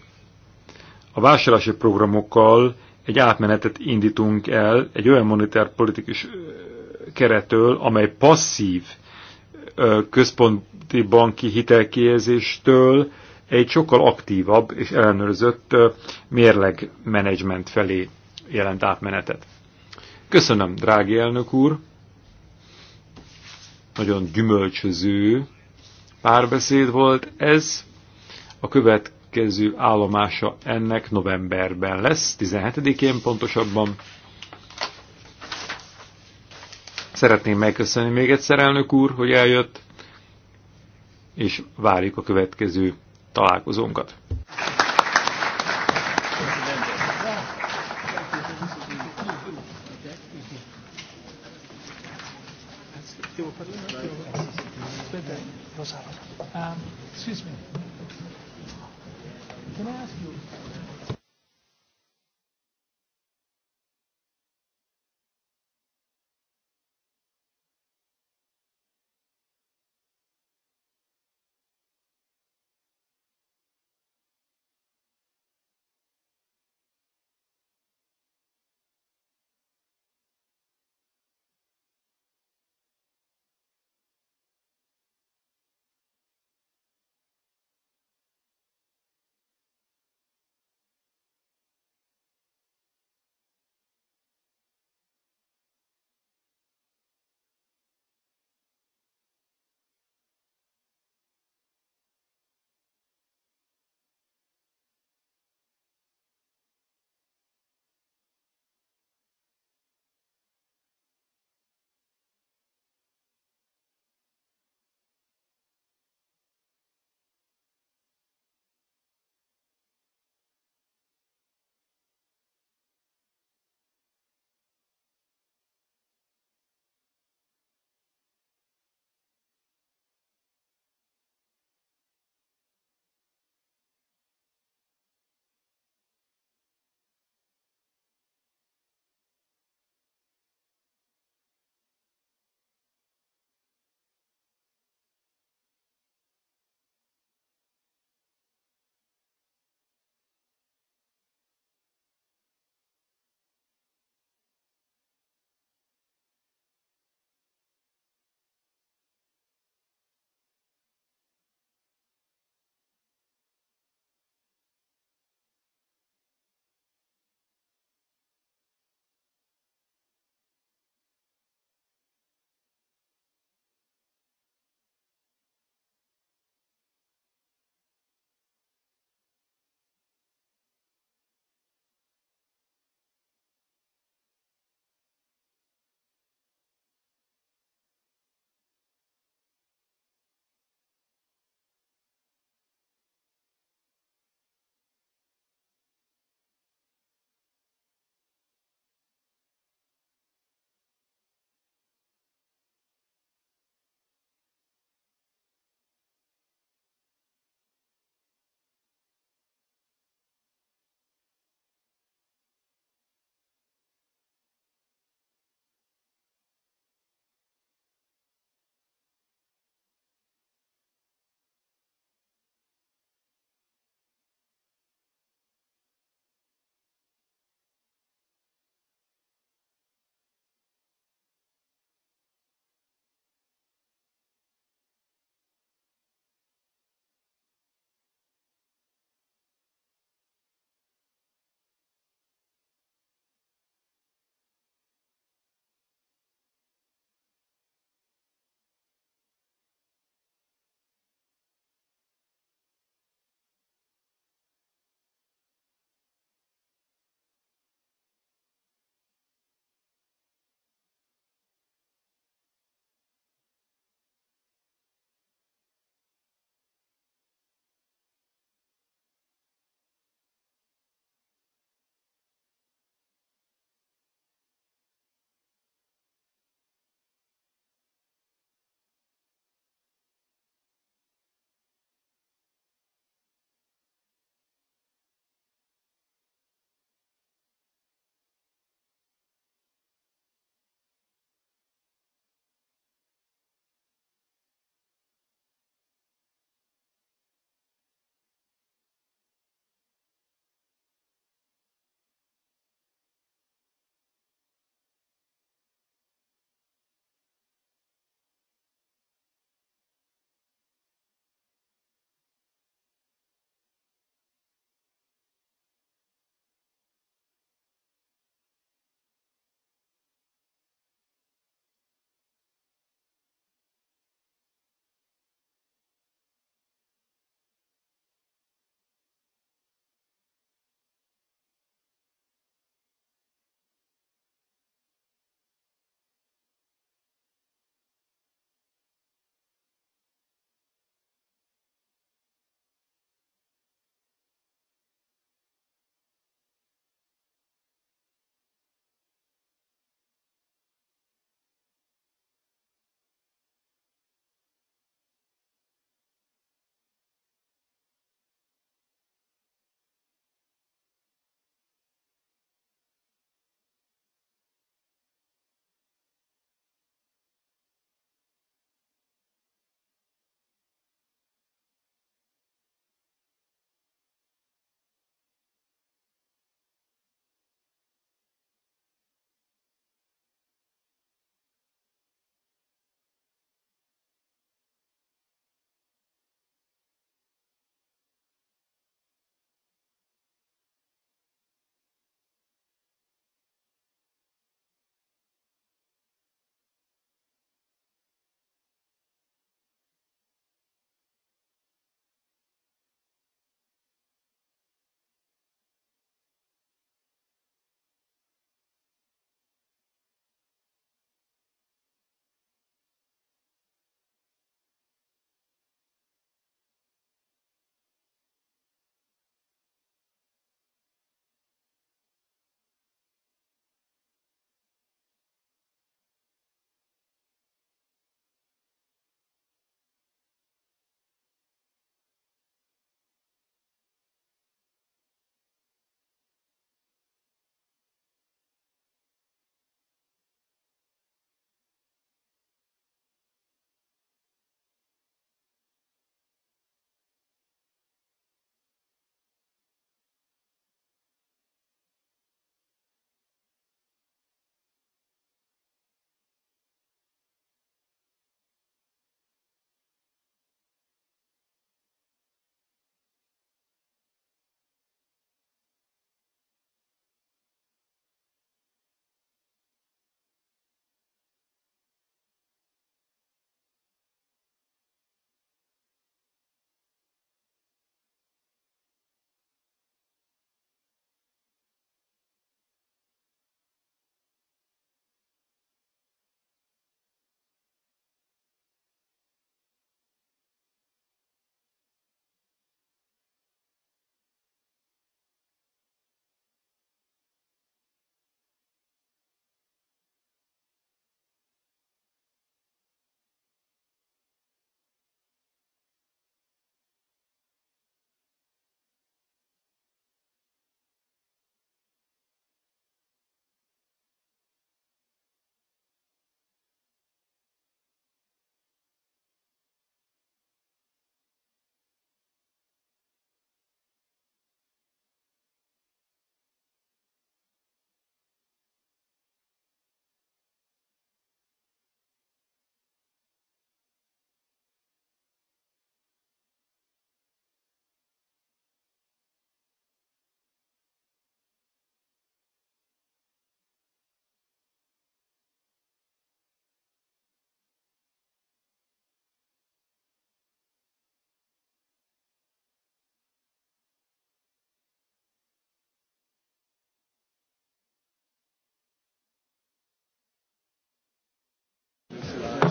Speaker 1: A vásárlási programokkal egy átmenetet indítunk el egy olyan politikus keretől, amely passzív központi banki hitelkézéstől egy sokkal aktívabb és ellenőrzött mérlegmenedzsment felé jelent átmenetet. Köszönöm, drági elnök úr! Nagyon gyümölcsöző párbeszéd volt ez. A követ következő állomása ennek novemberben lesz, 17-én pontosabban. Szeretném megköszönni még egyszer, elnök úr, hogy eljött, és várjuk a következő találkozónkat.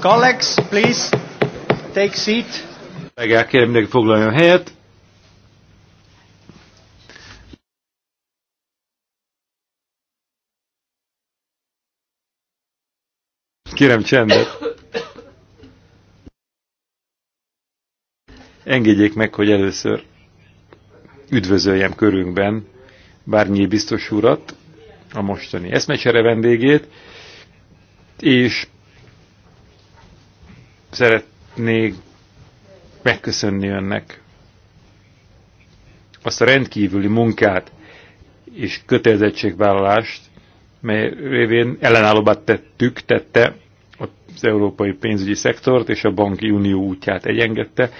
Speaker 2: Colleagues, please, take seat.
Speaker 1: kérem mindenki foglaljon helyet. Kérem csendet. Engedjék meg, hogy először üdvözöljem körünkben Bárnyi biztos urat, a mostani eszmecsere vendégét, és Szeretnék megköszönni önnek azt a rendkívüli munkát és kötelezettségvállalást, mely révén ellenállóbbá tettük, tette az európai pénzügyi szektort és a banki unió útját egyengedte.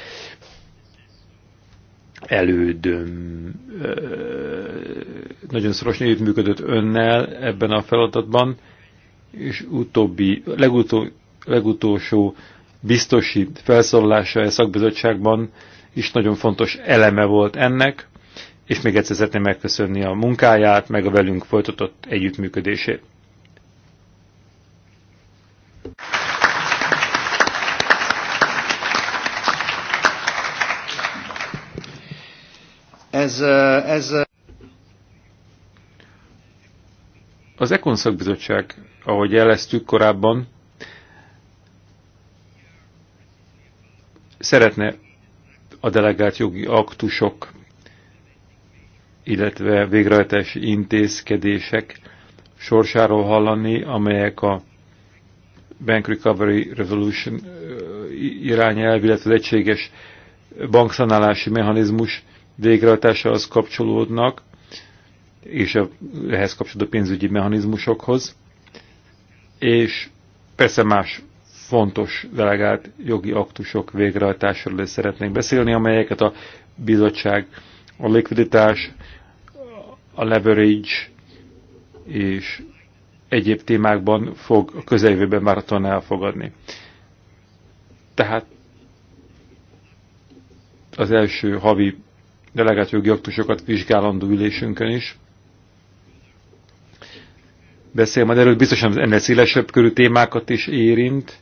Speaker 1: Elődöm nagyon szorosan együttműködött önnel ebben a feladatban, és utóbbi, legutó, legutolsó biztosi felszólalása a szakbizottságban is nagyon fontos eleme volt ennek, és még egyszer szeretném megköszönni a munkáját, meg a velünk folytatott együttműködését.
Speaker 2: Ez, ez...
Speaker 1: Az Ekon szakbizottság, ahogy jeleztük korábban, szeretne a delegált jogi aktusok, illetve végrehajtási intézkedések sorsáról hallani, amelyek a Bank Recovery Resolution irányelv, illetve az egységes bankszanálási mechanizmus végrehajtásához kapcsolódnak, és a, ehhez kapcsolódó pénzügyi mechanizmusokhoz, és persze más fontos delegált jogi aktusok végrehajtásáról is szeretnék beszélni, amelyeket a bizottság a likviditás, a leverage és egyéb témákban fog a közeljövőben várhatóan elfogadni. Tehát az első havi delegált jogi aktusokat vizsgálandó ülésünkön is beszél majd erről, biztosan ennél szélesebb körű témákat is érint,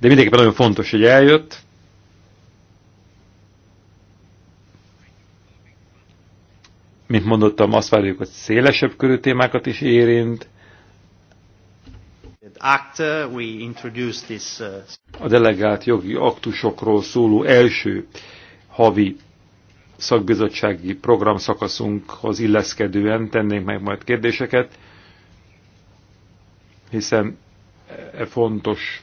Speaker 1: De mindenképpen nagyon fontos, hogy eljött. Mint mondottam, azt várjuk, hogy szélesebb körű témákat is érint.
Speaker 2: Uh,
Speaker 1: A delegált jogi aktusokról szóló első havi szakbizottsági programszakaszunkhoz illeszkedően tennénk meg majd kérdéseket, hiszen e fontos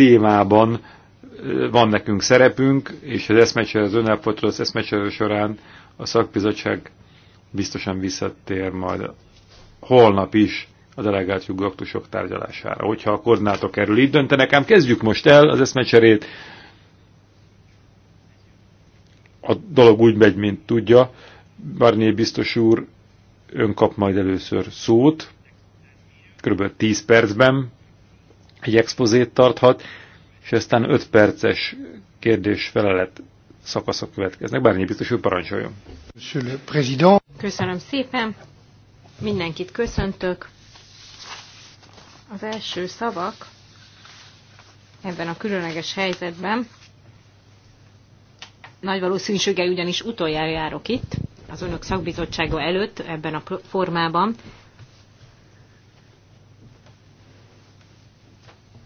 Speaker 1: témában van nekünk szerepünk, és az eszmecsere, az az eszmecsere során a szakbizottság biztosan visszatér majd holnap is a delegált jogaktusok tárgyalására. Hogyha a koordinátok erről így döntenek, ám kezdjük most el az eszmecserét. A dolog úgy megy, mint tudja. Barné biztos úr, ön kap majd először szót, kb. 10 percben, egy expozét tarthat, és aztán 5 perces kérdés-felelet szakaszok következnek. Bárnyi biztos, hogy parancsoljon.
Speaker 4: Köszönöm szépen. Mindenkit köszöntök. Az első szavak ebben a különleges helyzetben nagy valószínűséggel ugyanis utoljára járok itt, az önök szakbizottsága előtt ebben a formában,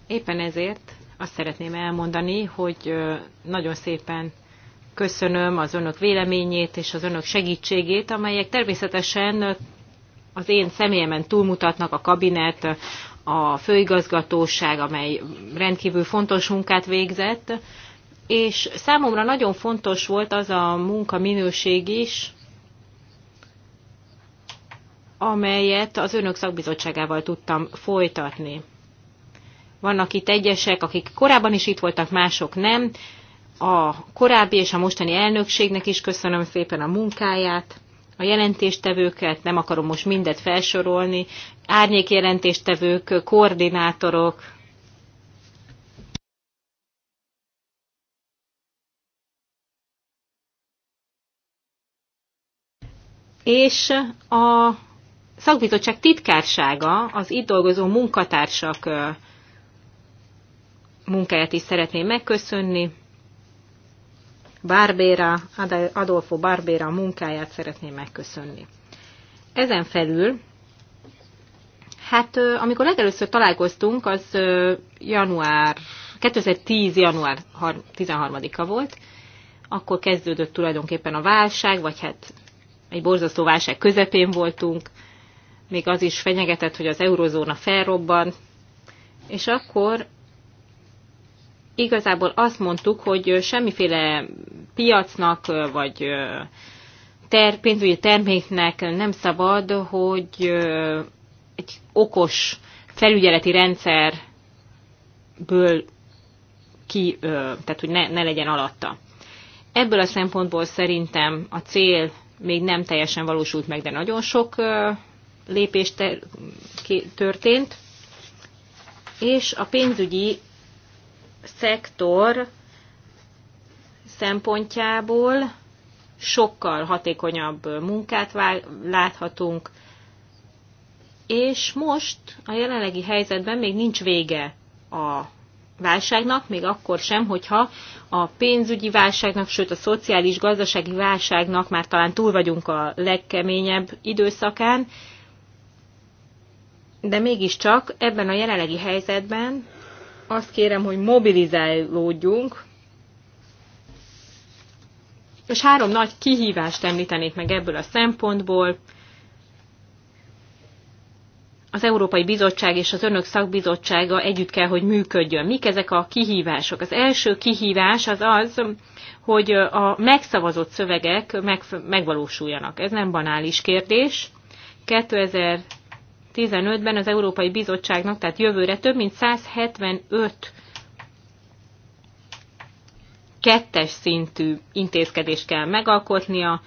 Speaker 4: Éppen ezért azt szeretném elmondani, hogy nagyon szépen köszönöm az önök véleményét és az önök segítségét, amelyek természetesen az én személyemen túlmutatnak a kabinet, a főigazgatóság, amely rendkívül fontos munkát végzett, és számomra nagyon fontos volt az a munka minőség is, amelyet az önök szakbizottságával tudtam folytatni. Vannak itt egyesek, akik korábban is itt voltak, mások nem. A korábbi és a mostani elnökségnek is köszönöm szépen a munkáját, a jelentéstevőket, nem akarom most mindet felsorolni, árnyék jelentéstevők, koordinátorok, és a szakbizottság titkársága, az itt dolgozó munkatársak munkáját is szeretném megköszönni. Barbera, Adolfo Barbera munkáját szeretném megköszönni. Ezen felül, hát amikor legelőször találkoztunk, az január, 2010. január 13-a volt, akkor kezdődött tulajdonképpen a válság, vagy hát egy borzasztó válság közepén voltunk, még az is fenyegetett, hogy az eurozóna felrobban, és akkor igazából azt mondtuk, hogy semmiféle piacnak vagy ter, pénzügyi terméknek nem szabad, hogy egy okos felügyeleti rendszerből ki, tehát hogy ne, ne legyen alatta. Ebből a szempontból szerintem a cél még nem teljesen valósult meg, de nagyon sok lépés történt, és a pénzügyi szektor szempontjából sokkal hatékonyabb munkát láthatunk, és most a jelenlegi helyzetben még nincs vége a válságnak, még akkor sem, hogyha a pénzügyi válságnak, sőt a szociális, gazdasági válságnak már talán túl vagyunk a legkeményebb időszakán, de mégiscsak ebben a jelenlegi helyzetben azt kérem, hogy mobilizálódjunk, és három nagy kihívást említenék meg ebből a szempontból. Az Európai Bizottság és az Önök Szakbizottsága együtt kell, hogy működjön. Mik ezek a kihívások? Az első kihívás az az, hogy a megszavazott szövegek megvalósuljanak. Ez nem banális kérdés. 2000 2015-ben az Európai Bizottságnak, tehát jövőre több mint 175 kettes szintű intézkedést kell megalkotnia,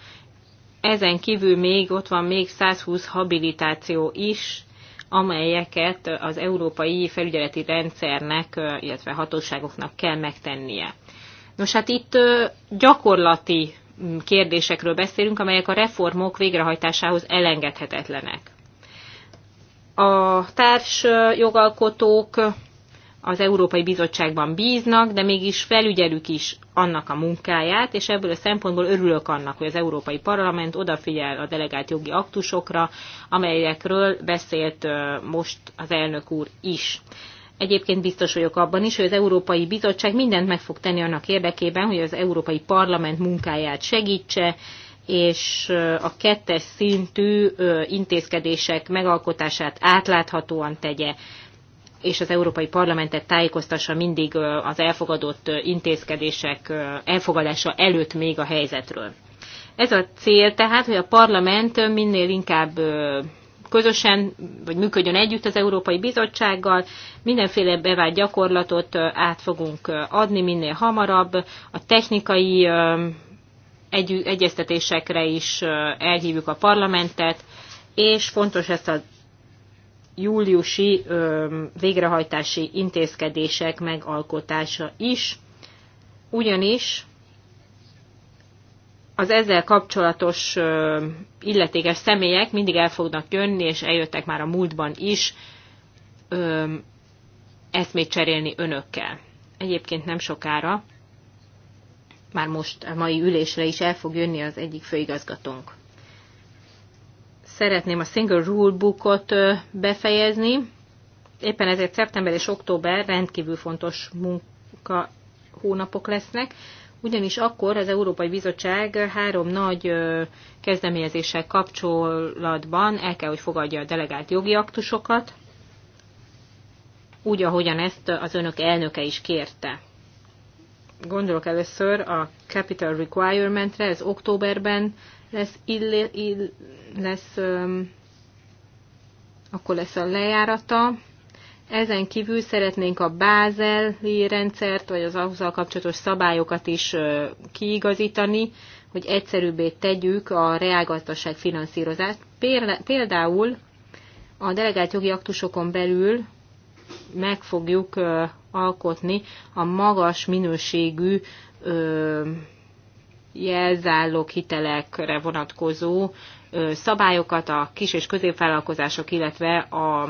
Speaker 4: ezen kívül még ott van még 120 habilitáció is, amelyeket az európai felügyeleti rendszernek, illetve hatóságoknak kell megtennie. Nos hát itt gyakorlati kérdésekről beszélünk, amelyek a reformok végrehajtásához elengedhetetlenek a társ jogalkotók az Európai Bizottságban bíznak, de mégis felügyelük is annak a munkáját, és ebből a szempontból örülök annak, hogy az Európai Parlament odafigyel a delegált jogi aktusokra, amelyekről beszélt most az elnök úr is. Egyébként biztos vagyok abban is, hogy az Európai Bizottság mindent meg fog tenni annak érdekében, hogy az Európai Parlament munkáját segítse, és a kettes szintű intézkedések megalkotását átláthatóan tegye, és az Európai Parlamentet tájékoztassa mindig az elfogadott intézkedések elfogadása előtt még a helyzetről. Ez a cél tehát, hogy a parlament minél inkább közösen, vagy működjön együtt az Európai Bizottsággal, mindenféle bevált gyakorlatot át fogunk adni minél hamarabb, a technikai egy, egyeztetésekre is elhívjuk a parlamentet, és fontos ezt a júliusi ö, végrehajtási intézkedések megalkotása is, ugyanis az ezzel kapcsolatos ö, illetékes személyek mindig el fognak jönni, és eljöttek már a múltban is ö, eszmét cserélni önökkel. Egyébként nem sokára már most a mai ülésre is el fog jönni az egyik főigazgatónk. Szeretném a Single Rule Bookot befejezni. Éppen ezért szeptember és október rendkívül fontos munka hónapok lesznek, ugyanis akkor az Európai Bizottság három nagy kezdeményezéssel kapcsolatban el kell, hogy fogadja a delegált jogi aktusokat, úgy, ahogyan ezt az önök elnöke is kérte gondolok először a Capital Requirementre, ez októberben lesz, ill, ill, lesz um, akkor lesz a lejárata. Ezen kívül szeretnénk a bázeli rendszert, vagy az azzal kapcsolatos szabályokat is kiigazítani, hogy egyszerűbbé tegyük a reálgazdaság finanszírozást. Például a delegált jogi aktusokon belül meg fogjuk alkotni a magas minőségű ö, jelzállók hitelekre vonatkozó ö, szabályokat a kis- és középvállalkozások, illetve a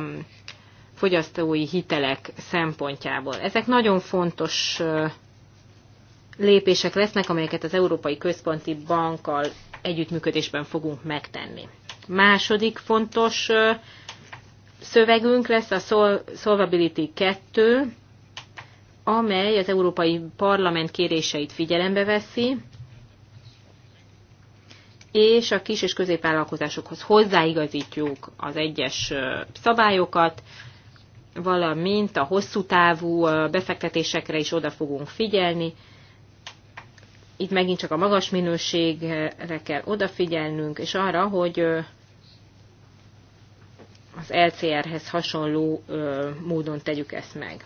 Speaker 4: fogyasztói hitelek szempontjából. Ezek nagyon fontos ö, lépések lesznek, amelyeket az Európai Központi Bankkal együttműködésben fogunk megtenni. Második fontos ö, szövegünk lesz a Solvability 2, amely az Európai Parlament kéréseit figyelembe veszi, és a kis és középvállalkozásokhoz hozzáigazítjuk az egyes szabályokat, valamint a hosszú távú befektetésekre is oda fogunk figyelni. Itt megint csak a magas minőségre kell odafigyelnünk, és arra, hogy az LCR-hez hasonló módon tegyük ezt meg.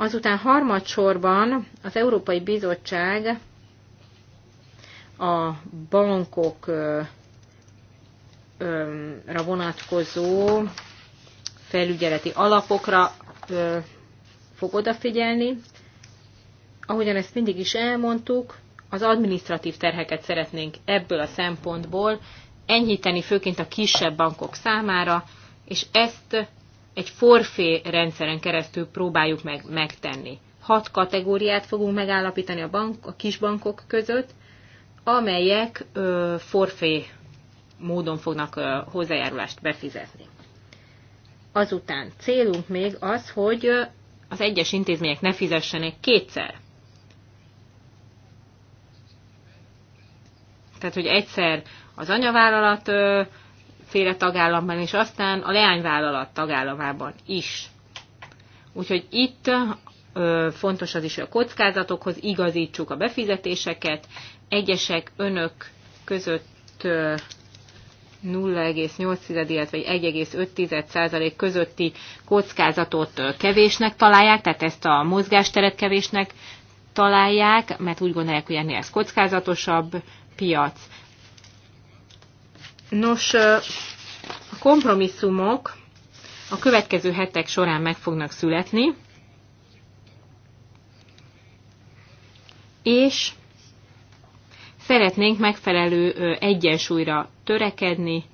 Speaker 4: Azután harmadsorban az Európai Bizottság a bankokra vonatkozó felügyeleti alapokra fog odafigyelni. Ahogyan ezt mindig is elmondtuk, az administratív terheket szeretnénk ebből a szempontból enyhíteni, főként a kisebb bankok számára, és ezt egy forfé rendszeren keresztül próbáljuk meg megtenni. Hat kategóriát fogunk megállapítani a, bank, a kisbankok között, amelyek ö, forfé módon fognak ö, hozzájárulást befizetni. Azután célunk még az, hogy az egyes intézmények ne fizessenek kétszer. Tehát, hogy egyszer az anyavállalat ö, féle tagállamban, és aztán a leányvállalat tagállamában is. Úgyhogy itt fontos az is, hogy a kockázatokhoz igazítsuk a befizetéseket. Egyesek önök között 0,8, illetve 1,5% közötti kockázatot kevésnek találják, tehát ezt a mozgásteret kevésnek találják, mert úgy gondolják, hogy ennél ez kockázatosabb piac. Nos, a kompromisszumok a következő hetek során meg fognak születni, és szeretnénk megfelelő egyensúlyra törekedni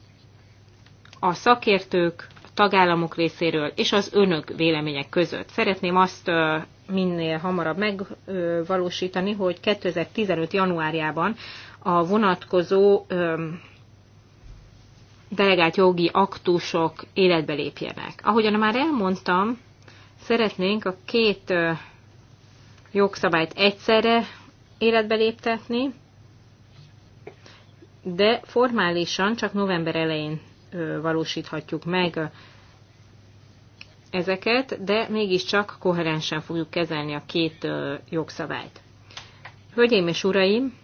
Speaker 4: a szakértők, a tagállamok részéről és az önök vélemények között. Szeretném azt minél hamarabb megvalósítani, hogy 2015. januárjában a vonatkozó delegált jogi aktusok életbe lépjenek. Ahogyan már elmondtam, szeretnénk a két jogszabályt egyszerre életbe léptetni, de formálisan csak november elején valósíthatjuk meg ezeket, de mégiscsak koherensen fogjuk kezelni a két jogszabályt. Hölgyeim és uraim,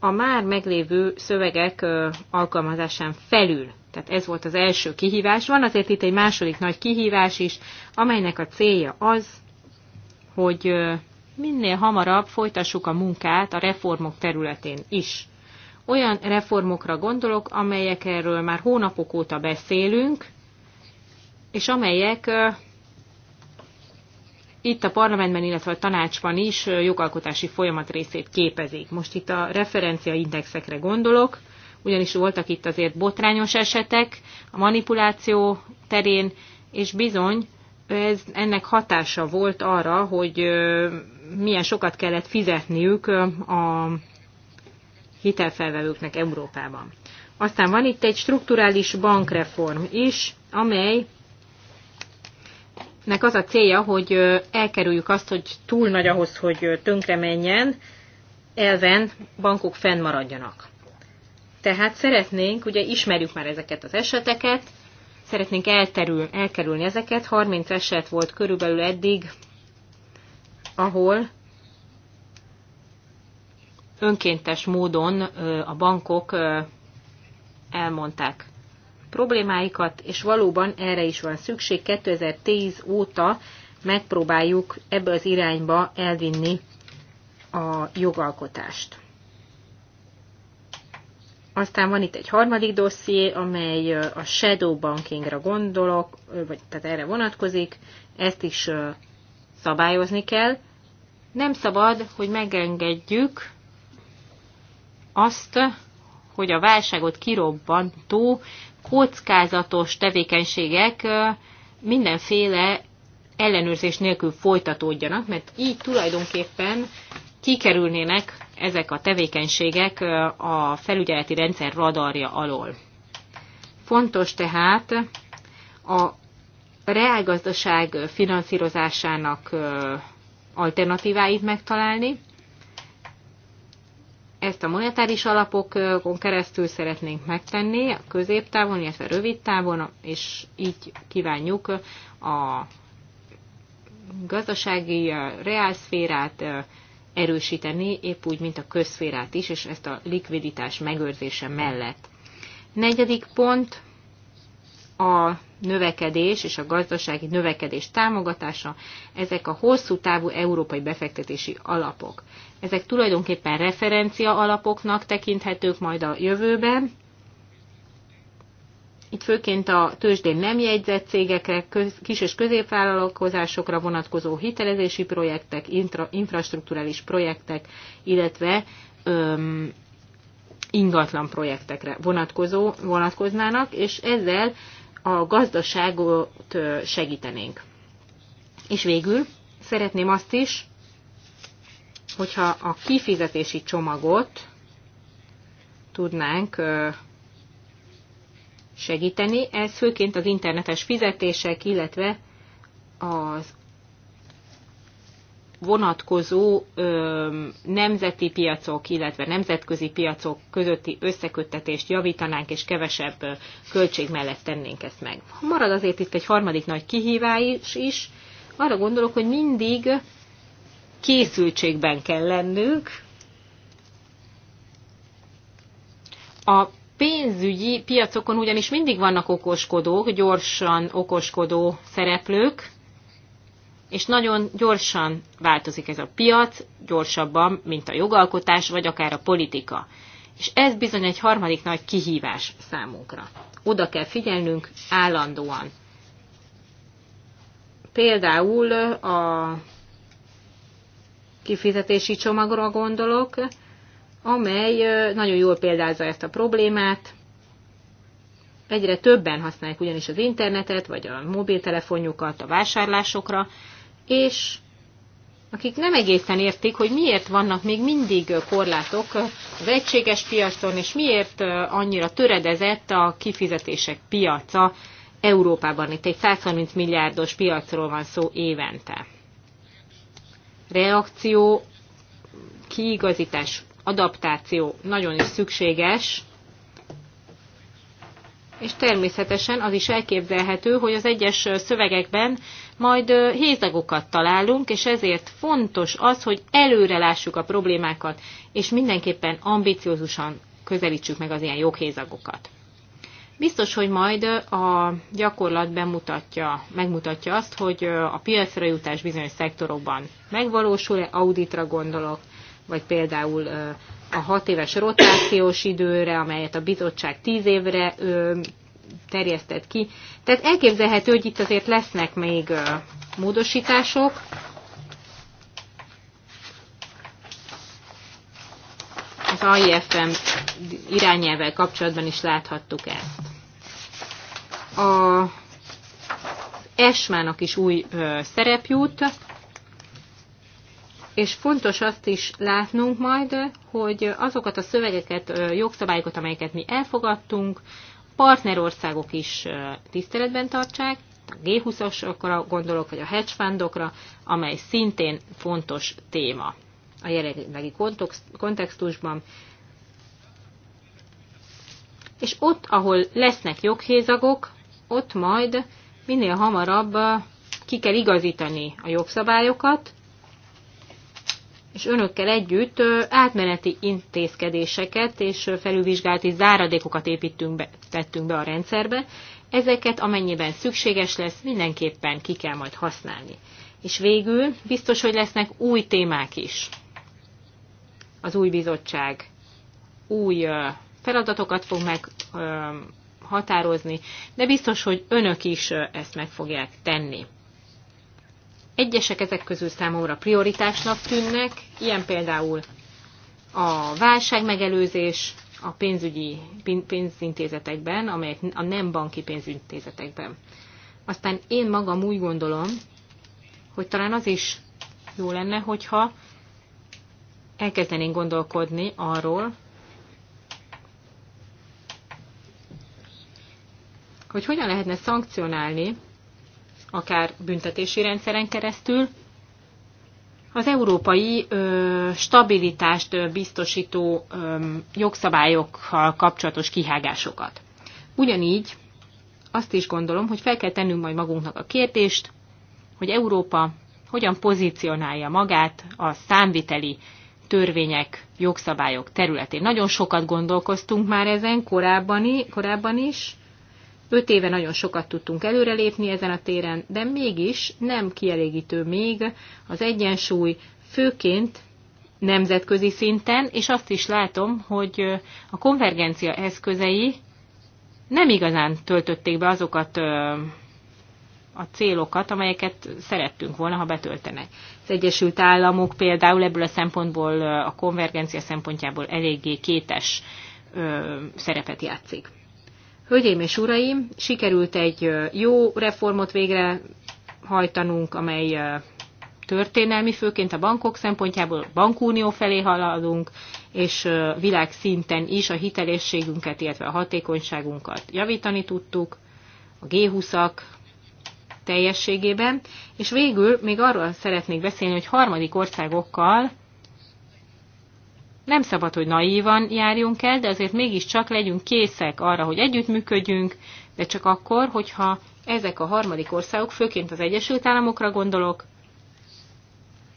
Speaker 4: a már meglévő szövegek alkalmazásán felül. Tehát ez volt az első kihívás. Van azért itt egy második nagy kihívás is, amelynek a célja az, hogy minél hamarabb folytassuk a munkát a reformok területén is. Olyan reformokra gondolok, amelyek erről már hónapok óta beszélünk, és amelyek itt a parlamentben, illetve a tanácsban is jogalkotási folyamat részét képezik. Most itt a referencia indexekre gondolok, ugyanis voltak itt azért botrányos esetek a manipuláció terén, és bizony ez, ennek hatása volt arra, hogy milyen sokat kellett fizetniük a hitelfelvevőknek Európában. Aztán van itt egy strukturális bankreform is, amely nek az a célja, hogy elkerüljük azt, hogy túl nagy ahhoz, hogy tönkre menjen, elven bankok fennmaradjanak. Tehát szeretnénk, ugye ismerjük már ezeket az eseteket, szeretnénk elterül, elkerülni ezeket. 30 eset volt körülbelül eddig, ahol önkéntes módon a bankok elmondták problémáikat, és valóban erre is van szükség. 2010 óta megpróbáljuk ebbe az irányba elvinni a jogalkotást. Aztán van itt egy harmadik dosszié, amely a shadow bankingra gondolok, vagy tehát erre vonatkozik, ezt is szabályozni kell. Nem szabad, hogy megengedjük azt, hogy a válságot kirobbantó kockázatos tevékenységek mindenféle ellenőrzés nélkül folytatódjanak, mert így tulajdonképpen kikerülnének ezek a tevékenységek a felügyeleti rendszer radarja alól. Fontos tehát a reálgazdaság finanszírozásának alternatíváit megtalálni, ezt a monetáris alapokon keresztül szeretnénk megtenni a középtávon, illetve rövid távon, és így kívánjuk a gazdasági reálszférát erősíteni, épp úgy, mint a közszférát is, és ezt a likviditás megőrzése mellett. Negyedik pont, a növekedés és a gazdasági növekedés támogatása, ezek a hosszú távú európai befektetési alapok. Ezek tulajdonképpen referencia alapoknak tekinthetők majd a jövőben. Itt főként a tőzsdén nem jegyzett cégekre, kis- és középvállalkozásokra vonatkozó hitelezési projektek, intra, infrastruktúrális projektek, illetve öm, ingatlan projektekre vonatkozó, vonatkoznának, és ezzel a gazdaságot segítenénk. És végül szeretném azt is, hogyha a kifizetési csomagot tudnánk segíteni. Ez főként az internetes fizetések, illetve az vonatkozó ö, nemzeti piacok, illetve nemzetközi piacok közötti összeköttetést javítanánk, és kevesebb ö, költség mellett tennénk ezt meg. Marad azért itt egy harmadik nagy kihívás is. Arra gondolok, hogy mindig készültségben kell lennünk. A pénzügyi piacokon ugyanis mindig vannak okoskodók, gyorsan okoskodó szereplők, és nagyon gyorsan változik ez a piac, gyorsabban, mint a jogalkotás, vagy akár a politika. És ez bizony egy harmadik nagy kihívás számunkra. Oda kell figyelnünk állandóan. Például a kifizetési csomagra gondolok, amely nagyon jól példázza ezt a problémát. Egyre többen használják ugyanis az internetet, vagy a mobiltelefonjukat a vásárlásokra, és akik nem egészen értik, hogy miért vannak még mindig korlátok az egységes piacon, és miért annyira töredezett a kifizetések piaca Európában. Itt egy 130 milliárdos piacról van szó évente. Reakció, kiigazítás, adaptáció nagyon is szükséges és természetesen az is elképzelhető, hogy az egyes szövegekben majd hézagokat találunk, és ezért fontos az, hogy előre lássuk a problémákat, és mindenképpen ambiciózusan közelítsük meg az ilyen joghézagokat. Biztos, hogy majd a gyakorlat bemutatja, megmutatja azt, hogy a piacra jutás bizonyos szektorokban megvalósul-e, auditra gondolok, vagy például a hat éves rotációs időre, amelyet a bizottság tíz évre ö, terjesztett ki. Tehát elképzelhető, hogy itt azért lesznek még ö, módosítások. Az AIFM irányelvel kapcsolatban is láthattuk ezt. A esmának is új ö, szerep jut és fontos azt is látnunk majd, hogy azokat a szövegeket, jogszabályokat, amelyeket mi elfogadtunk, partnerországok is tiszteletben tartsák, a g 20 osokra gondolok, vagy a hedge fundokra, amely szintén fontos téma a jelenlegi kontextusban. És ott, ahol lesznek joghézagok, ott majd minél hamarabb ki kell igazítani a jogszabályokat, és önökkel együtt átmeneti intézkedéseket és felülvizsgálati záradékokat építünk be, tettünk be a rendszerbe. Ezeket amennyiben szükséges lesz, mindenképpen ki kell majd használni. És végül biztos, hogy lesznek új témák is. Az új bizottság új feladatokat fog meghatározni, de biztos, hogy önök is ezt meg fogják tenni. Egyesek ezek közül számomra prioritásnak tűnnek, ilyen például a megelőzés a pénzügyi pénzintézetekben, amelyek a nem banki pénzintézetekben. Aztán én magam úgy gondolom, hogy talán az is jó lenne, hogyha elkezdenénk gondolkodni arról, hogy hogyan lehetne szankcionálni akár büntetési rendszeren keresztül. Az európai ö, stabilitást ö, biztosító ö, jogszabályokkal kapcsolatos kihágásokat. Ugyanígy azt is gondolom, hogy fel kell tennünk majd magunknak a kérdést, hogy Európa hogyan pozícionálja magát a számviteli törvények, jogszabályok területén. Nagyon sokat gondolkoztunk már ezen korábban, korábban is, Öt éve nagyon sokat tudtunk előrelépni ezen a téren, de mégis nem kielégítő még az egyensúly, főként nemzetközi szinten, és azt is látom, hogy a konvergencia eszközei nem igazán töltötték be azokat a célokat, amelyeket szerettünk volna, ha betöltenek. Az Egyesült Államok például ebből a szempontból, a konvergencia szempontjából eléggé kétes szerepet játszik. Hölgyeim és uraim, sikerült egy jó reformot végrehajtanunk, amely történelmi, főként a bankok szempontjából bankunió felé haladunk, és világszinten is a hitelességünket, illetve a hatékonyságunkat javítani tudtuk, a G20-ak teljességében, és végül még arról szeretnék beszélni, hogy harmadik országokkal nem szabad, hogy naívan járjunk el, de azért mégiscsak legyünk készek arra, hogy együttműködjünk, de csak akkor, hogyha ezek a harmadik országok, főként az Egyesült Államokra gondolok,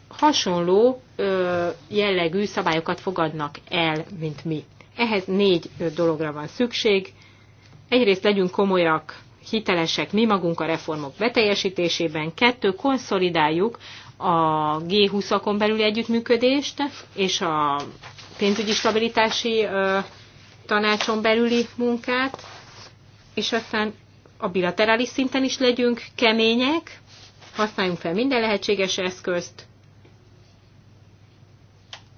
Speaker 4: hasonló ö, jellegű szabályokat fogadnak el, mint mi. Ehhez négy dologra van szükség. Egyrészt legyünk komolyak, hitelesek mi magunk a reformok beteljesítésében. Kettő, konszolidáljuk a G20-akon belüli együttműködést és a pénzügyi stabilitási tanácson belüli munkát, és aztán a bilaterális szinten is legyünk kemények, használjunk fel minden lehetséges eszközt,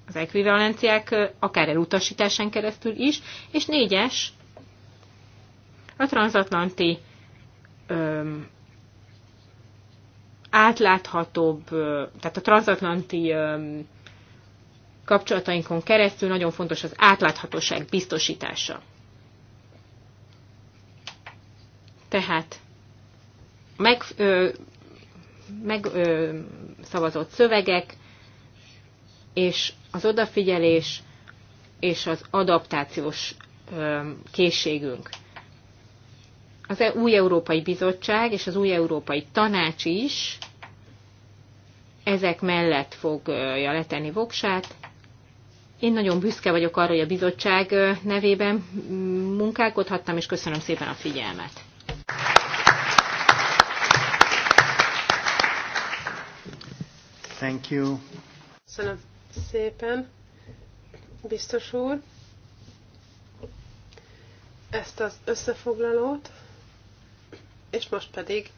Speaker 4: az ekvivalenciák akár elutasításán keresztül is, és négyes, a transatlanti öm, átláthatóbb, tehát a transatlanti öm, kapcsolatainkon keresztül nagyon fontos az átláthatóság biztosítása. Tehát meg, ö, meg ö, szavazott szövegek, és az odafigyelés, és az adaptációs ö, készségünk. Az e- új Európai Bizottság és az új Európai Tanács is ezek mellett fogja letenni voksát, én nagyon büszke vagyok arra, hogy a bizottság nevében munkálkodhattam, és köszönöm szépen a figyelmet.
Speaker 2: Thank you.
Speaker 3: Köszönöm szépen, biztos úr, ezt az összefoglalót, és most pedig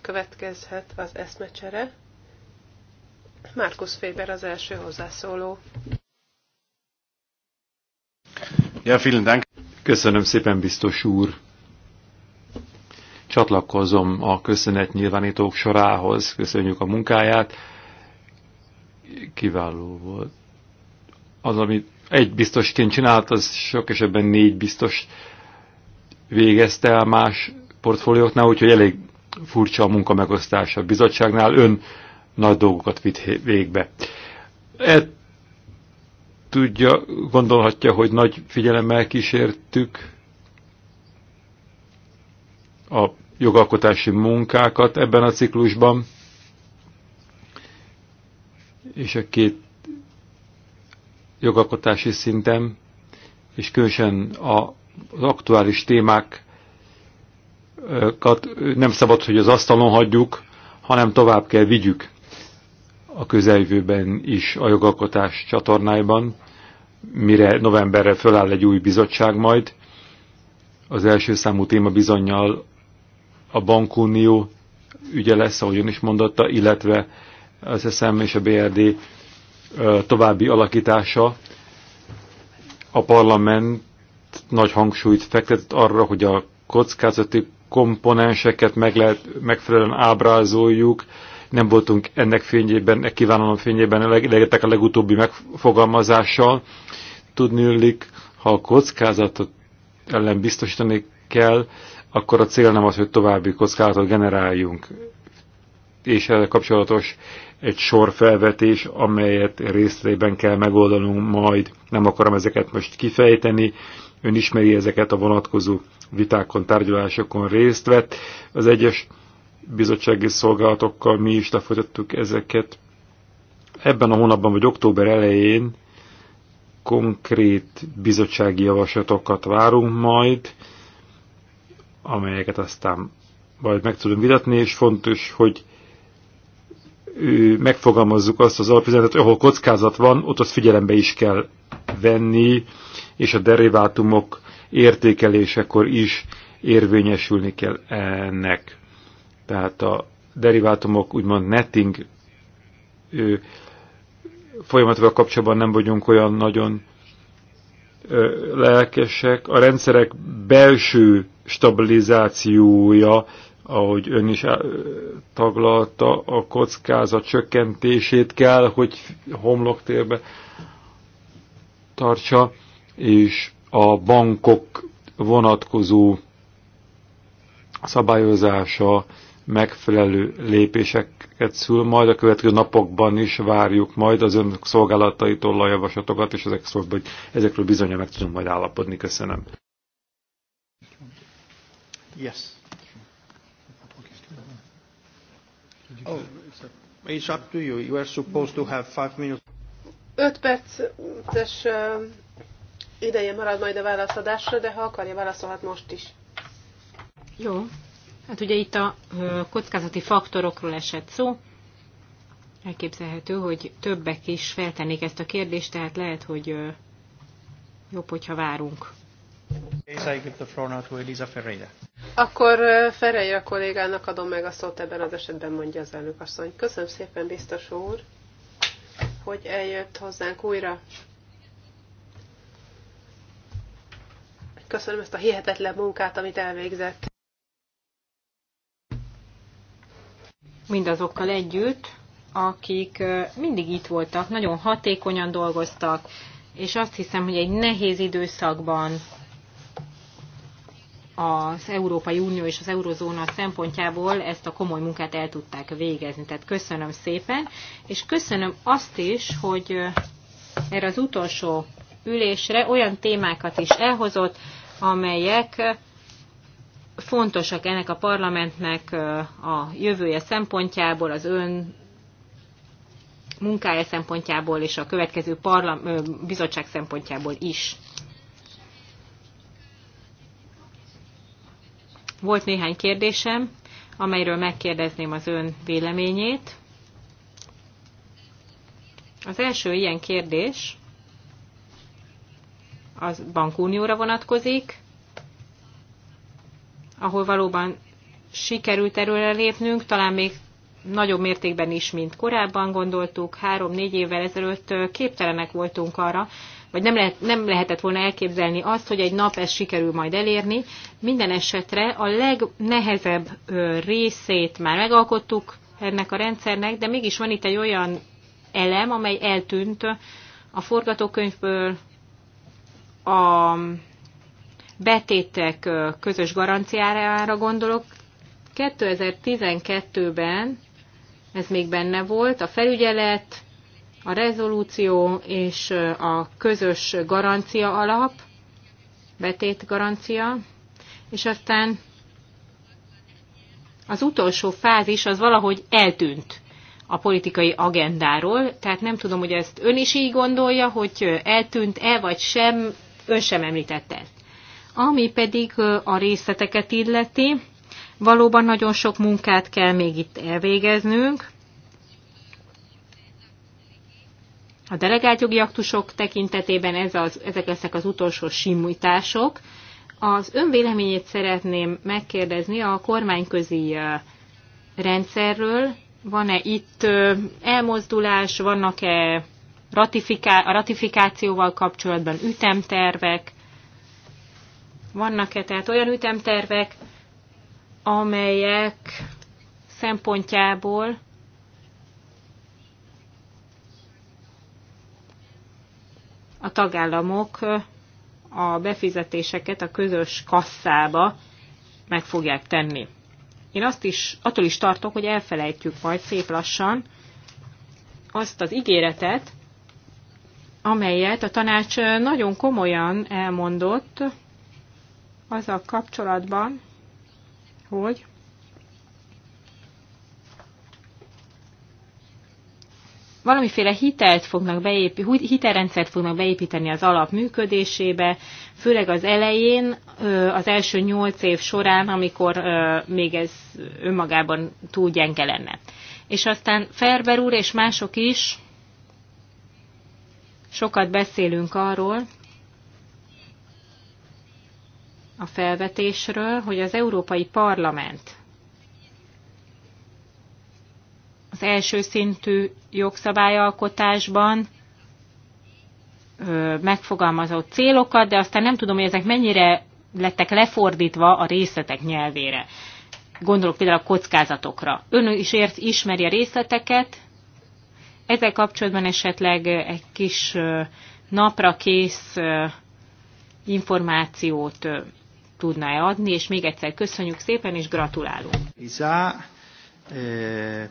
Speaker 3: következhet az eszmecsere. Markus Féber az első hozzászóló.
Speaker 1: Ja, vielen Dank. Köszönöm szépen, biztos úr. Csatlakozom a köszönet nyilvánítók sorához. Köszönjük a munkáját. Kiváló volt. Az, amit egy biztosként csinált, az sok esetben négy biztos végezte el más portfólióknál, úgyhogy elég furcsa a munka megosztása a bizottságnál. Ön nagy dolgokat vitt végbe. Ett tudja, gondolhatja, hogy nagy figyelemmel kísértük a jogalkotási munkákat ebben a ciklusban, és a két jogalkotási szinten, és különösen az aktuális témákat nem szabad, hogy az asztalon hagyjuk, hanem tovább kell vigyük a közeljövőben is a jogalkotás csatornáiban, mire novemberre föláll egy új bizottság majd. Az első számú téma bizonyal a bankunió ügye lesz, ahogy ön is mondotta, illetve az SZM és a BRD további alakítása. A parlament nagy hangsúlyt fektetett arra, hogy a kockázati komponenseket meg lehet, megfelelően ábrázoljuk, nem voltunk ennek fényében, e kívánalom fényében elegetek a legutóbbi megfogalmazással. Tudnőlik, ha a kockázatot ellen biztosítani kell, akkor a cél nem az, hogy további kockázatot generáljunk. És ezzel kapcsolatos egy sor felvetés, amelyet részleiben kell megoldanunk majd. Nem akarom ezeket most kifejteni, ön ismeri ezeket a vonatkozó vitákon, tárgyalásokon részt vett. Az egyes bizottsági szolgálatokkal mi is lefolytattuk ezeket. Ebben a hónapban vagy október elején konkrét bizottsági javaslatokat várunk majd, amelyeket aztán majd meg tudunk vitatni, és fontos, hogy megfogalmazzuk azt az alapüzenetet, ahol kockázat van, ott azt figyelembe is kell venni, és a derivátumok értékelésekor is érvényesülni kell ennek tehát a derivátumok úgymond netting ö, folyamatokkal kapcsolatban nem vagyunk olyan nagyon ö, lelkesek. A rendszerek belső stabilizációja, ahogy ön is taglalta, a kockázat csökkentését kell, hogy homloktérbe tartsa, és a bankok vonatkozó szabályozása, megfelelő lépéseket szül, majd a következő napokban is várjuk majd az önök szolgálataitól a javaslatokat, és ezek szóval, hogy ezekről bizonyja meg tudunk majd állapodni. Köszönöm.
Speaker 2: Yes. Oh, it's up to you. You are supposed to have five minutes.
Speaker 3: Öt perces ideje marad majd a válaszadásra, de ha akarja, válaszolhat most is.
Speaker 4: Jó, Hát ugye itt a kockázati faktorokról esett szó, elképzelhető, hogy többek is feltennék ezt a kérdést, tehát lehet, hogy jobb, hogyha várunk.
Speaker 3: Akkor Ferreira kollégának adom meg a szót ebben az esetben, mondja az elnök asszony. Köszönöm szépen, biztos úr, hogy eljött hozzánk újra. Köszönöm ezt a hihetetlen munkát, amit elvégzett.
Speaker 4: mindazokkal együtt, akik mindig itt voltak, nagyon hatékonyan dolgoztak, és azt hiszem, hogy egy nehéz időszakban az Európai Unió és az Eurozóna szempontjából ezt a komoly munkát el tudták végezni. Tehát köszönöm szépen, és köszönöm azt is, hogy erre az utolsó ülésre olyan témákat is elhozott, amelyek fontosak ennek a parlamentnek a jövője szempontjából, az ön munkája szempontjából és a következő bizottság szempontjából is. Volt néhány kérdésem, amelyről megkérdezném az ön véleményét. Az első ilyen kérdés az bankunióra vonatkozik, ahol valóban sikerült erőre lépnünk, talán még nagyobb mértékben is, mint korábban gondoltuk, három-négy évvel ezelőtt képtelenek voltunk arra, vagy nem, lehet, nem lehetett volna elképzelni azt, hogy egy nap ezt sikerül majd elérni. Minden esetre a legnehezebb részét már megalkottuk ennek a rendszernek, de mégis van itt egy olyan elem, amely eltűnt a forgatókönyvből, a betétek közös garanciára gondolok. 2012-ben ez még benne volt, a felügyelet, a rezolúció és a közös garancia alap, betét garancia, és aztán az utolsó fázis az valahogy eltűnt a politikai agendáról, tehát nem tudom, hogy ezt ön is így gondolja, hogy eltűnt-e vagy sem, ön sem említette ezt. Ami pedig a részleteket illeti, valóban nagyon sok munkát kell még itt elvégeznünk. A delegált jogi aktusok tekintetében ez az, ezek lesznek az utolsó simítások. Az önvéleményét szeretném megkérdezni a kormányközi rendszerről. Van-e itt elmozdulás, vannak-e ratifiká- a ratifikációval kapcsolatban ütemtervek? Vannak-e tehát olyan ütemtervek, amelyek szempontjából a tagállamok a befizetéseket a közös kasszába meg fogják tenni. Én azt is, attól is tartok, hogy elfelejtjük majd szép lassan azt az ígéretet, amelyet a tanács nagyon komolyan elmondott azzal kapcsolatban, hogy valamiféle hitelt fognak beépíteni, hitelrendszert fognak beépíteni az alap működésébe, főleg az elején, az első nyolc év során, amikor még ez önmagában túl gyenge lenne. És aztán Ferber úr és mások is sokat beszélünk arról, a felvetésről, hogy az Európai Parlament az első szintű jogszabályalkotásban megfogalmazott célokat, de aztán nem tudom, hogy ezek mennyire lettek lefordítva a részletek nyelvére. Gondolok például a kockázatokra. Ön is ért, ismeri a részleteket, ezzel kapcsolatban esetleg egy kis napra kész információt tudná adni, és még egyszer köszönjük szépen, és gratulálunk.
Speaker 2: Iza, eh...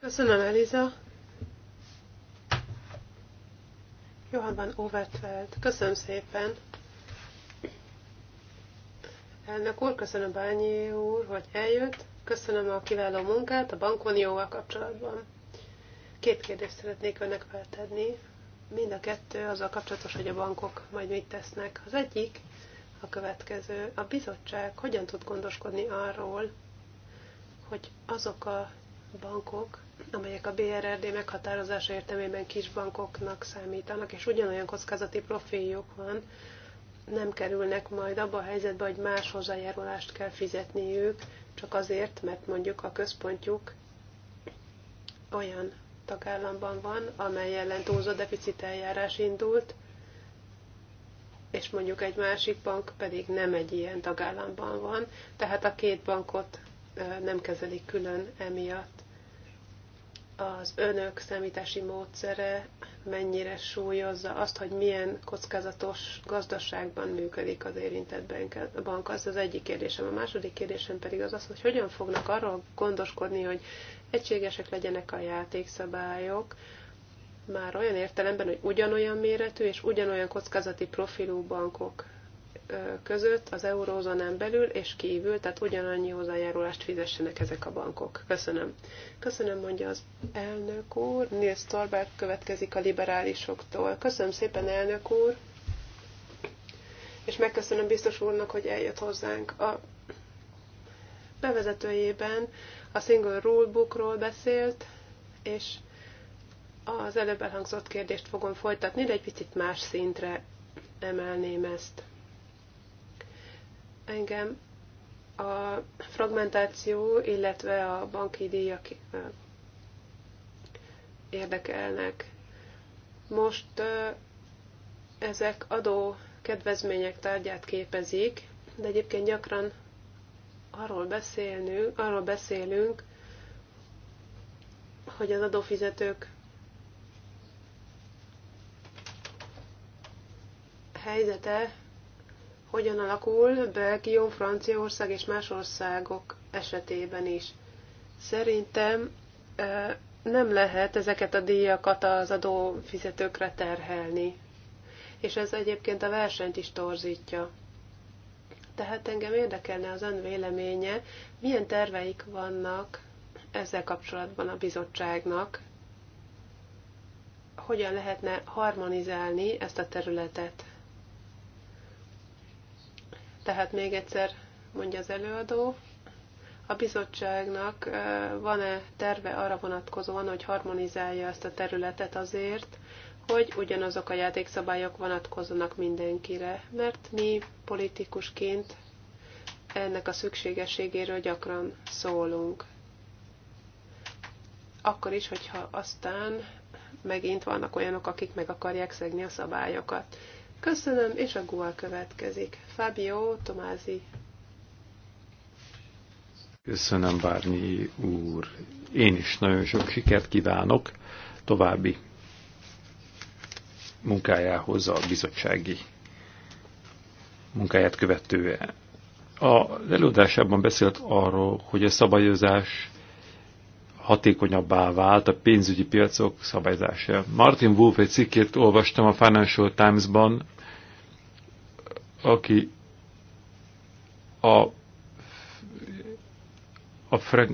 Speaker 2: Köszönöm,
Speaker 3: Eliza. Johann Overtveld, köszönöm szépen. Elnök úr, köszönöm Bányi úr, hogy eljött. Köszönöm a kiváló munkát a bankunióval kapcsolatban. Két kérdést szeretnék önnek feltenni. Mind a kettő azzal kapcsolatos, hogy a bankok majd mit tesznek. Az egyik, a következő. A bizottság hogyan tud gondoskodni arról, hogy azok a bankok, amelyek a BRRD meghatározása értelmében kis bankoknak számítanak, és ugyanolyan kockázati profiljuk van, nem kerülnek majd abba a helyzetbe, hogy más hozzájárulást kell fizetniük, csak azért, mert mondjuk a központjuk olyan tagállamban van, amely ellen deficit deficiteljárás indult, és mondjuk egy másik bank pedig nem egy ilyen tagállamban van, tehát a két bankot nem kezelik külön emiatt. Az önök számítási módszere mennyire súlyozza azt, hogy milyen kockázatos gazdaságban működik az érintett bank. Az az egyik kérdésem. A második kérdésem pedig az az, hogy hogyan fognak arról gondoskodni, hogy egységesek legyenek a játékszabályok, már olyan értelemben, hogy ugyanolyan méretű és ugyanolyan kockázati profilú bankok között az eurózónán belül és kívül, tehát ugyanannyi hozzájárulást fizessenek ezek a bankok. Köszönöm. Köszönöm, mondja az elnök úr. Nils Torberg következik a liberálisoktól. Köszönöm szépen, elnök úr. És megköszönöm biztos úrnak, hogy eljött hozzánk. A bevezetőjében a Single Rulebookról beszélt, és az előbb elhangzott kérdést fogom folytatni, de egy picit más szintre emelném ezt. Engem a fragmentáció, illetve a banki díjak érdekelnek. Most ezek adó kedvezmények tárgyát képezik, de egyébként gyakran arról beszélünk, arról beszélünk hogy az adófizetők helyzete hogyan alakul Belgium, Franciaország és más országok esetében is. Szerintem nem lehet ezeket a díjakat az adófizetőkre terhelni, és ez egyébként a versenyt is torzítja. Tehát engem érdekelne az ön véleménye, milyen terveik vannak ezzel kapcsolatban a bizottságnak, hogyan lehetne harmonizálni ezt a területet. Tehát még egyszer mondja az előadó, a bizottságnak van-e terve arra vonatkozóan, hogy harmonizálja ezt a területet azért, hogy ugyanazok a játékszabályok vonatkozzanak mindenkire, mert mi politikusként ennek a szükségességéről gyakran szólunk. Akkor is, hogyha aztán megint vannak olyanok, akik meg akarják szegni a szabályokat. Köszönöm, és a Goa következik. Fabio Tomázi.
Speaker 1: Köszönöm, Bárnyi úr. Én is nagyon sok sikert kívánok további munkájához a bizottsági munkáját követően. A előadásában beszélt arról, hogy a szabályozás hatékonyabbá vált a pénzügyi piacok szabályzása. Martin Wolf egy cikkét olvastam a Financial Times-ban, aki a, a Frank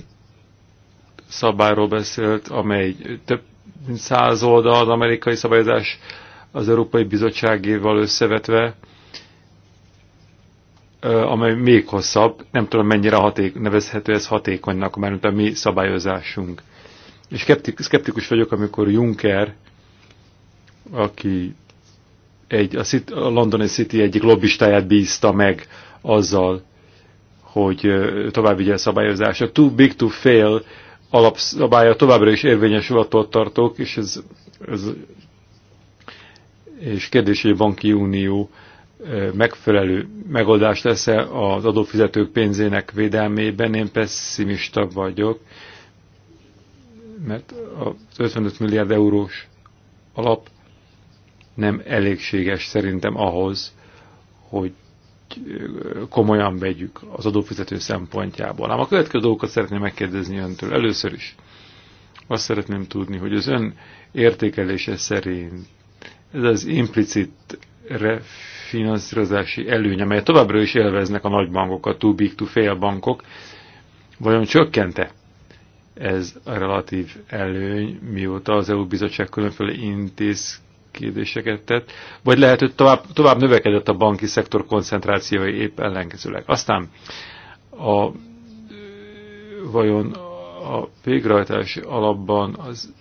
Speaker 1: szabályról beszélt, amely több mint száz oldal az amerikai szabályozás az Európai Bizottságéval összevetve, amely még hosszabb, nem tudom mennyire haték, nevezhető ez hatékonynak, mert a mi szabályozásunk. És szkeptikus vagyok, amikor Juncker, aki egy, a, City, a Londoni City egyik lobbistáját bízta meg azzal, hogy tovább vigye a szabályozás. A too big to fail alapszabálya továbbra is érvényesül attól tartok, és ez, ez és kérdés, hogy a banki unió megfelelő megoldás lesz -e az adófizetők pénzének védelmében. Én pessimista vagyok, mert az 55 milliárd eurós alap nem elégséges szerintem ahhoz, hogy komolyan vegyük az adófizető szempontjából. Ám a következő dolgokat szeretném megkérdezni öntől. Először is azt szeretném tudni, hogy az ön értékelése szerint ez az implicit ref finanszírozási előnye, amely továbbra is élveznek a nagybankok, a too big to fail bankok, vajon csökkente ez a relatív előny, mióta az EU bizottság különféle intézkedéseket tett, vagy lehet, hogy tovább, tovább növekedett a banki szektor koncentrációja épp ellenkezőleg. Aztán a, vajon a végrehajtási alapban az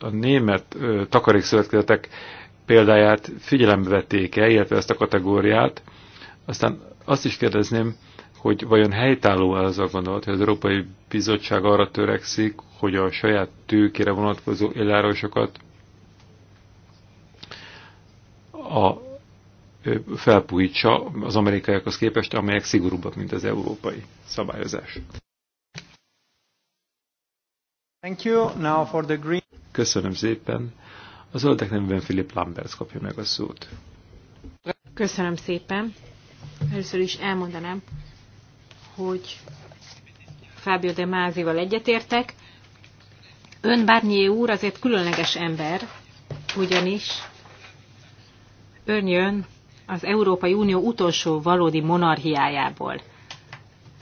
Speaker 1: a német takarékszövetkezetek példáját figyelembe vették el, illetve ezt a kategóriát. Aztán azt is kérdezném, hogy vajon helytálló -e az a gondolat, hogy az Európai Bizottság arra törekszik, hogy a saját tőkére vonatkozó élárosokat a, felpújítsa az amerikaiakhoz képest, amelyek szigorúbbak, mint az európai szabályozás.
Speaker 2: Thank you. Now for the green...
Speaker 1: Köszönöm szépen. A zöldek nemben Philip Lambert kapja meg a szót.
Speaker 4: Köszönöm szépen. Először is elmondanám, hogy Fábio de Mázival egyetértek. Ön Barnier úr azért különleges ember, ugyanis ön jön az Európai Unió utolsó valódi monarchiájából.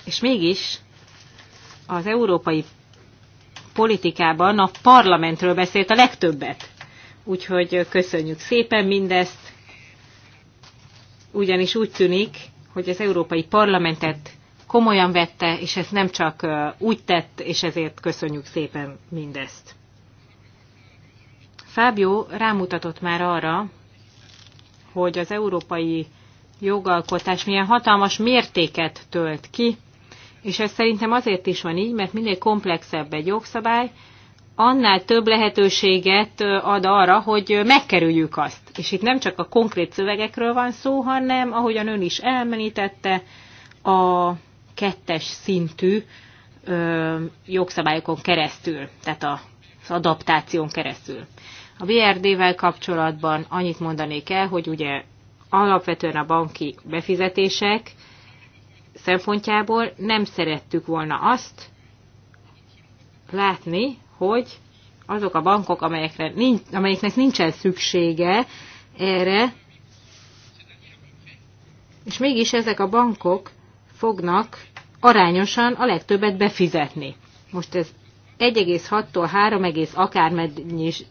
Speaker 4: És mégis az európai politikában a parlamentről beszélt a legtöbbet. Úgyhogy köszönjük szépen mindezt, ugyanis úgy tűnik, hogy az Európai Parlamentet komolyan vette, és ezt nem csak úgy tett, és ezért köszönjük szépen mindezt. Fábio rámutatott már arra, hogy az európai jogalkotás milyen hatalmas mértéket tölt ki, és ez szerintem azért is van így, mert minél komplexebb egy jogszabály, annál több lehetőséget ad arra, hogy megkerüljük azt. És itt nem csak a konkrét szövegekről van szó, hanem, ahogyan ön is elmenítette, a kettes szintű ö, jogszabályokon keresztül, tehát az adaptáción keresztül. A BRD-vel kapcsolatban annyit mondanék el, hogy ugye alapvetően a banki befizetések szempontjából nem szerettük volna azt látni, hogy azok a bankok, amelyekre nincs, amelyiknek nincsen szüksége erre, és mégis ezek a bankok fognak arányosan a legtöbbet befizetni. Most ez 1,6-tól 3, akármennyit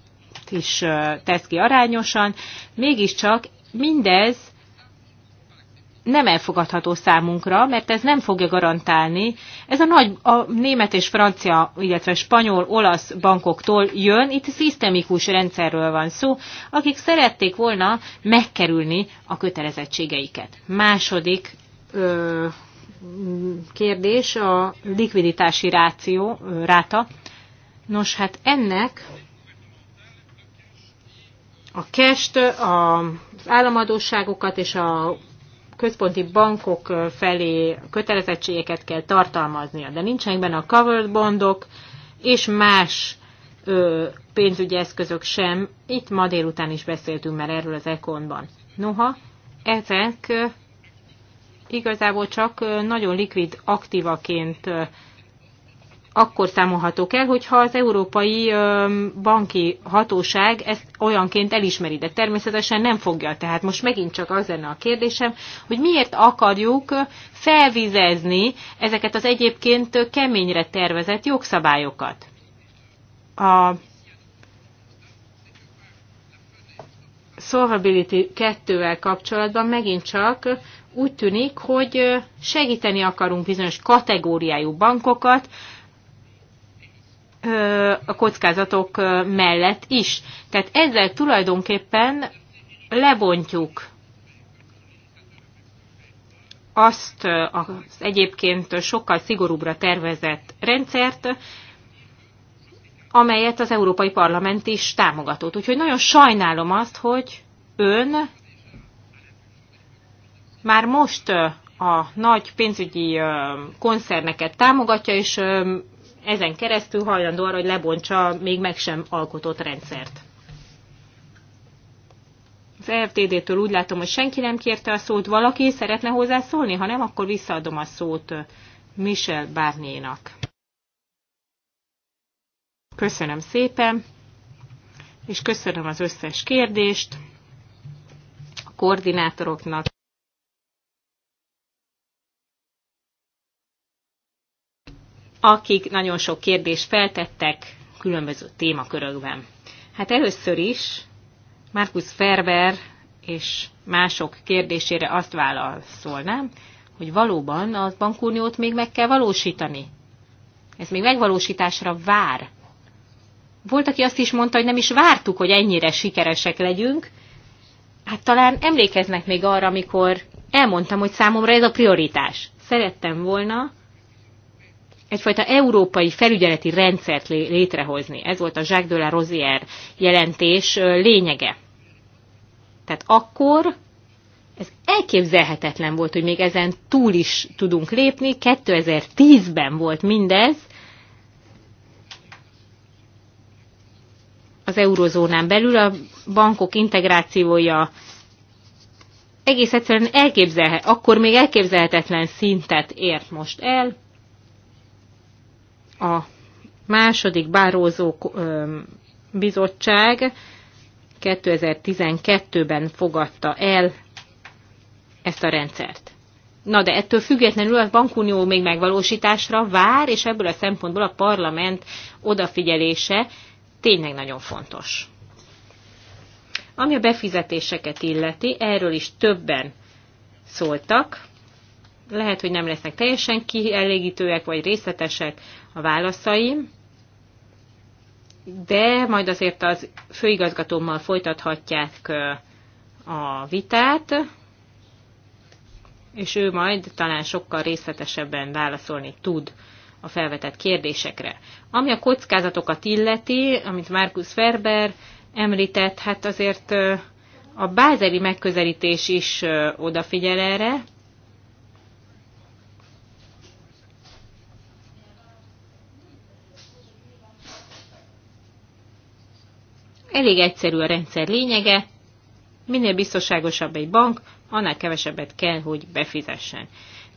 Speaker 4: is tesz ki arányosan, mégiscsak mindez nem elfogadható számunkra, mert ez nem fogja garantálni. Ez a nagy a német és francia, illetve spanyol, olasz bankoktól jön, itt szisztemikus rendszerről van szó, akik szerették volna megkerülni a kötelezettségeiket. Második ö, kérdés a likviditási ráció, ö, ráta. Nos, hát ennek a kest, az államadóságokat és a központi bankok felé kötelezettségeket kell tartalmaznia, de nincsenek benne a covered bondok és más ö, pénzügyi eszközök sem. Itt ma délután is beszéltünk már erről az ekonban. Noha, ezek igazából csak nagyon likvid aktívaként akkor számolhatók el, hogyha az Európai Banki Hatóság ezt olyanként elismeri, de természetesen nem fogja. Tehát most megint csak az lenne a kérdésem, hogy miért akarjuk felvizezni ezeket az egyébként keményre tervezett jogszabályokat. A Solvability 2-vel kapcsolatban megint csak úgy tűnik, hogy segíteni akarunk bizonyos kategóriájú bankokat, a kockázatok mellett is. Tehát ezzel tulajdonképpen lebontjuk azt az egyébként sokkal szigorúbbra tervezett rendszert, amelyet az Európai Parlament is támogatott. Úgyhogy nagyon sajnálom azt, hogy ön már most a nagy pénzügyi koncerneket támogatja, és ezen keresztül hajlandó arra, hogy lebontsa még meg sem alkotott rendszert. Az e FTD-től úgy látom, hogy senki nem kérte a szót. Valaki szeretne hozzászólni? Ha nem, akkor visszaadom a szót uh, Michel Barnénak. Köszönöm szépen, és köszönöm az összes kérdést a koordinátoroknak. akik nagyon sok kérdést feltettek különböző témakörökben. Hát először is Markus Ferber és mások kérdésére azt válaszolnám, hogy valóban a bankuniót még meg kell valósítani. Ez még megvalósításra vár. Volt, aki azt is mondta, hogy nem is vártuk, hogy ennyire sikeresek legyünk. Hát talán emlékeznek még arra, amikor elmondtam, hogy számomra ez a prioritás. Szerettem volna, egyfajta európai felügyeleti rendszert létrehozni. Ez volt a Jacques de la Rosière jelentés lényege. Tehát akkor ez elképzelhetetlen volt, hogy még ezen túl is tudunk lépni. 2010-ben volt mindez. Az eurozónán belül a bankok integrációja egész egyszerűen elképzelhet, akkor még elképzelhetetlen szintet ért most el a második Bárózó bizottság 2012-ben fogadta el ezt a rendszert. Na de ettől függetlenül a bankunió még megvalósításra vár, és ebből a szempontból a parlament odafigyelése tényleg nagyon fontos. Ami a befizetéseket illeti, erről is többen szóltak. Lehet, hogy nem lesznek teljesen kielégítőek vagy részletesek, a válaszaim, de majd azért az főigazgatómmal folytathatják a vitát, és ő majd talán sokkal részletesebben válaszolni tud a felvetett kérdésekre. Ami a kockázatokat illeti, amit Markus Ferber említett, hát azért a bázeli megközelítés is odafigyel erre, Elég egyszerű a rendszer lényege, minél biztonságosabb egy bank, annál kevesebbet kell, hogy befizessen.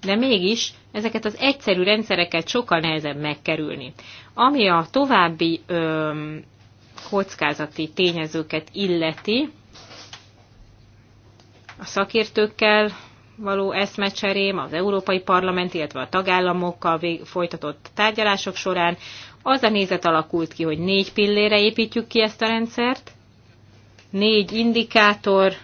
Speaker 4: De mégis ezeket az egyszerű rendszereket sokkal nehezebb megkerülni. Ami a további öm, kockázati tényezőket illeti, a szakértőkkel való eszmecserém, az Európai Parlament, illetve a tagállamokkal folytatott tárgyalások során az a nézet alakult ki, hogy négy pillére építjük ki ezt a rendszert, négy indikátor,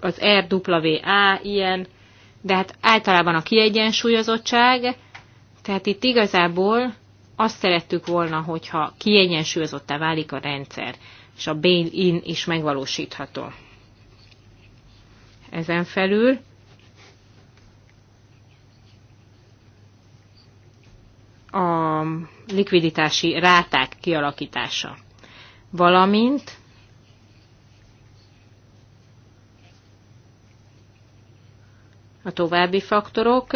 Speaker 4: az RWA ilyen, de hát általában a kiegyensúlyozottság, tehát itt igazából azt szerettük volna, hogyha kiegyensúlyozottá válik a rendszer, és a bail-in is megvalósítható. Ezen felül a likviditási ráták kialakítása, valamint a további faktorok,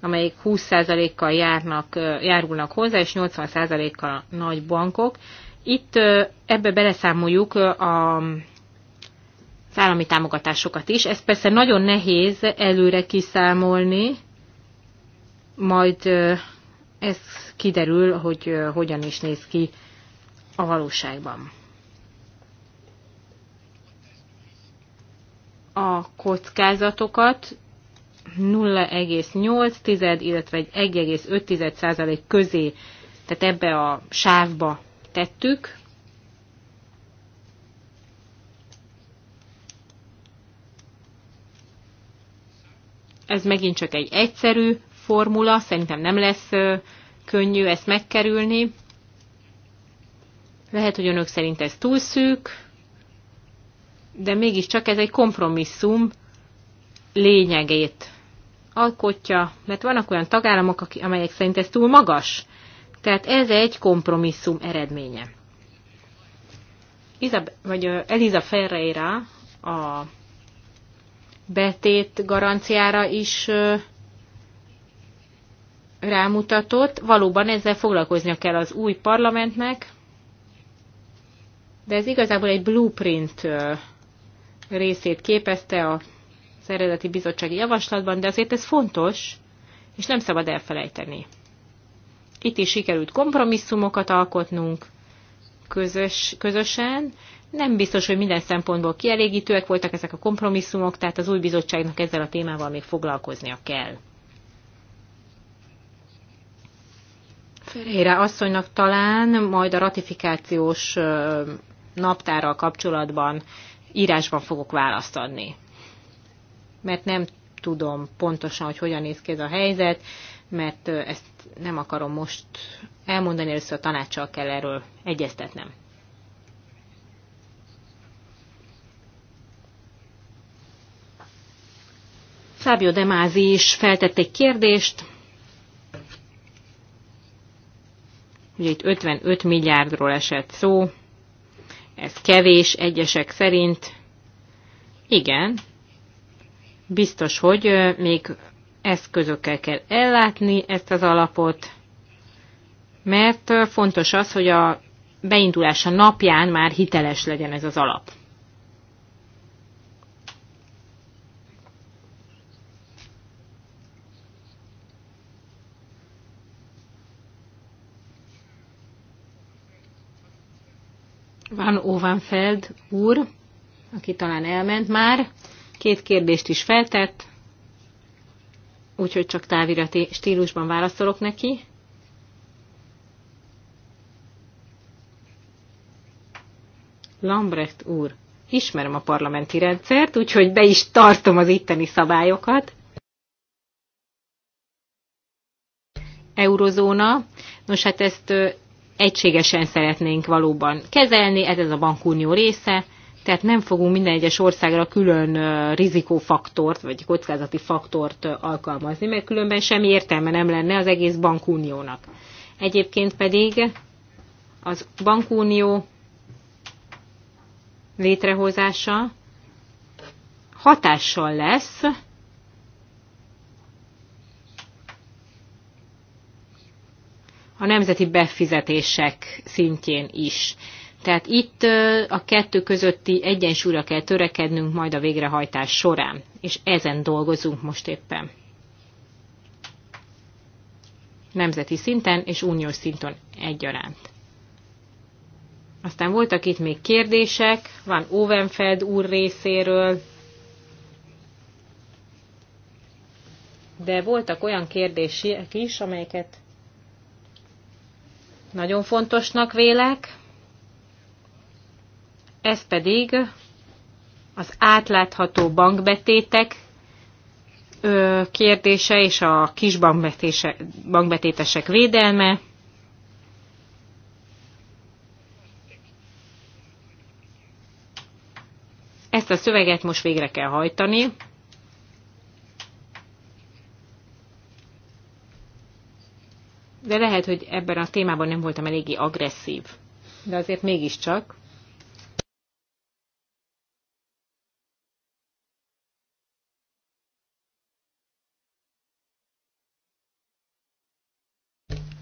Speaker 4: amelyik 20%-kal járnak, járulnak hozzá, és 80%-kal nagy bankok. Itt ebbe beleszámoljuk a az állami támogatásokat is. Ez persze nagyon nehéz előre kiszámolni, majd ez kiderül, hogy hogyan is néz ki a valóságban. A kockázatokat 0,8, illetve 1,5% közé, tehát ebbe a sávba tettük, ez megint csak egy egyszerű formula, szerintem nem lesz könnyű ezt megkerülni. Lehet, hogy önök szerint ez túl szűk, de mégiscsak ez egy kompromisszum lényegét alkotja, mert vannak olyan tagállamok, amelyek szerint ez túl magas. Tehát ez egy kompromisszum eredménye. Iza, vagy Eliza Ferreira a betét garanciára is rámutatott, valóban ezzel foglalkoznia kell az új parlamentnek, de ez igazából egy blueprint részét képezte az eredeti bizottsági javaslatban, de azért ez fontos, és nem szabad elfelejteni. Itt is sikerült kompromisszumokat alkotnunk közös, közösen. Nem biztos, hogy minden szempontból kielégítőek voltak ezek a kompromisszumok, tehát az új bizottságnak ezzel a témával még foglalkoznia kell. Ferére asszonynak talán majd a ratifikációs naptárral kapcsolatban írásban fogok választ adni. Mert nem tudom pontosan, hogy hogyan néz ki ez a helyzet, mert ezt nem akarom most elmondani, először a tanácssal kell erről egyeztetnem. Fábio Demázi is feltett egy kérdést Ugye itt 55 milliárdról esett szó, ez kevés egyesek szerint. Igen, biztos, hogy még eszközökkel kell ellátni ezt az alapot, mert fontos az, hogy a beindulása napján már hiteles legyen ez az alap. Van Ovenfeld úr, aki talán elment már, két kérdést is feltett, úgyhogy csak távirati stílusban válaszolok neki. Lambrecht úr, ismerem a parlamenti rendszert, úgyhogy be is tartom az itteni szabályokat. Eurozóna. Nos, hát ezt egységesen szeretnénk valóban kezelni, ez ez a bankunió része, tehát nem fogunk minden egyes országra külön rizikófaktort, vagy kockázati faktort alkalmazni, mert különben semmi értelme nem lenne az egész bankuniónak. Egyébként pedig az bankunió létrehozása hatással lesz a nemzeti befizetések szintjén is. Tehát itt a kettő közötti egyensúlyra kell törekednünk majd a végrehajtás során, és ezen dolgozunk most éppen. Nemzeti szinten és uniós szinten egyaránt. Aztán voltak itt még kérdések, van Ovenfeld úr részéről, de voltak olyan kérdések is, amelyeket nagyon fontosnak vélek, ez pedig az átlátható bankbetétek kérdése és a kis bankbetétesek védelme. Ezt a szöveget most végre kell hajtani. de lehet, hogy ebben a témában nem voltam eléggé agresszív. De azért mégiscsak.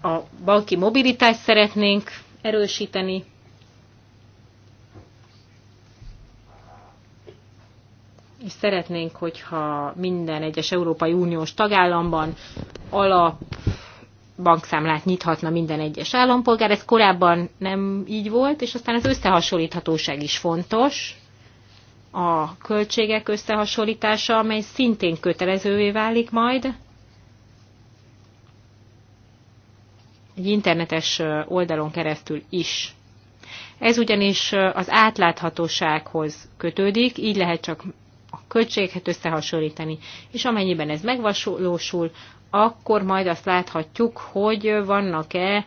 Speaker 4: A banki mobilitást szeretnénk erősíteni, és szeretnénk, hogyha minden egyes Európai Uniós tagállamban alap bankszámlát nyithatna minden egyes állampolgár. Ez korábban nem így volt, és aztán az összehasonlíthatóság is fontos. A költségek összehasonlítása, amely szintén kötelezővé válik majd. Egy internetes oldalon keresztül is. Ez ugyanis az átláthatósághoz kötődik, így lehet csak a költségeket összehasonlítani, és amennyiben ez megvalósul, akkor majd azt láthatjuk, hogy vannak-e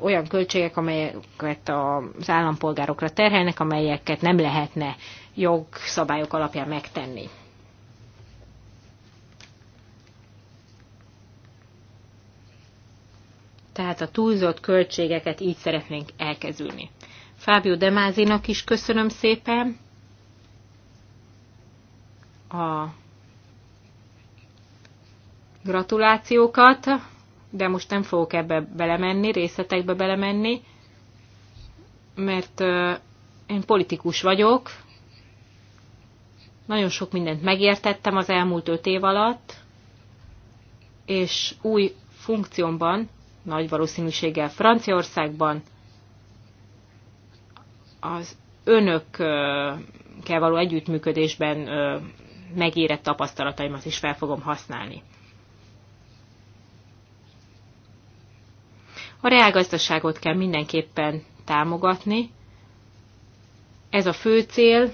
Speaker 4: olyan költségek, amelyeket az állampolgárokra terhelnek, amelyeket nem lehetne jogszabályok alapján megtenni. Tehát a túlzott költségeket így szeretnénk elkezülni. Fábio Demázinak is köszönöm szépen a gratulációkat, de most nem fogok ebbe belemenni, részletekbe belemenni, mert én politikus vagyok, nagyon sok mindent megértettem az elmúlt öt év alatt, és új funkciómban, nagy valószínűséggel Franciaországban, az önökkel való együttműködésben megérett tapasztalataimat is fel fogom használni. A reálgazdaságot kell mindenképpen támogatni. Ez a fő cél.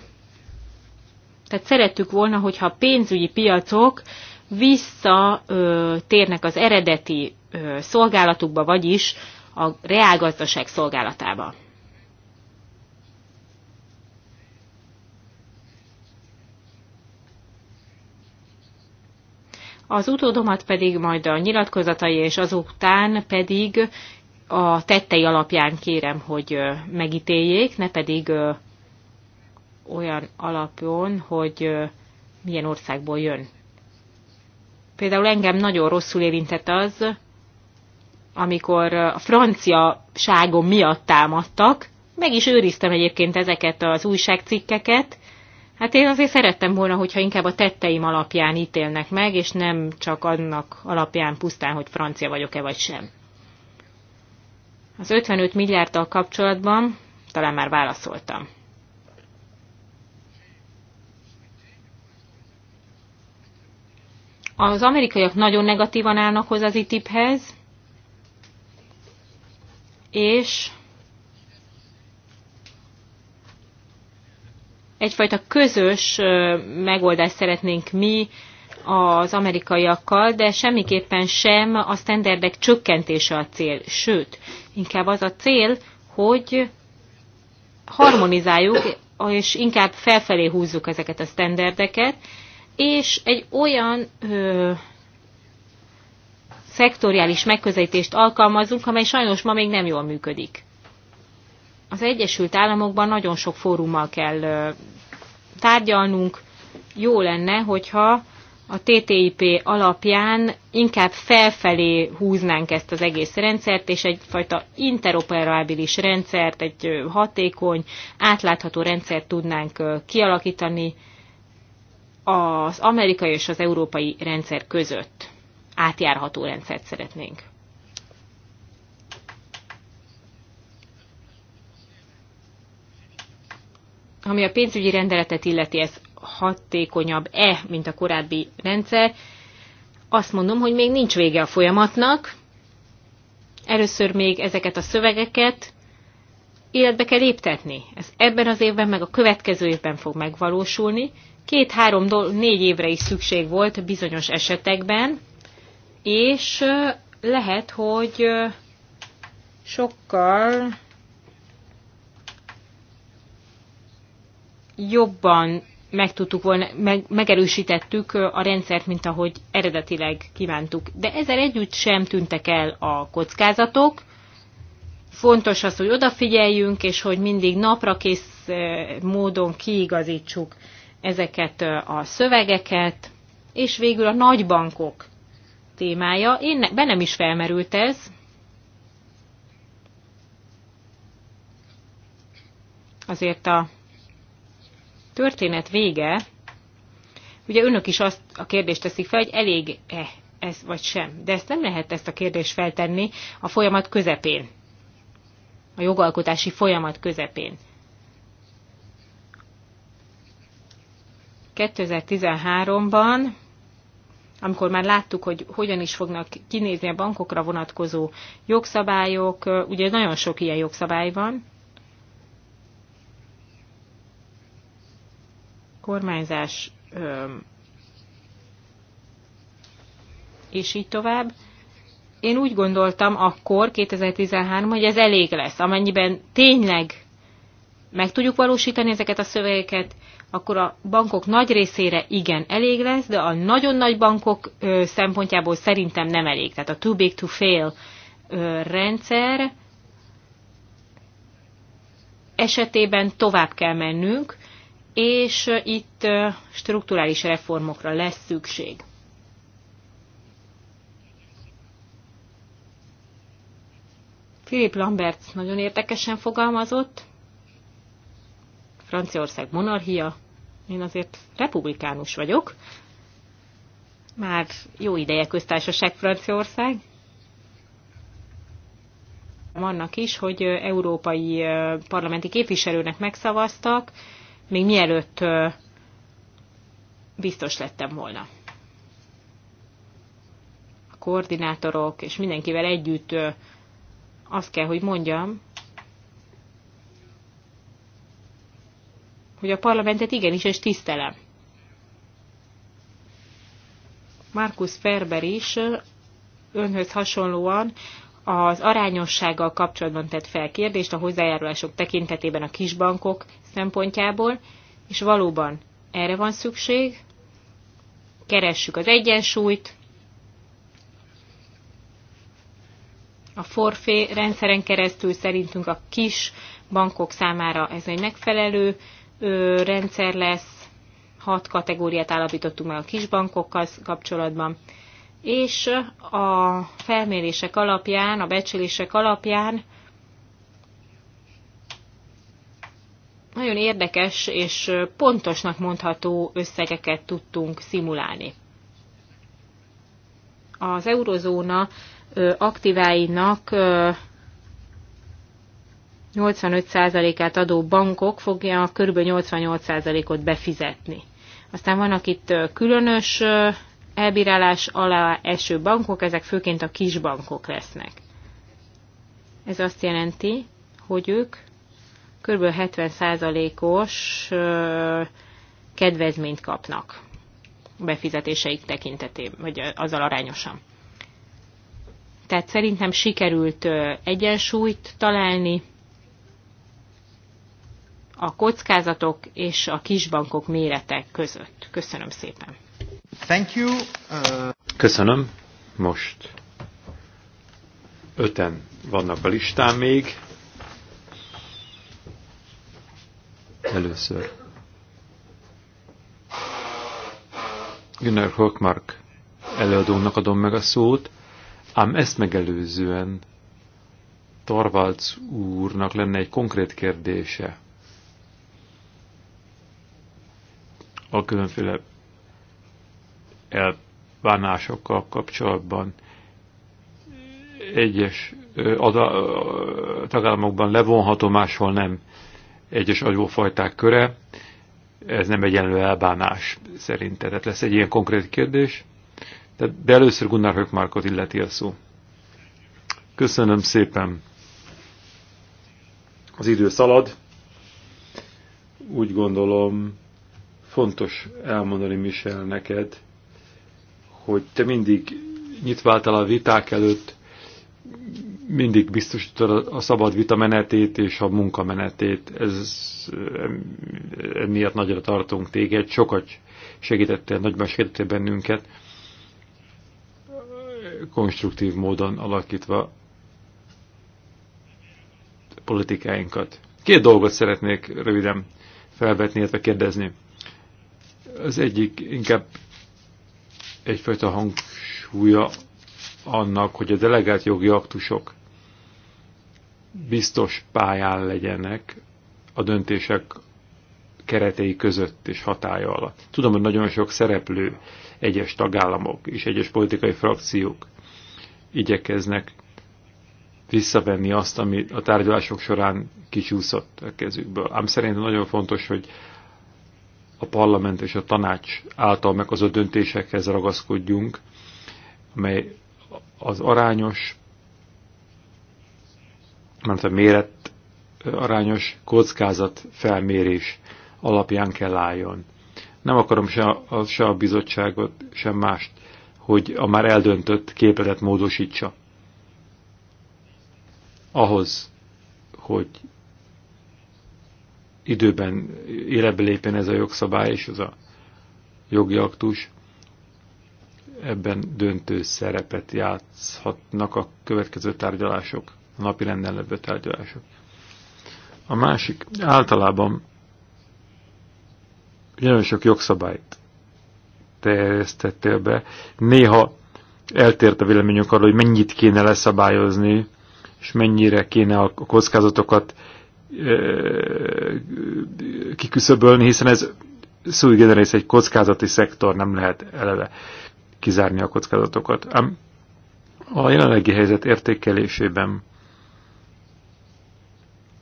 Speaker 4: Tehát szerettük volna, hogyha a pénzügyi piacok visszatérnek az eredeti szolgálatukba, vagyis a reálgazdaság szolgálatába. az utódomat pedig majd a nyilatkozatai és azután pedig a tettei alapján kérem, hogy megítéljék, ne pedig olyan alapon, hogy milyen országból jön. Például engem nagyon rosszul érintett az, amikor a francia ságom miatt támadtak, meg is őriztem egyébként ezeket az újságcikkeket, Hát én azért szerettem volna, hogyha inkább a tetteim alapján ítélnek meg, és nem csak annak alapján pusztán, hogy francia vagyok-e vagy sem. Az 55 milliárddal kapcsolatban talán már válaszoltam. Az amerikaiak nagyon negatívan állnak hozzá az ITIP-hez, és egyfajta közös megoldást szeretnénk mi az amerikaiakkal, de semmiképpen sem a sztenderdek csökkentése a cél. Sőt, inkább az a cél, hogy harmonizáljuk, és inkább felfelé húzzuk ezeket a sztenderdeket, és egy olyan ö, szektoriális megközelítést alkalmazunk, amely sajnos ma még nem jól működik az Egyesült Államokban nagyon sok fórummal kell tárgyalnunk. Jó lenne, hogyha a TTIP alapján inkább felfelé húznánk ezt az egész rendszert, és egyfajta interoperabilis rendszert, egy hatékony, átlátható rendszert tudnánk kialakítani az amerikai és az európai rendszer között. Átjárható rendszert szeretnénk. ami a pénzügyi rendeletet illeti, ez hatékonyabb-e, mint a korábbi rendszer, azt mondom, hogy még nincs vége a folyamatnak. Először még ezeket a szövegeket életbe kell léptetni. Ez ebben az évben, meg a következő évben fog megvalósulni. Két-három, négy évre is szükség volt bizonyos esetekben, és lehet, hogy sokkal jobban meg tudtuk volna, meg, megerősítettük a rendszert, mint ahogy eredetileg kívántuk. De ezzel együtt sem tűntek el a kockázatok. Fontos az, hogy odafigyeljünk, és hogy mindig naprakész módon kiigazítsuk ezeket a szövegeket. És végül a nagybankok témája. Én ne, bennem is felmerült ez. Azért a történet vége, ugye önök is azt a kérdést teszik fel, hogy elég-e ez vagy sem. De ezt nem lehet ezt a kérdést feltenni a folyamat közepén, a jogalkotási folyamat közepén. 2013-ban, amikor már láttuk, hogy hogyan is fognak kinézni a bankokra vonatkozó jogszabályok, ugye nagyon sok ilyen jogszabály van, kormányzás, és így tovább. Én úgy gondoltam akkor, 2013, hogy ez elég lesz. Amennyiben tényleg meg tudjuk valósítani ezeket a szövegeket, akkor a bankok nagy részére igen elég lesz, de a nagyon nagy bankok szempontjából szerintem nem elég. Tehát a too big to fail rendszer esetében tovább kell mennünk, és itt strukturális reformokra lesz szükség. Philip Lambert nagyon érdekesen fogalmazott. Franciaország monarchia. Én azért republikánus vagyok. Már jó ideje köztársaság Franciaország. Vannak is, hogy európai parlamenti képviselőnek megszavaztak, még mielőtt biztos lettem volna. A koordinátorok és mindenkivel együtt azt kell, hogy mondjam, hogy a parlamentet igenis, és tisztelem. Markus Ferber is önhöz hasonlóan az arányossággal kapcsolatban tett fel kérdést a hozzájárulások tekintetében a kisbankok szempontjából, és valóban erre van szükség. Keressük az egyensúlyt, a forfé rendszeren keresztül szerintünk a kis bankok számára ez egy megfelelő ö, rendszer lesz. Hat kategóriát állapítottunk meg a kis bankokkal kapcsolatban. És a felmérések alapján, a becslések alapján nagyon érdekes és pontosnak mondható összegeket tudtunk szimulálni. Az eurozóna aktíváinak 85%-át adó bankok fogja kb. 88%-ot befizetni. Aztán vannak itt különös elbírálás alá eső bankok, ezek főként a kisbankok lesznek. Ez azt jelenti, hogy ők kb. 70%-os kedvezményt kapnak befizetéseik tekintetében, vagy azzal arányosan. Tehát szerintem sikerült egyensúlyt találni a kockázatok és a kisbankok méretek között. Köszönöm szépen.
Speaker 2: Thank you. Uh...
Speaker 1: Köszönöm. Most öten vannak a listán még. először. Günner Hockmark előadónak adom meg a szót, ám ezt megelőzően Tarvalc úrnak lenne egy konkrét kérdése. A különféle elbánásokkal kapcsolatban egyes tagállamokban levonható, máshol nem egyes adófajták köre, ez nem egyenlő elbánás szerinted, Tehát lesz egy ilyen konkrét kérdés. De először Gunnar Hökmarkot illeti a szó. Köszönöm szépen. Az idő szalad. Úgy gondolom, fontos elmondani Michel neked, hogy te mindig nyitváltál a viták előtt, mindig biztosítod a szabad vita menetét és a munka menetét. Ez miatt nagyra tartunk téged, sokat segítettél, nagyban segítettél bennünket, konstruktív módon alakítva politikáinkat. Két dolgot szeretnék röviden felvetni, illetve kérdezni. Az egyik inkább egyfajta hangsúlya annak, hogy a delegált jogi aktusok biztos pályán legyenek a döntések keretei között és hatája alatt. Tudom, hogy nagyon sok szereplő, egyes tagállamok és egyes politikai frakciók igyekeznek visszavenni azt, ami a tárgyalások során kicsúszott a kezükből. Ám szerintem nagyon fontos, hogy a parlament és a tanács által meghozott döntésekhez ragaszkodjunk, amely az arányos, mert a méret arányos kockázat felmérés alapján kell álljon. Nem akarom se a, se a bizottságot, sem mást, hogy a már eldöntött képletet módosítsa. Ahhoz, hogy időben életbe lépjen ez a jogszabály és az a jogi aktus, ebben döntő szerepet játszhatnak a következő tárgyalások, a napi renden levő tárgyalások. A másik általában nagyon sok jogszabályt terjesztettél be. Néha eltért a véleményünk arra, hogy mennyit kéne leszabályozni, és mennyire kéne a kockázatokat kiküszöbölni, hiszen ez sui egy kockázati szektor, nem lehet eleve kizárni a kockázatokat. Ám a jelenlegi helyzet értékelésében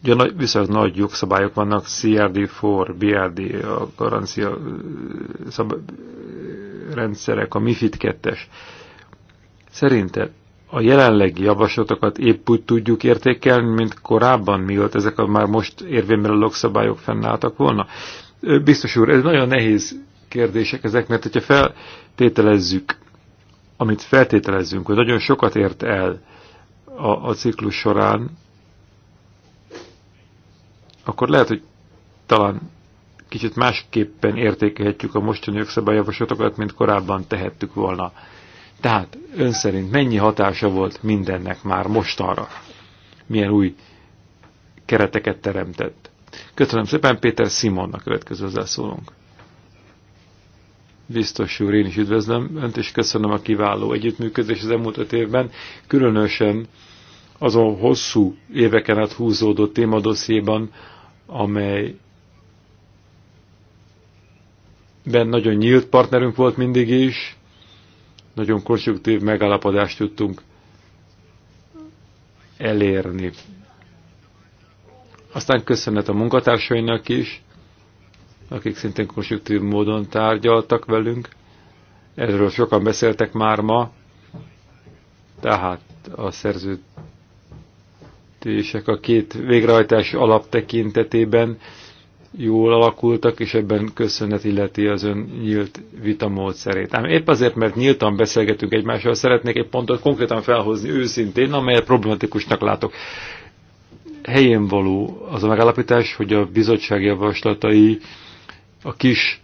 Speaker 1: ugye nagy, viszont nagy jogszabályok vannak, CRD4, BRD, a garancia szab, rendszerek, a MIFID 2-es. Szerinted a jelenlegi javaslatokat épp úgy tudjuk értékelni, mint korábban, mióta ezek a már most érvényben a jogszabályok fennálltak volna? Biztos úr, ez nagyon nehéz kérdések ezek, mert hogyha feltételezzük, amit feltételezzünk, hogy nagyon sokat ért el a, a ciklus során, akkor lehet, hogy talán kicsit másképpen értékelhetjük a mostani jogszabályjavaslatokat, mint korábban tehettük volna. Tehát ön szerint mennyi hatása volt mindennek már mostanra? Milyen új kereteket teremtett? Köszönöm szépen, Péter Simonnak a következő hozzászólónk. Biztos úr, én is üdvözlöm Önt, és köszönöm a kiváló együttműködés az elmúlt öt évben, különösen azon hosszú éveken át húzódó témadosszéban, amely ben nagyon nyílt partnerünk volt mindig is, nagyon konstruktív megállapodást tudtunk elérni. Aztán köszönet a munkatársainak is, akik szintén konstruktív módon tárgyaltak velünk. Erről sokan beszéltek már ma, tehát a szerződések a két végrehajtás alap tekintetében jól alakultak, és ebben köszönet illeti az ön nyílt vitamódszerét. Ám épp azért, mert nyíltan beszélgetünk egymással, szeretnék egy pontot konkrétan felhozni őszintén, amelyet problematikusnak látok. Helyén való az a megállapítás, hogy a bizottság javaslatai a kis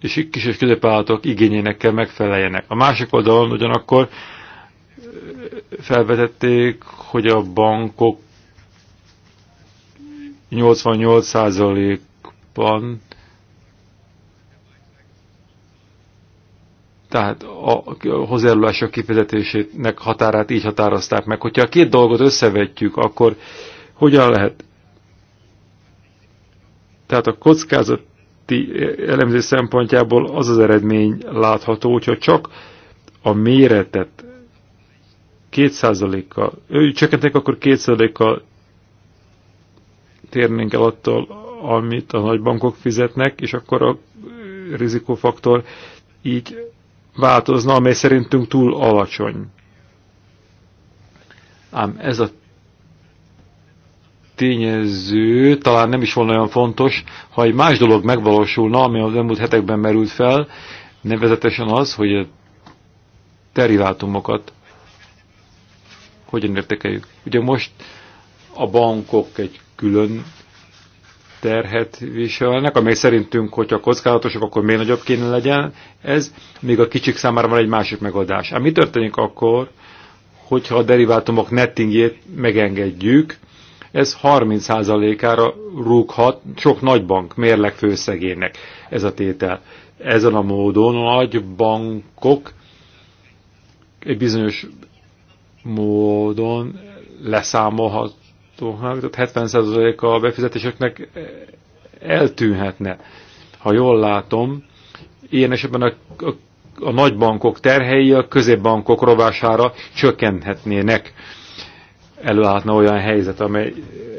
Speaker 1: és kis és középvállalatok igényének kell megfeleljenek. A másik oldalon ugyanakkor felvetették, hogy a bankok 88%-ban tehát a hozzájárulások kifizetésének határát így határozták meg. Hogyha a két dolgot összevetjük, akkor hogyan lehet tehát a kockázati elemzés szempontjából az az eredmény látható, hogyha csak a méretet 2%-kal, csökkentek, akkor 2%-kal térnénk el attól, amit a nagybankok fizetnek, és akkor a rizikófaktor így változna, amely szerintünk túl alacsony. Ám ez a tényező talán nem is volna olyan fontos, ha egy más dolog megvalósulna, ami az elmúlt hetekben merült fel, nevezetesen az, hogy a terilátumokat hogyan értekeljük. Ugye most a bankok egy külön terhet viselnek, amely szerintünk, hogyha kockázatosak, akkor még nagyobb kéne legyen ez, még a kicsik számára van egy másik megoldás. Ami történik akkor, hogyha a derivátumok nettingjét megengedjük, ez 30%-ára rúghat sok nagybank mérleg főszegének ez a tétel. Ezen a módon a nagy bankok egy bizonyos módon leszámolhatóak, tehát 70% a befizetéseknek eltűnhetne. Ha jól látom, ilyen esetben a, a, a nagybankok terhei a középbankok rovására csökkenthetnének előállhatna olyan helyzet, amely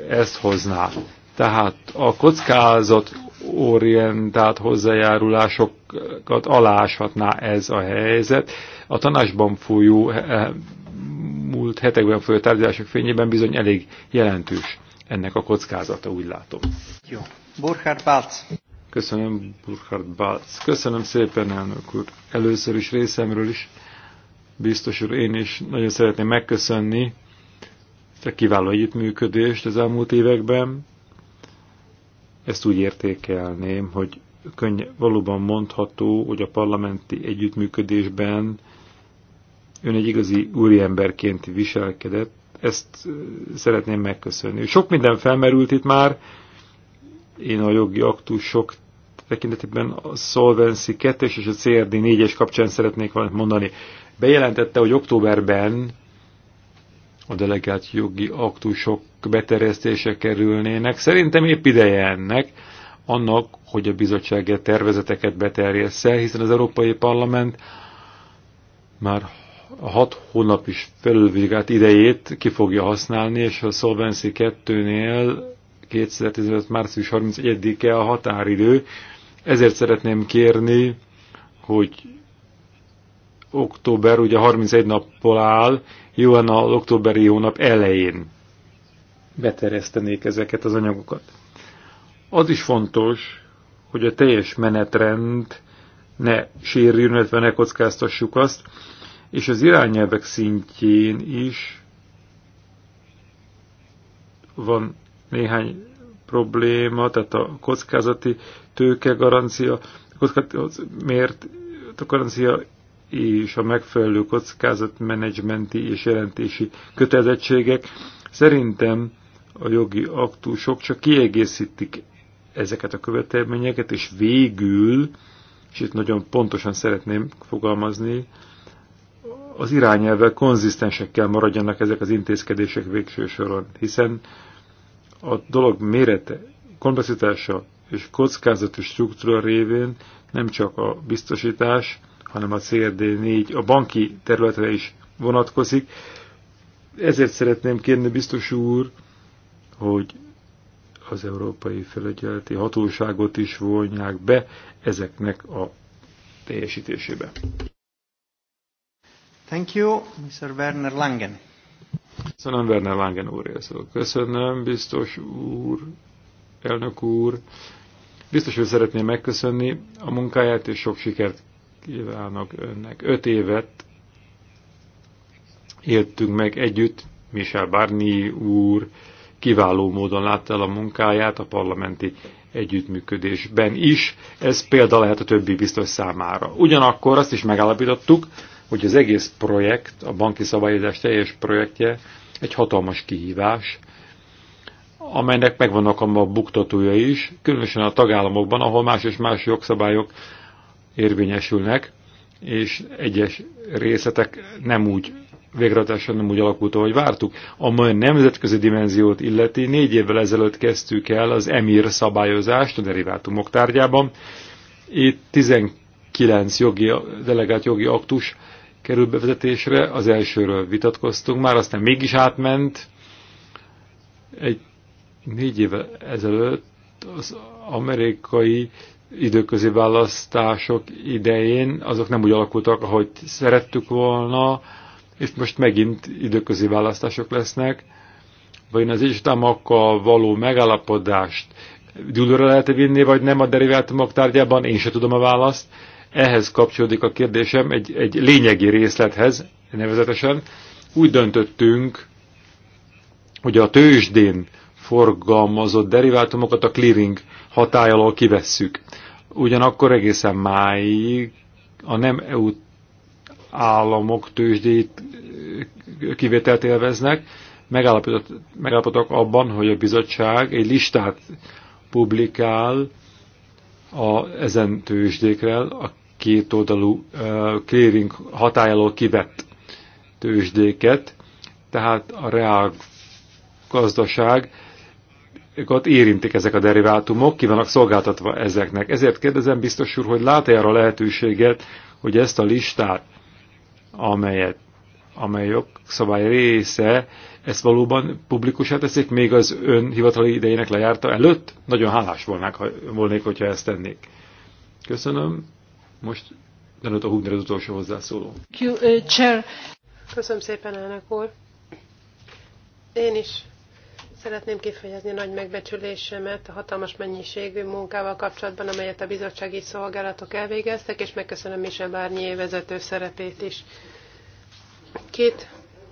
Speaker 1: ezt hozná. Tehát a kockázat orientált hozzájárulásokat aláshatná ez a helyzet. A tanásban folyó eh, múlt hetekben folyó tárgyalások fényében bizony elég jelentős ennek a kockázata, úgy látom.
Speaker 2: Jó. Burkhard Balc.
Speaker 1: Köszönöm, Burkhard Balc. Köszönöm szépen, elnök úr. Először is részemről is, biztos úr, én is nagyon szeretném megköszönni a kiváló együttműködést az elmúlt években. Ezt úgy értékelném, hogy könny valóban mondható, hogy a parlamenti együttműködésben ön egy igazi úriemberként viselkedett, ezt szeretném megköszönni. Sok minden felmerült itt már, én a jogi aktusok tekintetében a Solvency 2 és a CRD 4-es kapcsán szeretnék valamit mondani. Bejelentette, hogy októberben a delegált jogi aktusok beterjesztése kerülnének. Szerintem épp ideje ennek, annak, hogy a bizottság tervezeteket beterjessze, hiszen az Európai Parlament már hat hónap is felülvizsgált idejét ki fogja használni, és a Solvency 2-nél 2015. március 31-e a határidő. Ezért szeretném kérni, hogy október ugye 31 nappal áll, jóan az októberi hónap elején beteresztenék ezeket az anyagokat. Az is fontos, hogy a teljes menetrend ne sérjön, illetve ne kockáztassuk azt, és az irányelvek szintjén is van néhány probléma, tehát a kockázati tőke garancia, kockázati miért a garancia és a megfelelő kockázatmenedzsmenti és jelentési kötelezettségek szerintem a jogi aktusok csak kiegészítik ezeket a követelményeket, és végül, és itt nagyon pontosan szeretném fogalmazni, az irányelvvel konzisztensekkel maradjanak ezek az intézkedések végső soron, hiszen a dolog mérete, komplexitása és kockázati struktúra révén nem csak a biztosítás, hanem a CRD 4 a banki területre is vonatkozik. Ezért szeretném kérni biztos úr, hogy az Európai Felügyeleti Hatóságot is vonják be ezeknek a teljesítésébe.
Speaker 2: Thank you, Mr. Werner Langen.
Speaker 1: Köszönöm, Werner Langen úr szó. Köszönöm, biztos úr, elnök úr. Biztos, hogy szeretném megköszönni a munkáját, és sok sikert kívánok önnek. Öt évet éltünk meg együtt, Michel Barni úr kiváló módon látta el a munkáját a parlamenti együttműködésben is. Ez példa lehet a többi biztos számára. Ugyanakkor azt is megállapítottuk, hogy az egész projekt, a banki szabályozás teljes projektje egy hatalmas kihívás, amelynek megvannak a buktatója is, különösen a tagállamokban, ahol más és más jogszabályok érvényesülnek, és egyes részletek nem úgy végrehajtáson nem úgy alakult, ahogy vártuk. A nemzetközi dimenziót illeti négy évvel ezelőtt kezdtük el az EMIR szabályozást a derivátumok tárgyában. Itt 19 jogi, delegált jogi aktus kerül bevezetésre, az elsőről vitatkoztunk már, aztán mégis átment. Egy négy évvel ezelőtt az amerikai időközi választások idején azok nem úgy alakultak, ahogy szerettük volna, és most megint időközi választások lesznek, vagy az Istámakkal való megállapodást dűlőre lehet -e vinni, vagy nem a deriváltumok tárgyában, én se tudom a választ. Ehhez kapcsolódik a kérdésem egy, egy lényegi részlethez, nevezetesen. Úgy döntöttünk, hogy a tőzsdén forgalmazott derivátumokat a clearing hatály alól kivesszük. Ugyanakkor egészen máig a nem EU államok tőzsdét eh, kivételt élveznek, megállapodtak abban, hogy a bizottság egy listát publikál a, ezen tőzsdékrel a kétoldalú uh, eh, clearing hatájáról kivett tőzsdéket, tehát a reál gazdaság érintik ezek a derivátumok, ki vannak szolgáltatva ezeknek. Ezért kérdezem biztos úr, hogy lát-e arra lehetőséget, hogy ezt a listát, amelyet, amely jogszabály része, ezt valóban publikusá teszik, még az ön hivatali idejének lejárta előtt? Nagyon hálás volnák, ha, volnék, hogyha ezt tennék. Köszönöm. Most Danuta Hugner az utolsó hozzászóló.
Speaker 2: Uh,
Speaker 3: Köszönöm szépen, elnök úr. Én is Szeretném kifejezni nagy megbecsülésemet a hatalmas mennyiségű munkával kapcsolatban, amelyet a bizottsági szolgálatok elvégeztek, és megköszönöm Michel Barnier vezető szerepét is. Két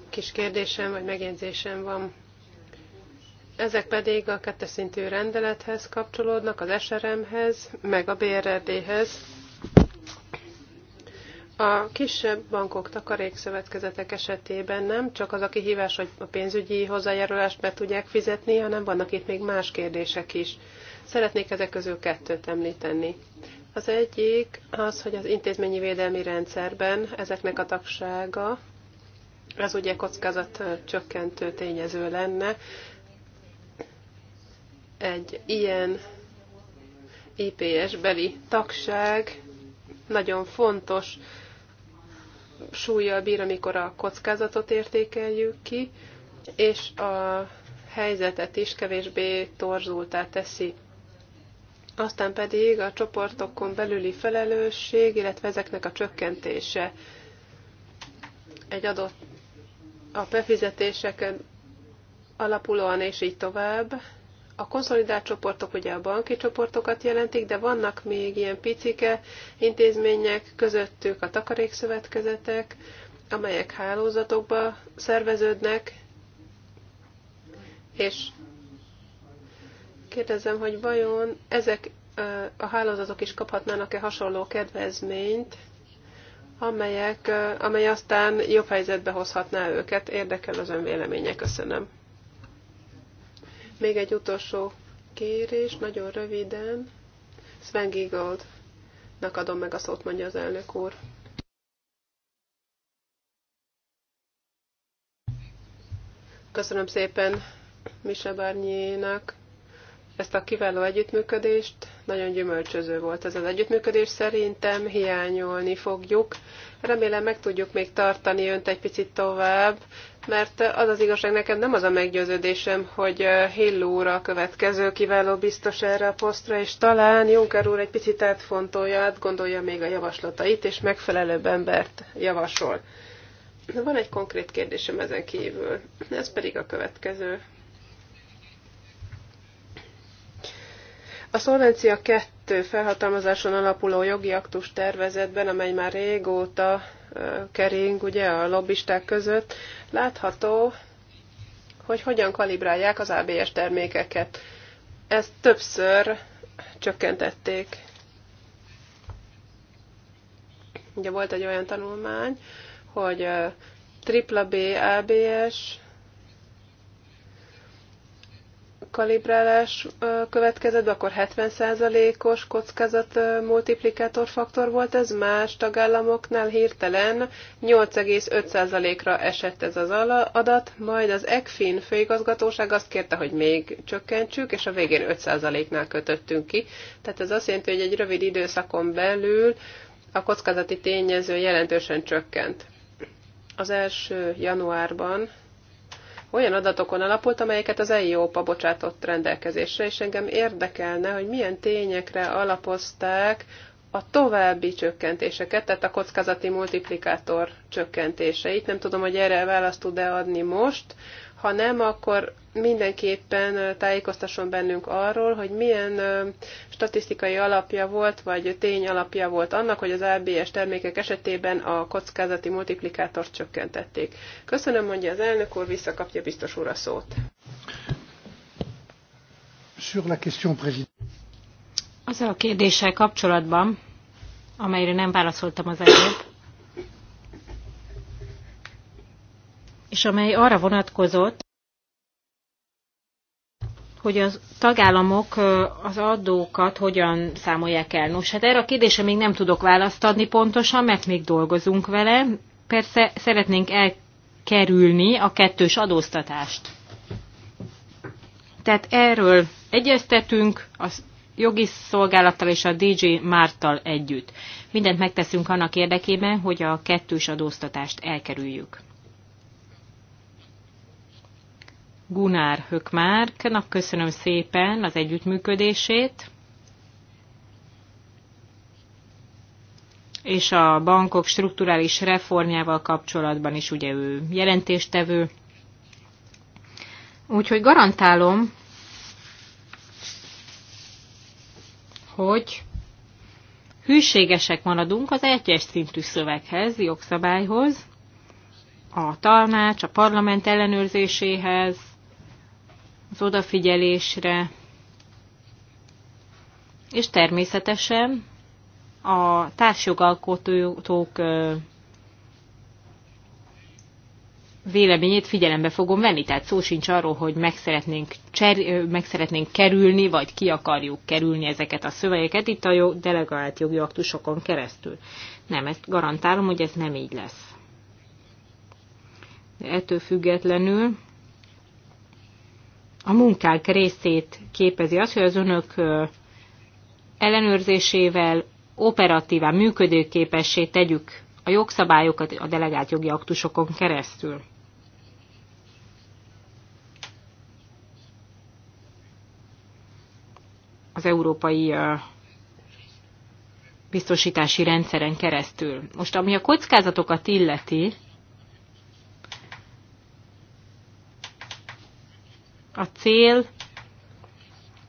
Speaker 3: kis kérdésem vagy megjegyzésem van. Ezek pedig a kettes szintű rendelethez kapcsolódnak, az SRM-hez, meg a BRD-hez. A kisebb bankok, takarékszövetkezetek esetében nem csak az a kihívás, hogy a pénzügyi hozzájárulást be tudják fizetni, hanem vannak itt még más kérdések is. Szeretnék ezek közül kettőt említeni. Az egyik az, hogy az intézményi védelmi rendszerben ezeknek a tagsága, ez ugye kockázat csökkentő tényező lenne, egy ilyen IPS beli tagság nagyon fontos súlyjal bír, amikor a kockázatot értékeljük ki, és a helyzetet is kevésbé torzultá teszi. Aztán pedig a csoportokon belüli felelősség, illetve ezeknek a csökkentése egy adott a befizetéseken alapulóan, és így tovább a konszolidált csoportok ugye a banki csoportokat jelentik, de vannak még ilyen picike intézmények, közöttük a takarékszövetkezetek, amelyek hálózatokba szerveződnek, és kérdezem, hogy vajon ezek a hálózatok is kaphatnának-e hasonló kedvezményt, amelyek, amely aztán jobb helyzetbe hozhatná őket. Érdekel az ön véleménye. Köszönöm. Még egy utolsó kérés, nagyon röviden. Sven Giegoldnak adom meg a szót, mondja az elnök úr. Köszönöm szépen Mise Barnyénak ezt a kiváló együttműködést. Nagyon gyümölcsöző volt ez az együttműködés, szerintem hiányolni fogjuk. Remélem meg tudjuk még tartani önt egy picit tovább, mert az az igazság nekem nem az a meggyőződésem, hogy eh, Hilló úr a következő kiváló biztos erre a posztra, és talán Juncker úr egy picit átfontolja, átgondolja még a javaslatait, és megfelelőbb embert javasol. De van egy konkrét kérdésem ezen kívül, ez pedig a következő. A szolvencia felhatalmazáson alapuló jogi aktus tervezetben, amely már régóta kering ugye a lobbisták között, látható, hogy hogyan kalibrálják az ABS termékeket. Ezt többször csökkentették. Ugye volt egy olyan tanulmány, hogy tripla B ABS kalibrálás következett akkor 70%-os kockázat faktor volt ez, más tagállamoknál hirtelen 8,5%-ra esett ez az adat, majd az ECFIN főigazgatóság azt kérte, hogy még csökkentsük, és a végén 5%-nál kötöttünk ki. Tehát ez azt jelenti, hogy egy rövid időszakon belül a kockázati tényező jelentősen csökkent. Az első januárban olyan adatokon alapult, amelyeket az EIOPA bocsátott rendelkezésre, és engem érdekelne, hogy milyen tényekre alapozták a további csökkentéseket, tehát a kockázati multiplikátor csökkentéseit. Nem tudom, hogy erre választ tud-e adni most, ha nem, akkor mindenképpen tájékoztasson bennünk arról, hogy milyen statisztikai alapja volt, vagy tény alapja volt annak, hogy az ABS termékek esetében a kockázati multiplikátort csökkentették. Köszönöm, mondja az elnök úr, visszakapja biztos úr a szót.
Speaker 2: Azzal
Speaker 4: a kérdéssel kapcsolatban, amelyre nem válaszoltam az előbb, és amely arra vonatkozott, hogy a tagállamok az adókat hogyan számolják el. Nos, hát erre a kérdésre még nem tudok választ adni pontosan, mert még dolgozunk vele. Persze szeretnénk elkerülni a kettős adóztatást. Tehát erről egyeztetünk a jogi szolgálattal és a DJ Márttal együtt. Mindent megteszünk annak érdekében, hogy a kettős adóztatást elkerüljük. Gunár Hökmárknak köszönöm szépen az együttműködését, és a bankok strukturális reformjával kapcsolatban is ugye ő jelentéstevő. Úgyhogy garantálom, hogy hűségesek maradunk az egyes szintű szöveghez, jogszabályhoz, a tanács, a parlament ellenőrzéséhez, az odafigyelésre, és természetesen a társjogalkotók véleményét figyelembe fogom venni, tehát szó sincs arról, hogy meg szeretnénk, cser, meg szeretnénk kerülni, vagy ki akarjuk kerülni ezeket a szövegeket itt a jó delegált jogi aktusokon keresztül. Nem, ezt garantálom, hogy ez nem így lesz. De ettől függetlenül a munkák részét képezi az, hogy az önök ellenőrzésével operatíván működőképessé tegyük a jogszabályokat a delegált jogi aktusokon keresztül. Az európai biztosítási rendszeren keresztül. Most ami a kockázatokat illeti, A cél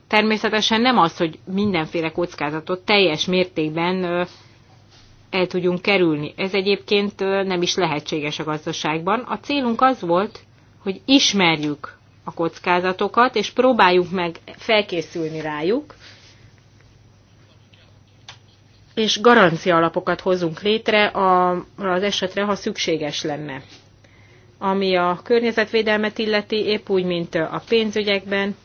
Speaker 4: természetesen nem az, hogy mindenféle kockázatot teljes mértékben el tudjunk kerülni. Ez egyébként nem is lehetséges a gazdaságban. A célunk az volt, hogy ismerjük a kockázatokat, és próbáljuk meg felkészülni rájuk, és garancia alapokat hozunk létre az esetre, ha szükséges lenne ami a környezetvédelmet illeti, épp úgy, mint a pénzügyekben,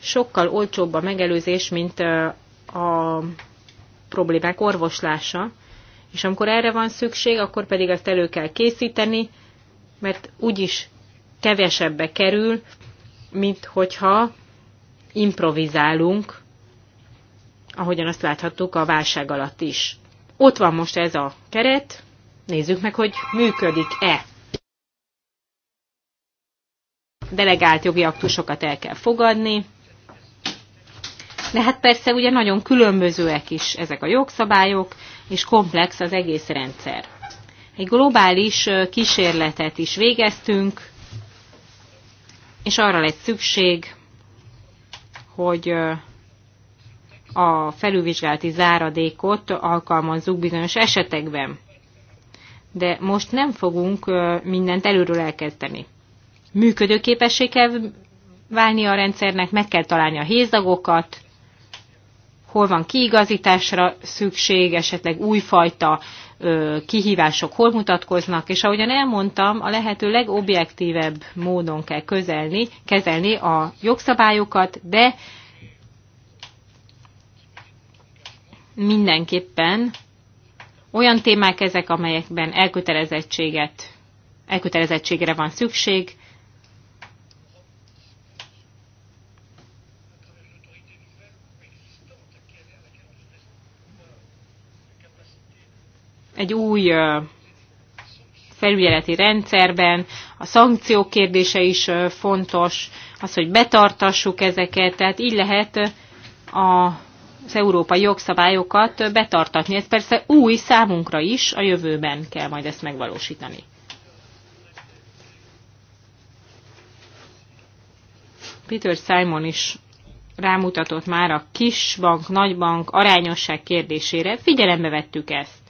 Speaker 4: sokkal olcsóbb a megelőzés, mint a problémák orvoslása. És amikor erre van szükség, akkor pedig azt elő kell készíteni, mert úgyis kevesebbe kerül, mint hogyha improvizálunk, ahogyan azt láthattuk a válság alatt is. Ott van most ez a keret, nézzük meg, hogy működik-e delegált jogi aktusokat el kell fogadni. De hát persze ugye nagyon különbözőek is ezek a jogszabályok, és komplex az egész rendszer. Egy globális kísérletet is végeztünk, és arra lett szükség, hogy a felülvizsgálati záradékot alkalmazzuk bizonyos esetekben. De most nem fogunk mindent előről elkezdeni működőképessé kell válni a rendszernek, meg kell találni a hézagokat, hol van kiigazításra szükség, esetleg újfajta kihívások hol mutatkoznak, és ahogyan elmondtam, a lehető legobjektívebb módon kell közelni, kezelni a jogszabályokat, de mindenképpen olyan témák ezek, amelyekben elkötelezettséget, elkötelezettségre van szükség, egy új felügyeleti rendszerben, a szankciók kérdése is fontos, az, hogy betartassuk ezeket, tehát így lehet a az európai jogszabályokat betartatni. Ez persze új számunkra is, a jövőben kell majd ezt megvalósítani. Peter Simon is rámutatott már a kisbank, nagybank arányosság kérdésére. Figyelembe vettük ezt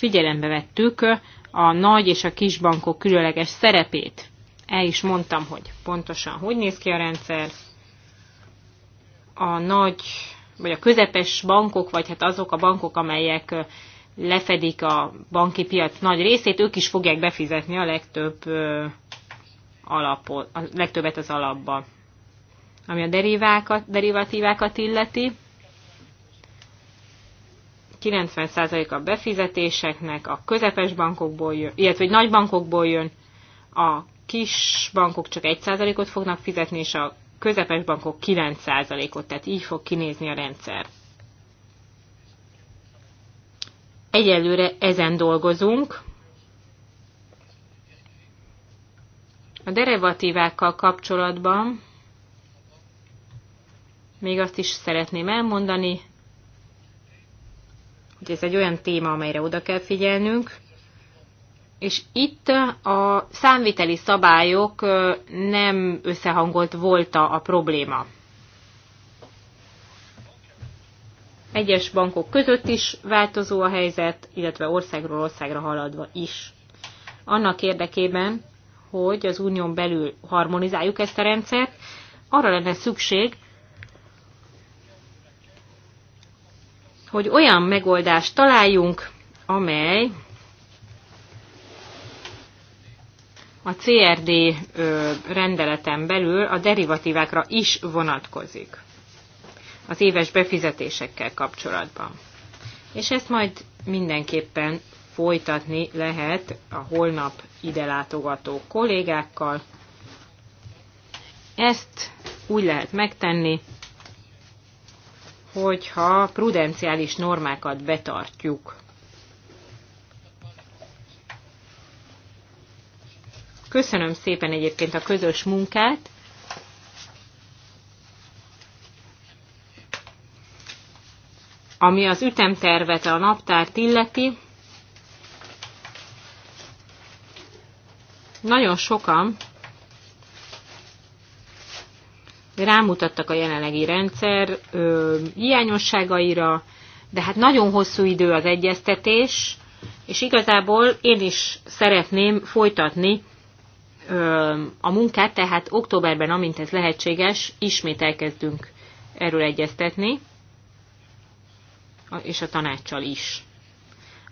Speaker 4: figyelembe vettük a nagy és a kis bankok különleges szerepét. El is mondtam, hogy pontosan hogy néz ki a rendszer. A nagy, vagy a közepes bankok, vagy hát azok a bankok, amelyek lefedik a banki piac nagy részét, ők is fogják befizetni a legtöbb alapot, a legtöbbet az alapba. Ami a derivákat, derivatívákat illeti, 90% a befizetéseknek a közepes bankokból jön, illetve hogy nagy bankokból jön, a kis bankok csak 1%-ot fognak fizetni, és a közepes bankok 9%-ot, tehát így fog kinézni a rendszer. Egyelőre ezen dolgozunk. A derivatívákkal kapcsolatban még azt is szeretném elmondani, hogy ez egy olyan téma, amelyre oda kell figyelnünk, és itt a számviteli szabályok nem összehangolt volta a probléma. Egyes bankok között is változó a helyzet, illetve országról országra haladva is. Annak érdekében, hogy az unión belül harmonizáljuk ezt a rendszert, arra lenne szükség, hogy olyan megoldást találjunk, amely a CRD rendeleten belül a derivatívákra is vonatkozik az éves befizetésekkel kapcsolatban. És ezt majd mindenképpen folytatni lehet a holnap ide látogató kollégákkal. Ezt úgy lehet megtenni, hogyha prudenciális normákat betartjuk. Köszönöm szépen egyébként a közös munkát. Ami az ütemtervet, a naptárt illeti, nagyon sokan rámutattak a jelenlegi rendszer ö, hiányosságaira, de hát nagyon hosszú idő az egyeztetés, és igazából én is szeretném folytatni ö, a munkát, tehát októberben, amint ez lehetséges, ismét elkezdünk erről egyeztetni, és a tanácssal is.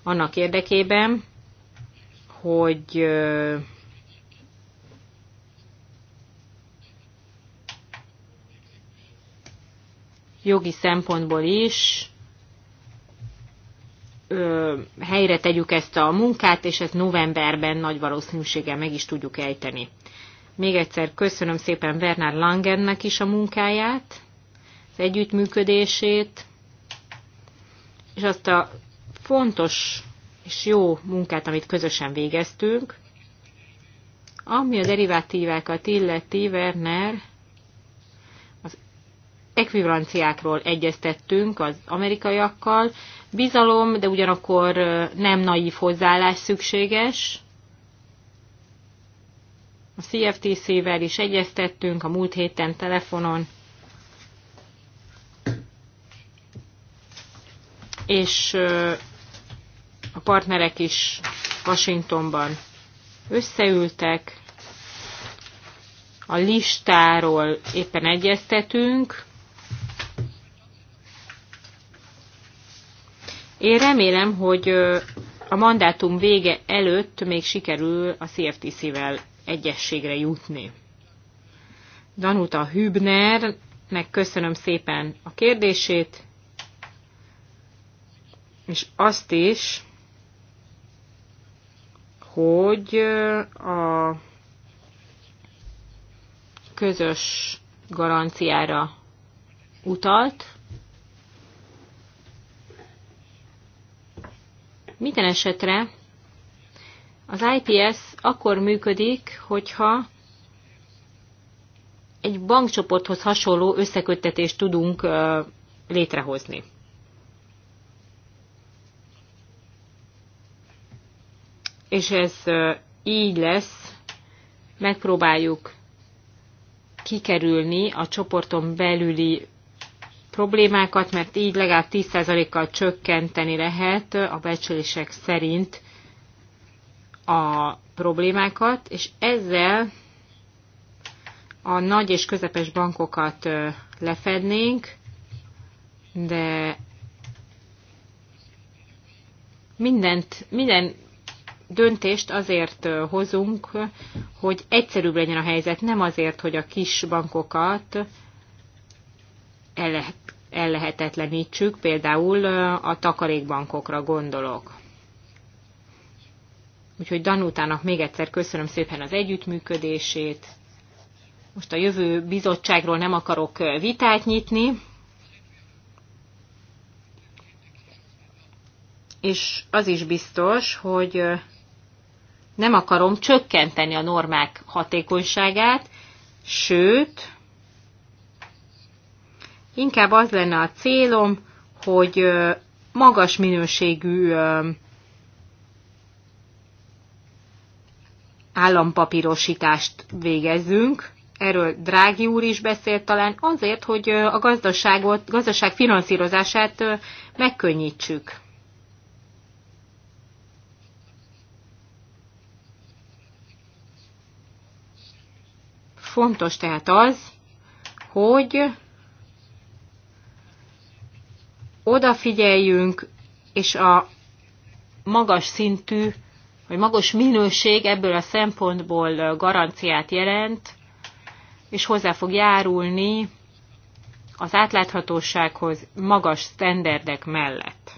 Speaker 4: Annak érdekében, hogy jogi szempontból is ö, helyre tegyük ezt a munkát, és ezt novemberben nagy valószínűséggel meg is tudjuk ejteni. Még egyszer köszönöm szépen Bernard Langennek is a munkáját, az együttműködését, és azt a fontos és jó munkát, amit közösen végeztünk. Ami a derivatívákat illeti, Werner ekvivalenciákról egyeztettünk az amerikaiakkal. Bizalom, de ugyanakkor nem naív hozzáállás szükséges. A CFTC-vel is egyeztettünk a múlt héten telefonon. És a partnerek is Washingtonban összeültek, a listáról éppen egyeztetünk, Én remélem, hogy a mandátum vége előtt még sikerül a CFTC-vel egyességre jutni. Danuta Hübner, köszönöm szépen a kérdését, és azt is, hogy a közös garanciára utalt, Minden esetre az IPS akkor működik, hogyha egy bankcsoporthoz hasonló összeköttetést tudunk létrehozni. És ez így lesz, megpróbáljuk kikerülni a csoporton belüli problémákat, mert így legalább 10%-kal csökkenteni lehet a becslések szerint a problémákat, és ezzel a nagy és közepes bankokat lefednénk, de mindent, minden döntést azért hozunk, hogy egyszerűbb legyen a helyzet, nem azért, hogy a kis bankokat el lehet ellehetetlenítsük, például a takarékbankokra gondolok. Úgyhogy Danutának még egyszer köszönöm szépen az együttműködését. Most a jövő bizottságról nem akarok vitát nyitni. És az is biztos, hogy nem akarom csökkenteni a normák hatékonyságát, sőt, Inkább az lenne a célom, hogy magas minőségű állampapírosítást végezzünk, erről Drági úr is beszélt talán, azért, hogy a gazdaságot, gazdaság finanszírozását megkönnyítsük. Fontos tehát az, hogy odafigyeljünk, és a magas szintű, vagy magas minőség ebből a szempontból garanciát jelent, és hozzá fog járulni az átláthatósághoz magas sztenderdek mellett.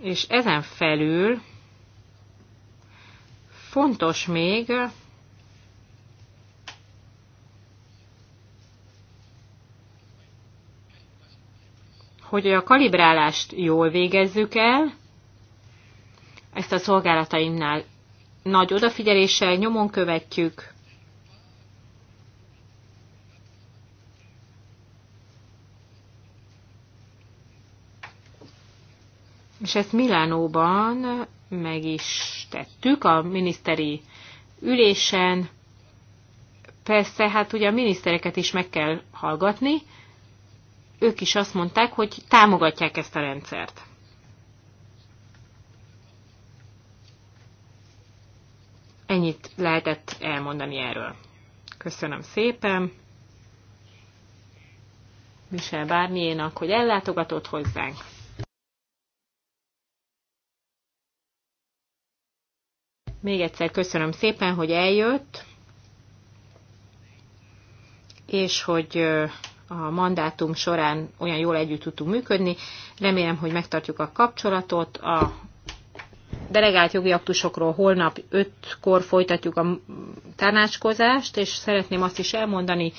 Speaker 4: És ezen felül fontos még hogy a kalibrálást jól végezzük el, ezt a szolgálataimnál nagy odafigyeléssel nyomon követjük, És ezt Milánóban meg is tettük a miniszteri ülésen. Persze, hát ugye a minisztereket is meg kell hallgatni, ők is azt mondták, hogy támogatják ezt a rendszert. Ennyit lehetett elmondani erről. Köszönöm szépen Michel Bárniénak, hogy ellátogatott hozzánk. Még egyszer köszönöm szépen, hogy eljött, és hogy a mandátum során olyan jól együtt tudtunk működni. Remélem, hogy megtartjuk a kapcsolatot. A delegált jogi aktusokról holnap 5-kor folytatjuk a tanácskozást, és szeretném azt is elmondani,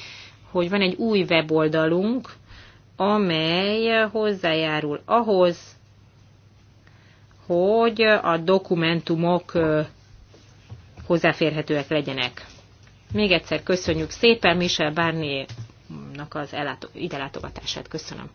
Speaker 4: hogy van egy új weboldalunk, amely hozzájárul ahhoz, hogy a dokumentumok hozzáférhetőek legyenek. Még egyszer köszönjük szépen Michel Barnier kollégámnak az ide látogatását. Köszönöm.